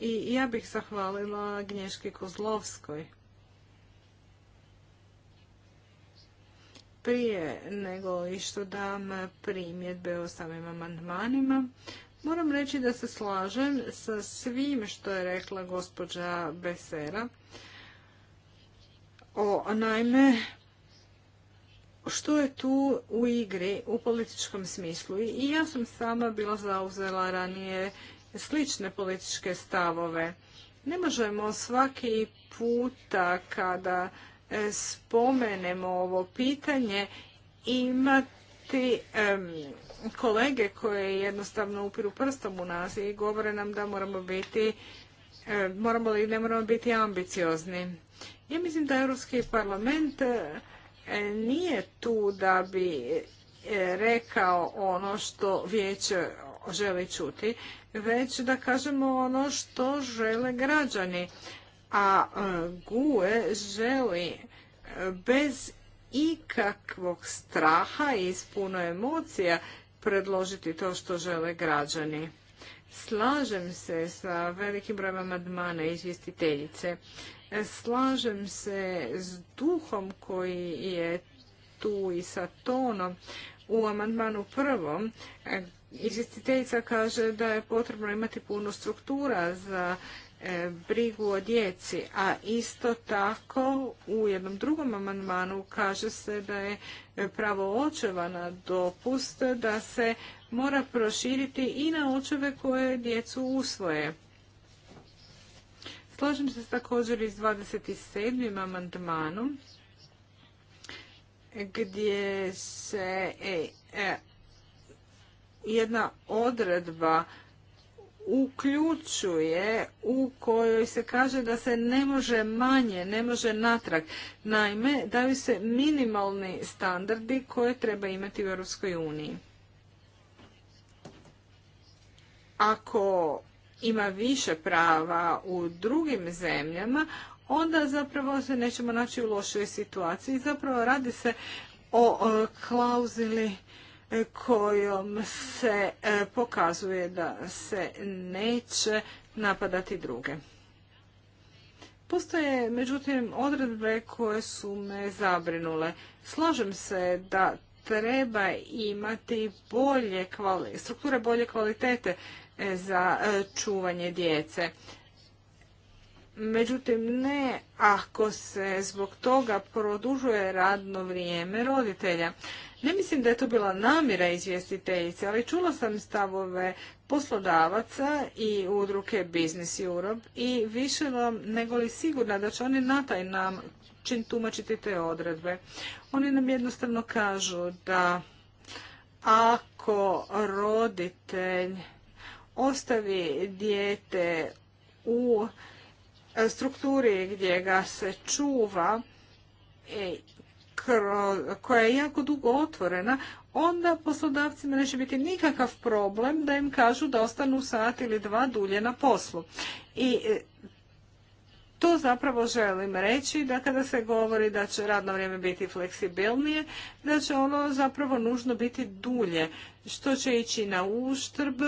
I ja bih zahvalila Gnješki Kozlovskoj. Prije nego i što dam primjedbe o samim amandmanima, moram reći da se slažem sa svim što je rekla gospođa Besera. O, naime, što je tu u igri u političkom smislu. I ja sam sama bila zauzela ranije slične političke stavove. Ne možemo svaki puta kada e, spomenemo ovo pitanje imati kolege koje jednostavno upiru prstom u nas i govore nam da moramo biti e, moramo li ne moramo biti ambiciozni. Ja mislim da Europski parlament E, nije tu da bi e, rekao ono što vijeće želi čuti, već da kažemo ono što žele građani. A e, GUE želi bez ikakvog straha i s puno emocija predložiti to što žele građani. Slažem se sa velikim brojem amandmana izvjestiteljice slažem se s duhom koji je tu i sa tonom. U amandmanu prvom e, izvjestiteljica kaže da je potrebno imati puno struktura za e, brigu o djeci, a isto tako u jednom drugom amandmanu kaže se da je pravo očeva na dopust da se mora proširiti i na očeve koje djecu usvoje. Slažem se također i s 27. amandmanom gdje se e, e, jedna odredba uključuje u kojoj se kaže da se ne može manje, ne može natrag. Naime, daju se minimalni standardi koje treba imati u EU. Ako ima više prava u drugim zemljama, onda zapravo se nećemo naći u lošoj situaciji. Zapravo radi se o klauzili e, kojom se e, pokazuje da se neće napadati druge. Postoje, međutim, odredbe koje su me zabrinule. Slažem se da treba imati bolje strukture bolje kvalitete E, za e, čuvanje djece. Međutim, ne ako se zbog toga produžuje radno vrijeme roditelja. Ne mislim da je to bila namjera izvjestiteljice, ali čula sam stavove poslodavaca i udruke Business Europe i više vam nego li sigurna da će oni na taj način čin tumačiti te odredbe. Oni nam jednostavno kažu da ako roditelj ostavi dijete u strukturi gdje ga se čuva, e, koja je jako dugo otvorena, onda poslodavcima neće biti nikakav problem da im kažu da ostanu sat ili dva dulje na poslu. I e, to zapravo želim reći da kada se govori da će radno vrijeme biti fleksibilnije, da će ono zapravo nužno biti dulje, što će ići na uštrb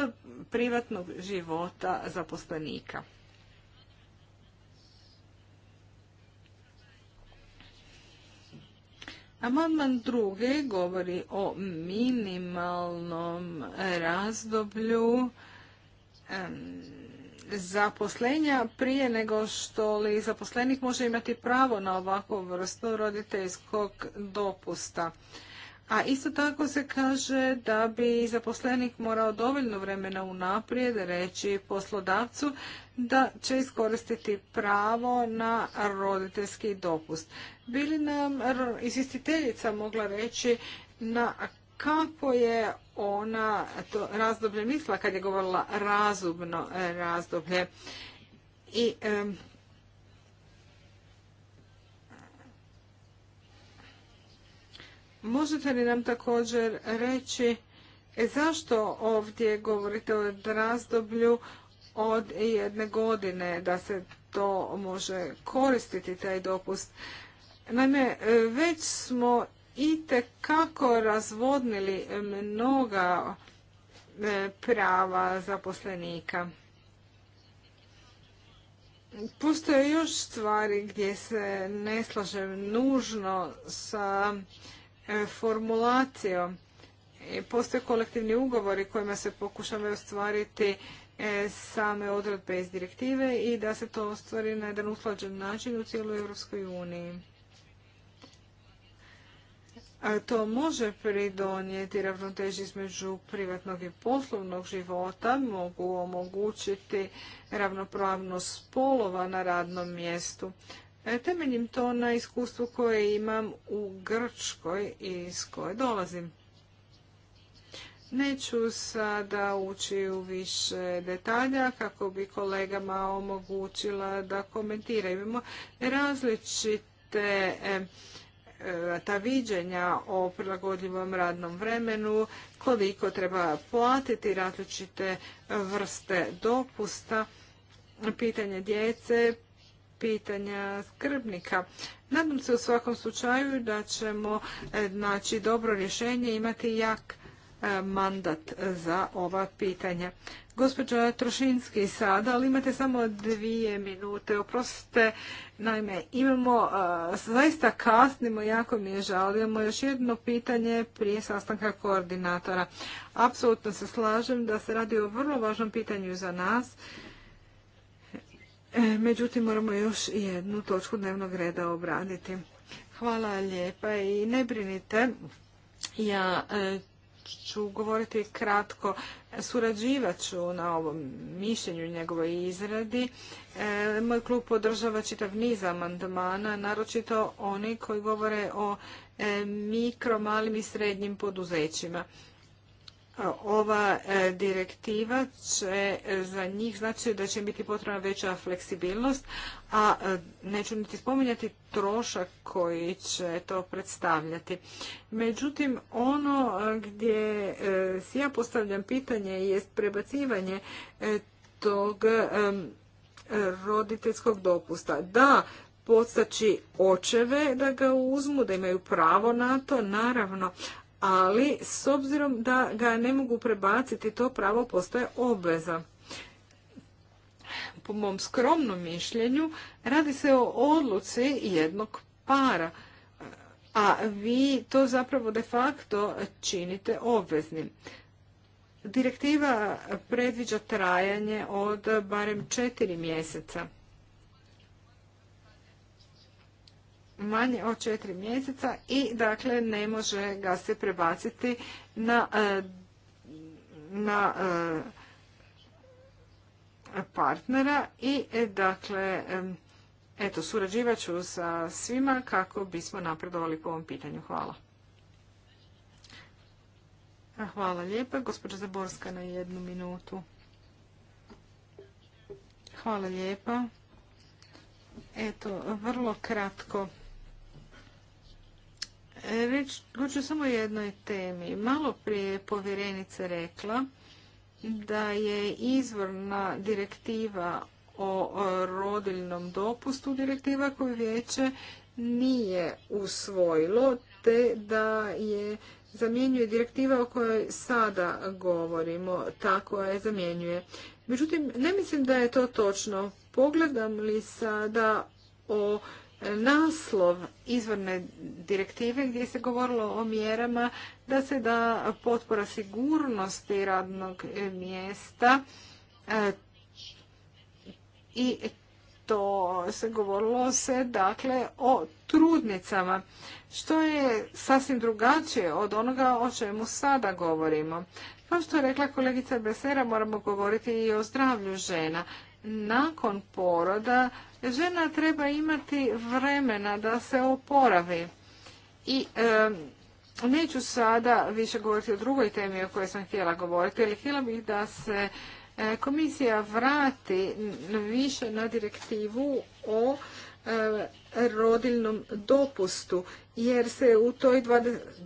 privatnog života zaposlenika. Amandman drugi govori o minimalnom razdoblju zaposlenja prije nego što li zaposlenik može imati pravo na ovakvu vrstu roditeljskog dopusta. A isto tako se kaže da bi zaposlenik morao dovoljno vremena unaprijed reći poslodavcu da će iskoristiti pravo na roditeljski dopust. Bili nam izvjestiteljica mogla reći na kako je ona to razdoblje mislila kad je govorila razumno razdoblje. I Možete li nam također reći e, zašto ovdje govorite o razdoblju od jedne godine da se to može koristiti taj dopust? Naime, već smo i kako razvodnili mnoga e, prava zaposlenika. Postoje još stvari gdje se ne slažem nužno sa E, formulacijom. Postoje kolektivni ugovori kojima se pokušavaju ostvariti e, same odredbe iz direktive i da se to ostvari na jedan usklađen način u cijeloj Europskoj uniji. to može pridonijeti ravnoteži između privatnog i poslovnog života, mogu omogućiti ravnopravnost spolova na radnom mjestu. E, temeljim to na iskustvu koje imam u Grčkoj iz koje dolazim. Neću sada ući u više detalja kako bi kolegama omogućila da komentiraju. različite e, e, ta viđenja o prilagodljivom radnom vremenu, koliko treba platiti različite vrste dopusta, pitanje djece, pitanja skrbnika. Nadam se u svakom slučaju da ćemo e, naći dobro rješenje imati jak e, mandat za ova pitanja. Gospođa Trošinski sada, ali imate samo dvije minute. Oprostite, naime, imamo, e, zaista kasnimo, jako mi je žalimo imamo još jedno pitanje prije sastanka koordinatora. Apsolutno se slažem da se radi o vrlo važnom pitanju za nas E, međutim, moramo još jednu točku dnevnog reda obraniti. Hvala lijepa i ne brinite, ja e, ću govoriti kratko. Surađivat ću na ovom mišljenju njegovoj izradi. E, moj klub podržava čitav niz amandmana, naročito oni koji govore o mikro, malim i srednjim poduzećima. Ova e, direktiva će e, za njih znači da će biti potrebna veća fleksibilnost, a e, neću niti spominjati trošak koji će to predstavljati. Međutim, ono gdje si ja postavljam pitanje je prebacivanje tog roditeljskog dopusta. Da, podstaći očeve da ga uzmu, da imaju pravo na to, naravno, ali s obzirom da ga ne mogu prebaciti, to pravo postoje obveza. Po mom skromnom mišljenju, radi se o odluci jednog para, a vi to zapravo de facto činite obveznim. Direktiva predviđa trajanje od barem četiri mjeseca. manje od četiri mjeseca i dakle ne može ga se prebaciti na, e, na e, partnera i e, dakle eto surađivat ću sa svima kako bismo napredovali po ovom pitanju. Hvala. Hvala lijepa. Gospođa Zaborska na jednu minutu. Hvala lijepa. Eto, vrlo kratko. E, Reći ću samo jednoj temi. Malo prije povjerenica rekla da je izvorna direktiva o rodiljnom dopustu direktiva koju vijeće nije usvojilo, te da je zamjenjuje direktiva o kojoj sada govorimo, ta koja je zamjenjuje. Međutim, ne mislim da je to točno. Pogledam li sada o naslov izvorne direktive gdje se govorilo o mjerama da se da potpora sigurnosti radnog mjesta e, i to se govorilo se dakle o trudnicama što je sasvim drugačije od onoga o čemu sada govorimo. Kao što je rekla kolegica Besera, moramo govoriti i o zdravlju žena nakon poroda žena treba imati vremena da se oporavi. I e, neću sada više govoriti o drugoj temi o kojoj sam htjela govoriti, ali htjela bih da se komisija vrati više na direktivu o E, rodiljnom dopustu, jer se u toj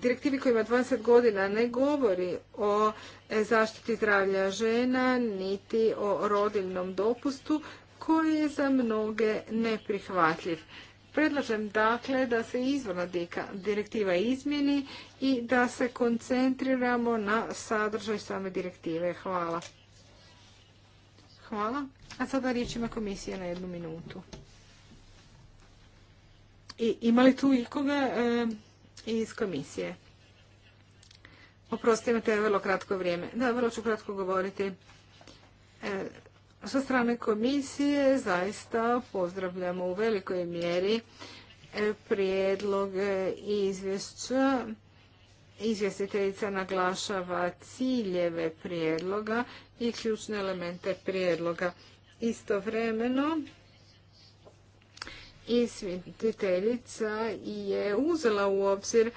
direktivi koja ima 20 godina ne govori o e, zaštiti zdravlja žena, niti o rodiljnom dopustu, koji je za mnoge neprihvatljiv. Predlažem dakle da se izvorna direktiva izmjeni i da se koncentriramo na sadržaj same direktive. Hvala. Hvala. A sada riječ ima komisija na jednu minutu. I, ima li tu ikoga eh, iz komisije? Oprosti, imate vrlo kratko vrijeme. Da, vrlo ću kratko govoriti. Eh, sa strane komisije zaista pozdravljamo u velikoj mjeri eh, prijedlog izvješća. Izvjestiteljica naglašava ciljeve prijedloga i ključne elemente prijedloga. Istovremeno i svjetiteljica je uzela u obzir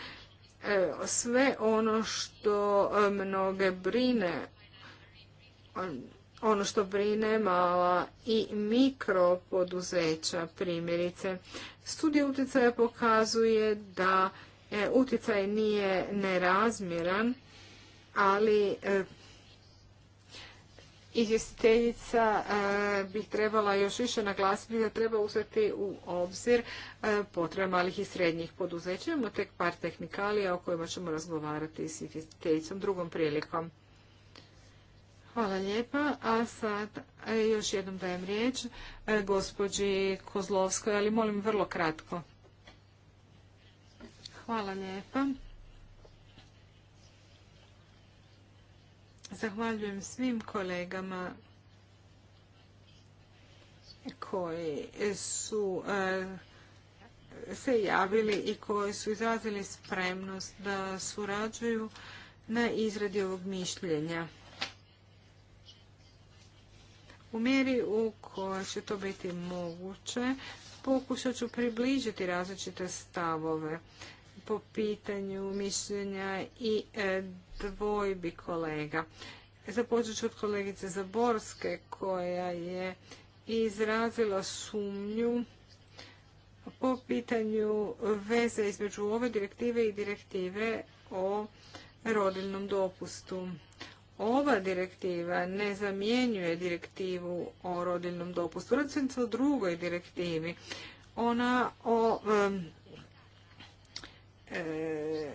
e, sve ono što e, mnoge brine, ono što brine mala i mikro poduzeća primjerice. Studija utjecaja pokazuje da e, utjecaj nije nerazmjeran, ali izvjestiteljica e, bi trebala još više naglasiti da treba uzeti u obzir e, potrebe malih i srednjih poduzeća. Imamo tek par tehnikalija o kojima ćemo razgovarati s izvjestiteljicom drugom prilikom. Hvala lijepa. A sad e, još jednom dajem riječ gospođi Kozlovskoj, ali molim vrlo kratko. Hvala lijepa. Zahvaljujem svim kolegama koji su e, se javili i koji su izrazili spremnost da surađuju na izradi ovog mišljenja. U mjeri u kojoj će to biti moguće, pokušat ću približiti različite stavove po pitanju mišljenja i e, dvojbi kolega. Započet ću od kolegice Zaborske koja je izrazila sumnju po pitanju veze između ove direktive i direktive o rodilnom dopustu. Ova direktiva ne zamjenjuje direktivu o rodilnom dopustu. Radi se o drugoj direktivi. Ona o e, E,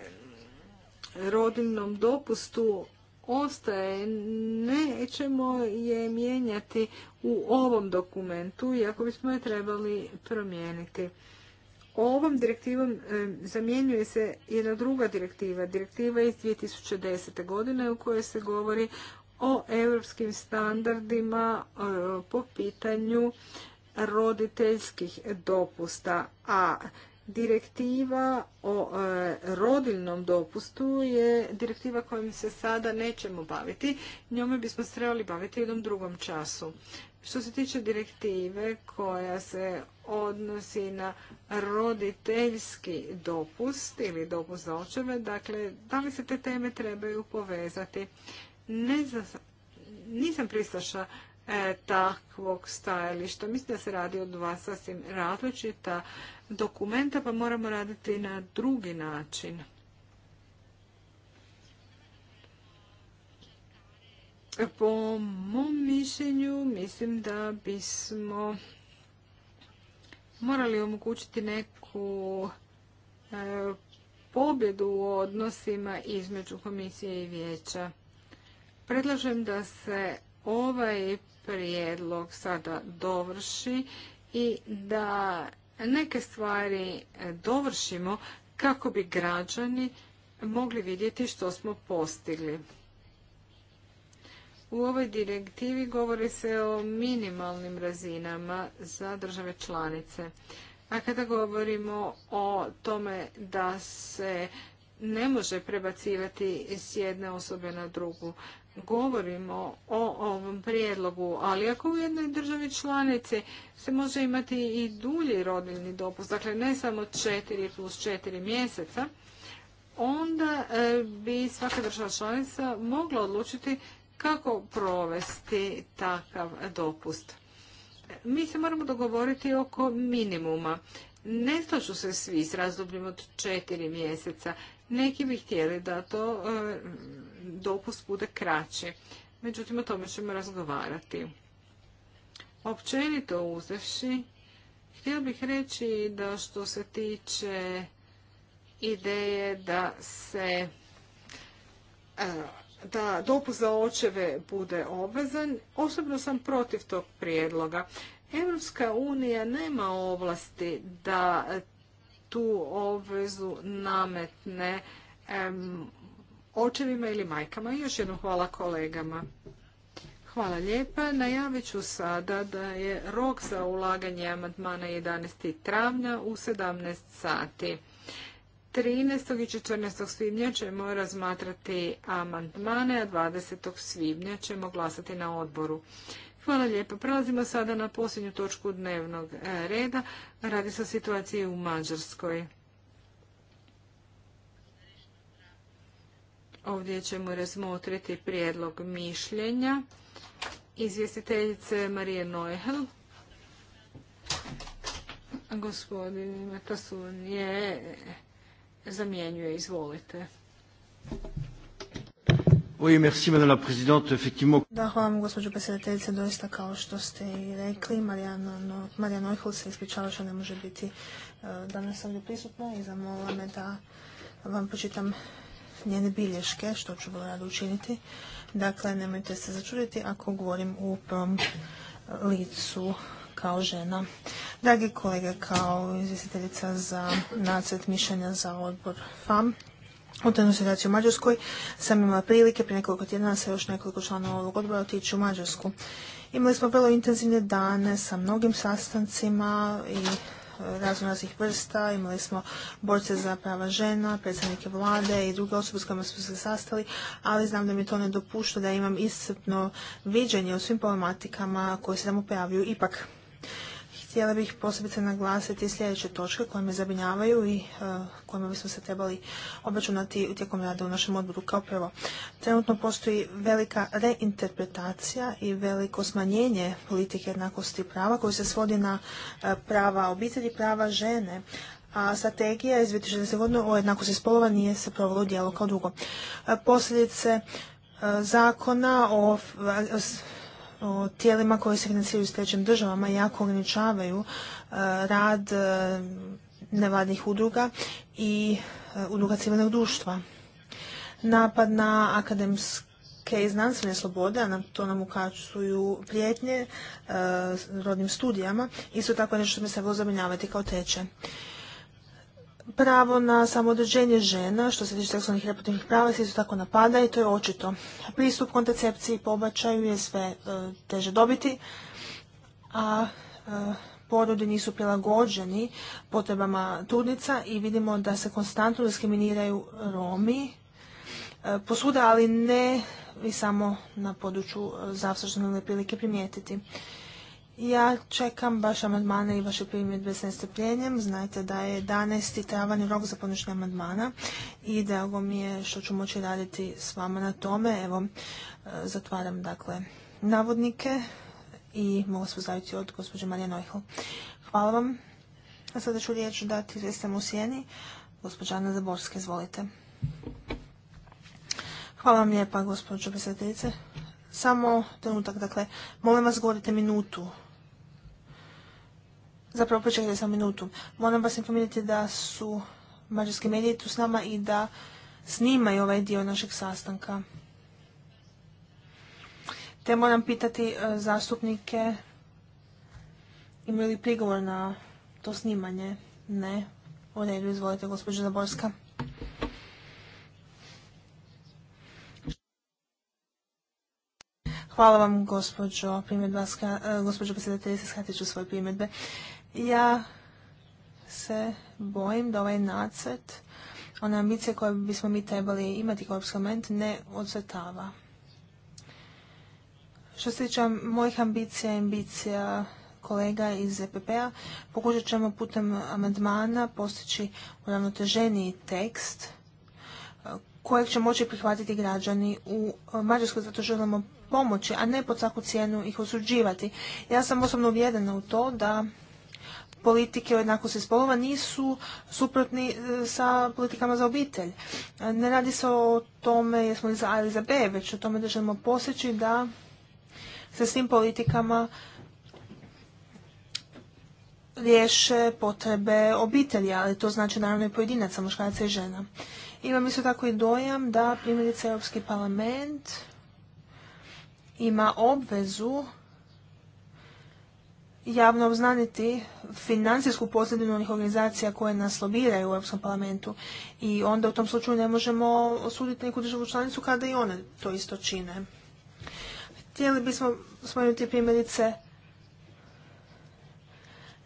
rodiljnom dopustu ostaje, nećemo je mijenjati u ovom dokumentu, iako bismo je trebali promijeniti. Ovom direktivom e, zamjenjuje se jedna druga direktiva, direktiva iz 2010. godine u kojoj se govori o europskim standardima e, po pitanju roditeljskih dopusta, a Direktiva o e, rodiljnom dopustu je direktiva kojom se sada nećemo baviti. Njome bismo se trebali baviti u jednom drugom času. Što se tiče direktive koja se odnosi na roditeljski dopust ili dopust za očeve, dakle, da li se te teme trebaju povezati? Ne nisam pristaša E, takvog stajališta. Mislim da se radi o dva sasvim različita dokumenta, pa moramo raditi na drugi način. Po mom mišljenju mislim da bismo morali omogućiti neku e, pobjedu u odnosima između komisije i vijeća. Predlažem da se ovaj prijedlog sada dovrši i da neke stvari dovršimo kako bi građani mogli vidjeti što smo postigli. U ovoj direktivi govori se o minimalnim razinama za države članice. A kada govorimo o tome da se ne može prebacivati s jedne osobe na drugu, govorimo o ovom prijedlogu, ali ako u jednoj državi članice se može imati i dulji rodiljni dopust, dakle ne samo 4 plus 4 mjeseca, onda e, bi svaka država članica mogla odlučiti kako provesti takav dopust. Mi se moramo dogovoriti oko minimuma. Ne slažu se svi s razdobljem od četiri mjeseca. Neki bi htjeli da to e, dopust bude kraći. Međutim, o tome ćemo razgovarati. Općenito uzevši, htjela bih reći da što se tiče ideje da se e, da dopust za očeve bude obvezan. Osobno sam protiv tog prijedloga. Evropska unija nema ovlasti da tu obvezu nametne očevima ili majkama. I još jednom hvala kolegama. Hvala lijepa. Najavit ću sada da je rok za ulaganje amandmana 11. travnja u 17 sati. 13. i 14. svibnja ćemo razmatrati amandmane, a 20. svibnja ćemo glasati na odboru. Hvala lijepa. Prelazimo sada na posljednju točku dnevnog e, reda. Radi se o situaciji u Mađarskoj. Ovdje ćemo razmotriti prijedlog mišljenja izvjestiteljice Marije Neuhel. Gospodin Matasun je eh, zamjenjuje. Izvolite. Oui, merci, madame la présidente. Effectivement. Da, hvala vam, gospođo predsjedateljice. Doista, kao što ste i rekli, Marija Neuhel se ispričava što ne može biti eh, danas ovdje prisutna i zamola me da vam pročitam njene bilješke, što ću vrlo rado učiniti. Dakle, nemojte se začuditi ako govorim u prvom eh, licu kao žena. Dragi kolege, kao izvjestiteljica za nacrt mišljenja za odbor FAM, u trenutnoj situaciji u Mađarskoj sam imala prilike prije nekoliko tjedana sa još nekoliko članova ovog odbora otići u Mađarsku. Imali smo vrlo intenzivne dane sa mnogim sastancima i raznoraznih vrsta, imali smo borce za prava žena, predstavnike vlade i druge osobe s kojima smo se sastali, ali znam da mi to ne dopušta da imam iscrpno viđenje o svim problematikama koje se tamo pojavljuju. Ipak, Htjela bih posebice naglasiti sljedeće točke koje me zabrinjavaju i e, kojima bismo se trebali obračunati tijekom rada u našem odboru. Kao prvo, trenutno postoji velika reinterpretacija i veliko smanjenje politike jednakosti prava koje se svodi na e, prava obitelji, prava žene, a strategija iz 2016. godine o jednakosti spolova nije se provelo u kao drugo. E, posljedice zakona o o tijelima koje se financiraju s trećim državama jako ograničavaju e, rad e, nevladnih udruga i e, udruga civilnog društva. Napad na akademske i znanstvene slobode, a to nam ukazuju prijetnje rodnim studijama, isto tako nešto mi se zabrinjavati kao teče. Pravo na samodređenje žena, što se tiče seksualnih prava, se isto tako napada i to je očito. Pristup kontracepciji pobačaju je sve e, teže dobiti, a e, porodi nisu prilagođeni potrebama trudnica i vidimo da se konstantno diskriminiraju Romi e, posuda, ali ne i samo na području završene prilike primijetiti. Ja čekam baš amandmane i vaše primjedbe s nestrpljenjem. Znajte da je 11. travanj rok za podnošenje amandmana i drago mi je što ću moći raditi s vama na tome. Evo, e, zatvaram dakle navodnike i mogu se pozdraviti od gospođe Marije Nojho. Hvala vam. A sada ću riječ dati ste u sjeni. Gospođa Ana Zaborska, izvolite. Hvala vam lijepa, gospođo predsjedateljice. Samo trenutak, dakle, molim vas govorite minutu Zapravo počekajte samo minutu. Moram vas informirati da su mađarski mediji tu s nama i da snimaju ovaj dio našeg sastanka. Te moram pitati e, zastupnike imaju li prigovor na to snimanje? Ne. U redu, izvolite, gospođo Zaborska. Hvala vam, gospođo, e, gospođo predsjedateljice, shvatit ću svoje primjedbe. Ja se bojim da ovaj nacrt, one ambicije koje bismo mi trebali imati kao parlament ne odsetava. Što se tiče mojih ambicija i ambicija kolega iz EPP-a, pokušat ćemo putem amandmana postići uravnoteženiji tekst kojeg će moći prihvatiti građani u Mađarskoj zato želimo pomoći, a ne pod svaku cijenu ih osuđivati. Ja sam osobno uvjerena u to da politike o jednakosti spolova nisu suprotni e, sa politikama za obitelj. E, ne radi se o tome jesmo li za A ili za B, već o tome da želimo posjeći da se svim politikama riješe potrebe obitelji, ali to znači naravno i pojedinaca, muškaraca i žena. Imam isto tako i dojam da primjerice Europski parlament ima obvezu javno obznaniti financijsku posljedinu onih organizacija koje nas lobiraju u Europskom parlamentu i onda u tom slučaju ne možemo osuditi neku državu članicu kada i one to isto čine. Htjeli bismo spomenuti primjerice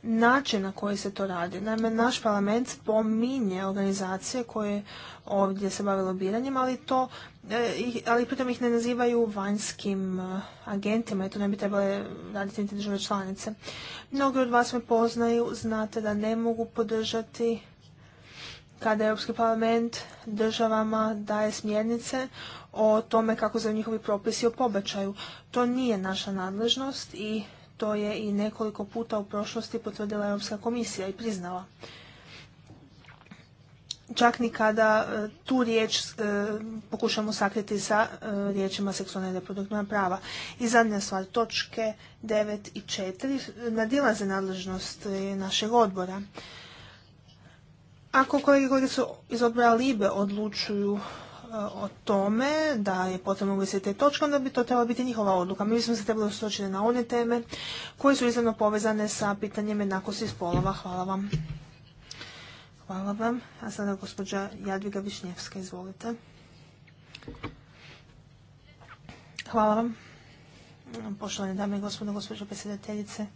način na koji se to radi. Naime, naš parlament spominje organizacije koje ovdje se bave lobiranjem, ali to, e, ali pritom ih ne nazivaju vanjskim e, agentima i to ne bi trebale raditi niti države članice. Mnogi od vas me poznaju, znate da ne mogu podržati kada Europski parlament državama daje smjernice o tome kako za njihovi propisi o pobačaju. To nije naša nadležnost i to je i nekoliko puta u prošlosti potvrdila Europska komisija i priznala čak ni kada e, tu riječ e, pokušamo sakriti sa e, riječima seksualne i prava. I zadnja stvar, točke 9 i 4 nadilaze nadležnost našeg odbora. Ako kolege koji su iz odbora Libe odlučuju o tome da je potrebno uvesti te točke, onda bi to trebala biti njihova odluka. Mi smo se trebali ustočiti na one teme koje su izravno povezane sa pitanjem jednakosti spolova. Hvala vam. Hvala vam. A sada gospođa Jadviga Višnjevska, izvolite. Hvala vam. Poštovane dame i gospodo, gospođo predsjedateljice.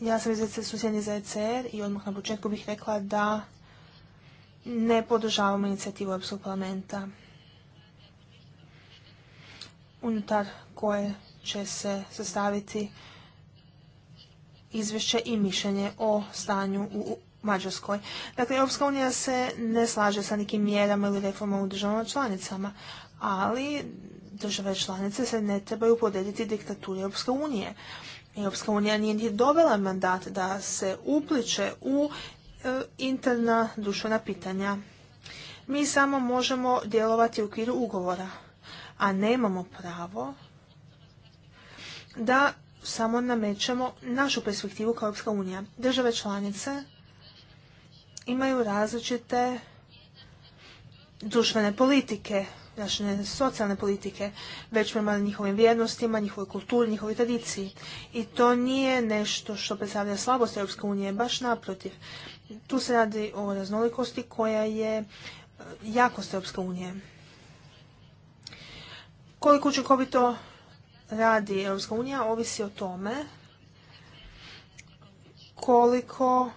Ja sam iz susjedni za ECR i odmah na početku bih rekla da ne podržavamo inicijativu Europskog parlamenta unutar koje će se sastaviti izvješće i mišljenje o stanju u Mađarskoj. Dakle, EU unija se ne slaže sa nekim mjerama ili reformama u državama članicama, ali države članice se ne trebaju podediti diktaturi EU. unije. Europska unija nije dovela mandat da se upliče u e, interna društvena pitanja. Mi samo možemo djelovati u okviru ugovora, a nemamo pravo da samo namećemo našu perspektivu kao Europska unija. Države članice imaju različite društvene politike, naše socijalne politike, već prema njihovim vrijednostima, njihovoj kulturi, njihovoj tradiciji. I to nije nešto što predstavlja slabost Europske unije, baš naprotiv. Tu se radi o raznolikosti koja je e, jakost Europske unije. Koliko učinkovito radi Europska unija ovisi o tome koliko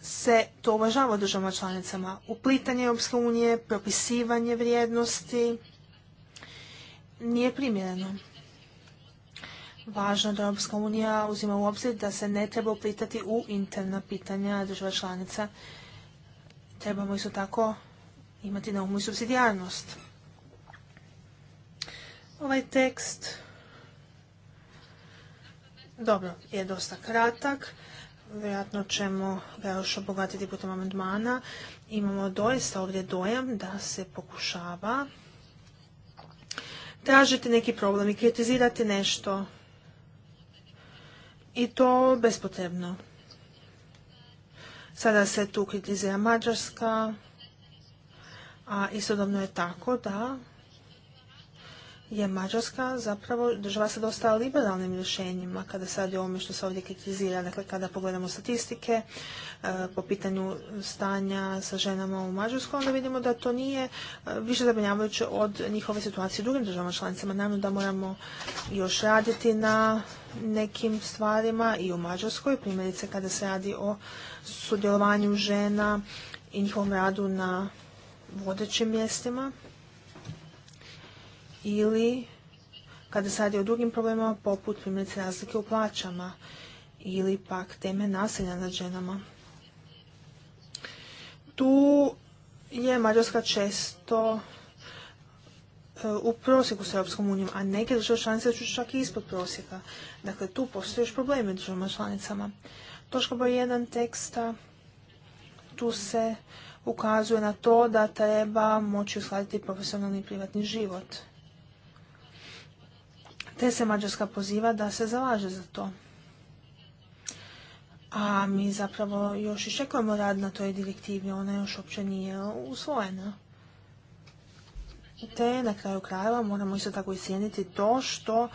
se to uvažava državama članicama. Uplitanje Europske unije, propisivanje vrijednosti nije primjereno. Važno je da Europska unija uzima u obzir da se ne treba uplitati u interna pitanja država članica. Trebamo isto tako imati na umu i subsidijarnost. Ovaj tekst dobro, je dosta kratak. Vjerojatno ćemo ga još obogatiti putem amandmana. Imamo doista ovdje dojam da se pokušava tražiti neki problem i kritizirati nešto. I to bespotrebno. Sada se tu kritizira Mađarska, a istodobno je tako da je Mađarska zapravo država sa dosta liberalnim rješenjima kada se radi o ovome što se ovdje kritizira. Dakle, kada pogledamo statistike e, po pitanju stanja sa ženama u Mađarskoj, onda vidimo da to nije e, više zabrinjavajuće od njihove situacije u drugim državama članicama. Naravno da moramo još raditi na nekim stvarima i u Mađarskoj, primjerice kada se radi o sudjelovanju žena i njihovom radu na vodećim mjestima ili kada se radi o drugim problemima poput primjerice razlike u plaćama ili pak teme nasilja nad ženama. Tu je Mađarska često e, u prosjeku s Europskom unijom, a neke države članice su čak i ispod prosjeka. Dakle, tu postoje još problemi među državama članicama. Točka broj jedan teksta, tu se ukazuje na to da treba moći uskladiti profesionalni i privatni život te se Mađarska poziva da se zalaže za to. A mi zapravo još iščekujemo rad na toj direktivi, ona još uopće nije usvojena. Te na kraju krajeva moramo isto tako isjeniti to što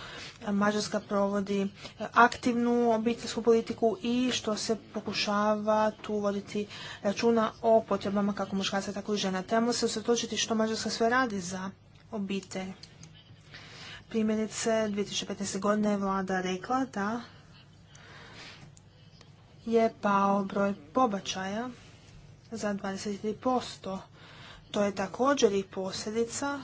Mađarska provodi aktivnu obiteljsku politiku i što se pokušava tu voditi računa o potrebama kako muškarca tako i žena. Trebamo se usjetočiti što Mađarska sve radi za obitelj. Primjerice, 2015. godine je vlada rekla da je pao broj pobačaja za 23%. To je također i posljedica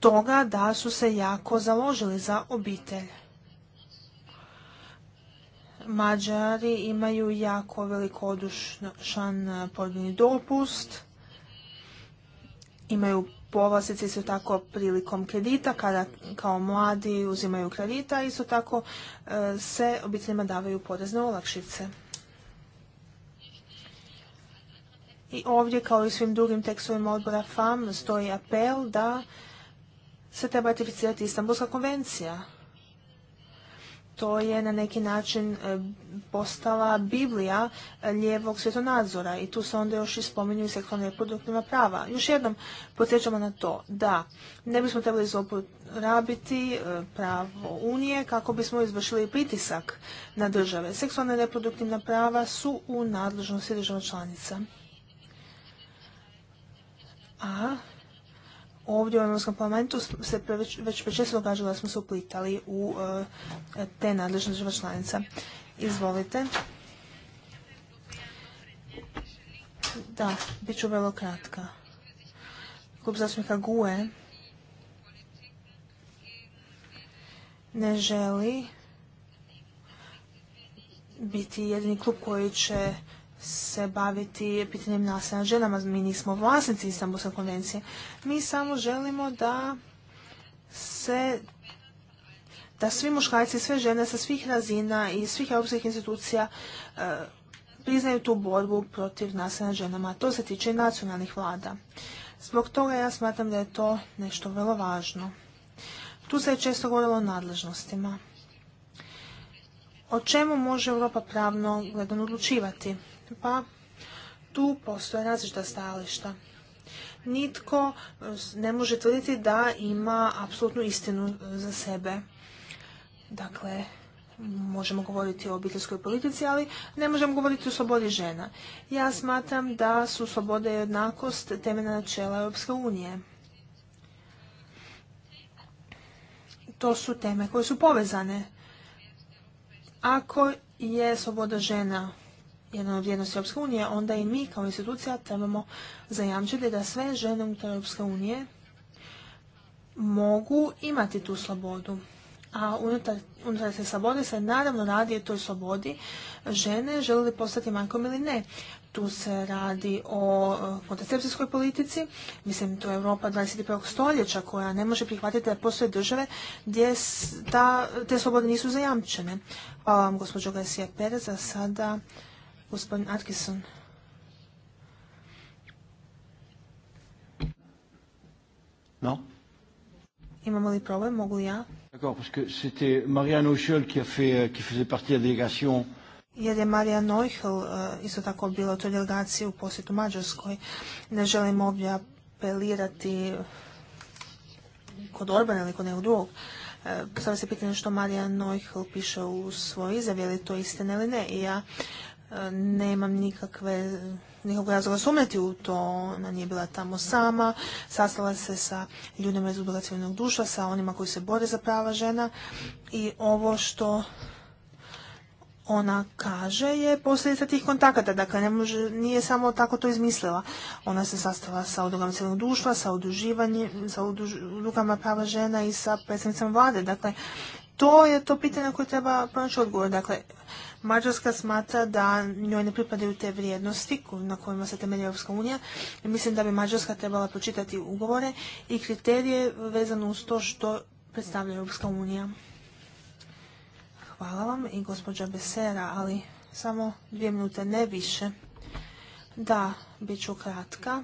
toga da su se jako založili za obitelj. Mađari imaju jako velikodušan porodni dopust, imaju povlastice isto tako prilikom kredita, kada kao mladi uzimaju kredita, isto tako e, se obiteljima davaju porezne olakšice. I ovdje, kao i svim drugim tekstovima odbora FAM, stoji apel da se treba ratificirati Istanbulska konvencija to je na neki način e, postala Biblija e, lijevog svjetonadzora i tu se onda još i spominju seksualne reproduktivna prava. Još jednom podsjećamo na to da ne bismo trebali zoporabiti e, pravo Unije kako bismo izvršili pritisak na države. Seksualne reproduktivna prava su u nadležnosti država članica. A ovdje u Europskom parlamentu se već prečesto događalo da smo se uplitali u e, te nadležne država članica. Izvolite. Da, bit ću vrlo kratka. Klub zastupnika GUE ne želi biti jedini klub koji će se baviti pitanjem nasilja ženama. Mi nismo vlasnici Istanbulske konvencije. Mi samo želimo da se da svi muškarci sve žene sa svih razina i svih europskih institucija e, priznaju tu borbu protiv nasilja na ženama. To se tiče i nacionalnih vlada. Zbog toga ja smatram da je to nešto vrlo važno. Tu se je često govorilo o nadležnostima. O čemu može Europa pravno gledano odlučivati? pa tu postoje različita stajališta. Nitko ne može tvrditi da ima apsolutnu istinu e, za sebe. Dakle, možemo govoriti o obiteljskoj politici, ali ne možemo govoriti o slobodi žena. Ja smatram da su sloboda i jednakost temeljna načela Europske unije. To su teme koje su povezane. Ako je sloboda žena jedan od vrijednosti Europske unije, onda i mi kao institucija trebamo zajamčiti da sve žene unutar Europske unije mogu imati tu slobodu. A unutar, te slobode se naravno radi o toj slobodi žene žele li postati majkom ili ne. Tu se radi o e, kontracepcijskoj politici, mislim to je Europa 21. stoljeća koja ne može prihvatiti da postoje države gdje te slobode nisu zajamčene. Hvala vam gospođo Garcia Perez, sada Gospodin Atkinson. No? Imamo li problem? Mogu li ja? D'accord, parce que c'était Marianne Ochel qui, a fait, euh, qui faisait partie de délégation jer je Marija Neuchel euh, isto tako bila u toj delegaciji u posjetu Mađarskoj. Ne želim ovdje apelirati kod Orbana ili kod nekog drugog. E, Sada se pitanje što Marija Neuchel piše u svojoj izjavi, je li to istina ili ne. I ja E, nemam nikakve nikog razloga sumnjati u to, ona nije bila tamo sama, sastala se sa ljudima iz udruga civilnog duša, sa onima koji se bore za prava žena i ovo što ona kaže je posljedica tih kontakata, dakle nije samo tako to izmislila. Ona se sastala sa udrugama civilnog duša, sa udruživanjem, sa udrugama prava žena i sa predstavnicama vlade, dakle to je to pitanje na koje treba pronaći odgovor. Dakle, Mađarska smatra da njoj ne pripadaju te vrijednosti na kojima se temelji Europska unija. Mislim da bi Mađarska trebala pročitati ugovore i kriterije vezano uz to što predstavlja Europska unija. Hvala vam i gospođa Besera, ali samo dvije minute, ne više. Da, bit ću kratka.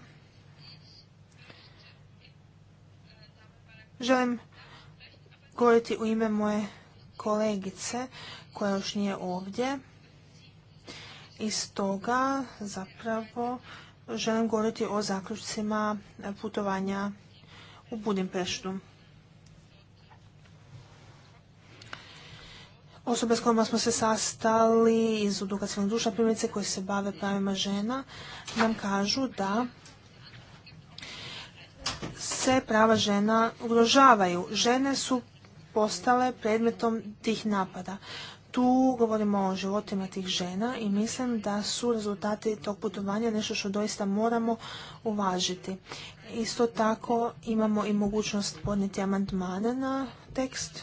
Želim govoriti u ime moje kolegice koja još nije ovdje. I stoga zapravo želim govoriti o zaključcima putovanja u Budimpeštu. Osobe s kojima smo se sastali iz udruga društva duša primjerice koji se bave pravima žena nam kažu da se prava žena ugrožavaju. Žene su postale predmetom tih napada. Tu govorimo o životima tih žena i mislim da su rezultati tog putovanja nešto što doista moramo uvažiti. Isto tako imamo i mogućnost podnijeti amandmane na tekst,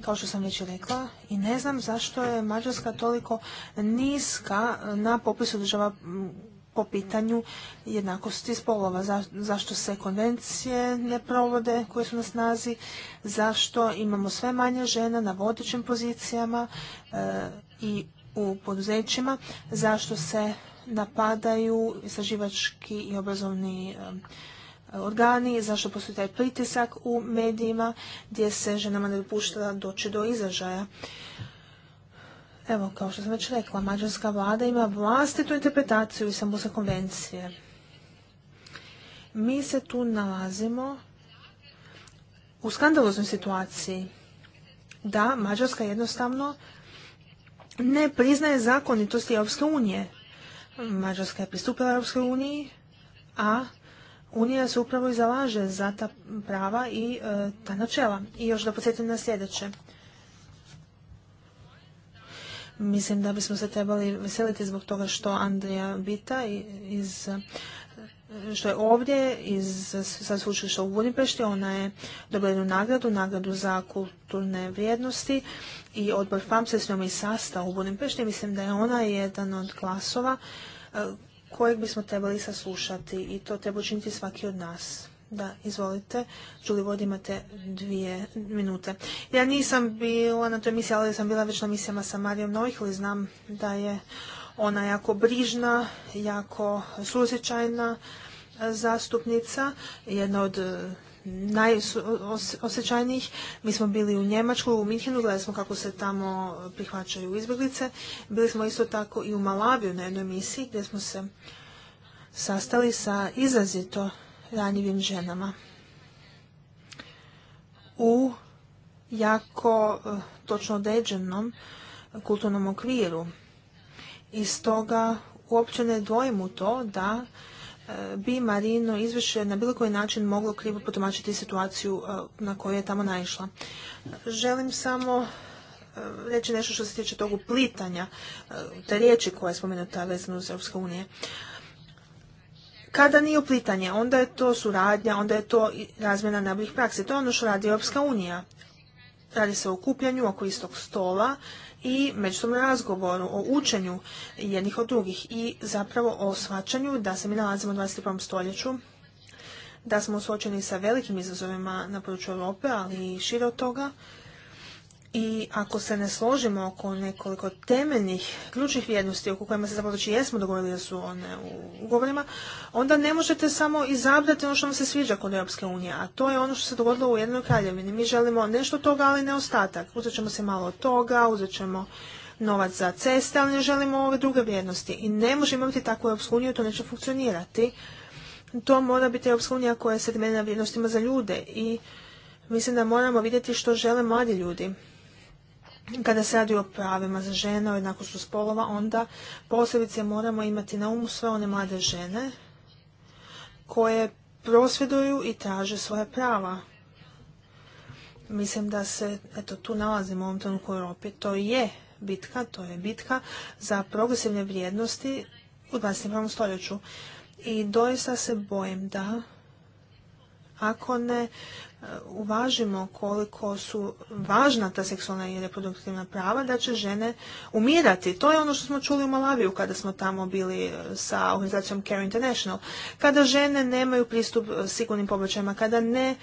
kao što sam već rekla, i ne znam zašto je Mađarska toliko niska na popisu država po pitanju jednakosti spolova. zašto se konvencije ne provode koje su na snazi, zašto imamo sve manje žena na vodećim pozicijama e, i u poduzećima, zašto se napadaju istraživački i obrazovni e, organi, zašto postoji taj pritisak u medijima gdje se ženama ne dopušta doći do izražaja. Evo, kao što sam već rekla, mađarska vlada ima vlastitu interpretaciju Istanbulske konvencije. Mi se tu nalazimo u skandaloznoj situaciji da Mađarska jednostavno ne priznaje zakonitosti Europske unije. Mađarska je pristupila Europske uniji, a Unija se upravo i zalaže za ta prava i e, ta načela. I još da podsjetim na sljedeće. Mislim da bismo se trebali veseliti zbog toga što Andrija Bita iz što je ovdje iz sa sveučilišta u Budimpešti. Ona je dobila jednu nagradu, nagradu za kulturne vrijednosti i odbor FAM se s njom i sastao u Budimpešti. Mislim da je ona jedan od glasova eh, kojeg bismo trebali saslušati i to treba učiniti svaki od nas. Da, izvolite. Čuli vod imate dvije minute. Ja nisam bila na toj emisiji, ali sam bila već na misijama sa Marijom novih ali znam da je ona jako brižna, jako suosjećajna zastupnica, jedna od e, najosjećajnijih. Mi smo bili u Njemačkoj u Minhenu, gledali smo kako se tamo prihvaćaju izbjeglice. Bili smo isto tako i u Malabiju na jednoj emisiji, gdje smo se sastali sa izrazito ranjivim ženama. U jako eh, točno određenom kulturnom okviru. I stoga uopće ne dvojim to da eh, bi Marino izvješće na bilo koji način moglo krivo potomačiti situaciju eh, na koju je tamo naišla. Želim samo reći nešto što se tiče tog uplitanja, te riječi koja je spomenuta vezano uz Europske unije. Kada nije uplitanje, onda je to suradnja, onda je to razmjena najboljih praksi. To je ono što radi Europska unija. Radi se o okupljanju oko istog stola i međusobnom razgovoru o učenju jednih od drugih i zapravo o svačanju da se mi nalazimo u 21. stoljeću, da smo suočeni sa velikim izazovima na području Europe, ali i šire od toga, i ako se ne složimo oko nekoliko temeljnih ključnih vrijednosti oko kojima se zapravo jesmo dogovorili da su one u ugovorima, onda ne možete samo izabrati ono što vam se sviđa kod Europske unije, a to je ono što se dogodilo u jednoj kraljevini. Mi želimo nešto toga, ali ne ostatak. Uzet ćemo se malo od toga, uzet ćemo novac za ceste, ali ne želimo ove druge vrijednosti. I ne možemo imati takvu Europsku uniju, to neće funkcionirati. To mora biti Europska unija koja se temelja na vrijednostima za ljude i mislim da moramo vidjeti što žele mladi ljudi kada se radi o pravima za žene, o jednakostu spolova, onda posebice moramo imati na umu sve one mlade žene koje prosvjeduju i traže svoja prava. Mislim da se, eto, tu nalazimo u ovom trenutku u Europi. To je bitka, to je bitka za progresivne vrijednosti u 21. stoljeću. I doista se bojim da ako ne e, uvažimo koliko su važna ta seksualna i reproduktivna prava, da će žene umirati. To je ono što smo čuli u Malaviju kada smo tamo bili e, sa organizacijom Care International. Kada žene nemaju pristup e, sigurnim pobačajima, kada ne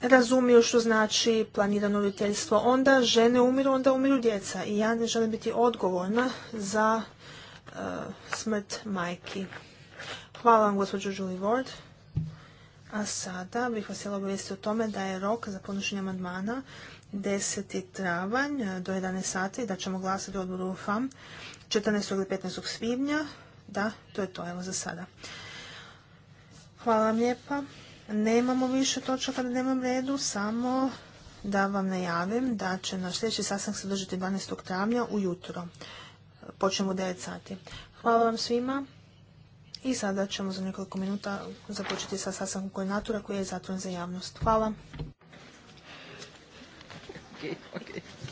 razumiju što znači planirano roditeljstvo, onda žene umiru, onda umiru djeca. I ja ne želim biti odgovorna za smrt majki. Hvala vam, gospođo Julie Ward. A sada bih vas htjela obavijesti o tome da je rok za podnošenje amandmana 10. travanj e, do 11 sati, da ćemo glasati u odboru FAM 14. ili 15. svibnja. Da, to je to, evo za sada. Hvala vam lijepa. Nemamo više točaka na dnevnom redu, samo da vam najavim da će na sljedeći sastanak se održati 12. travnja ujutro. E, počnemo u 9 sati. Hvala vam svima. I sada ćemo za nekoliko minuta započeti sa sastankom koordinatora koji je zatvoren za javnost. Hvala. (laughs)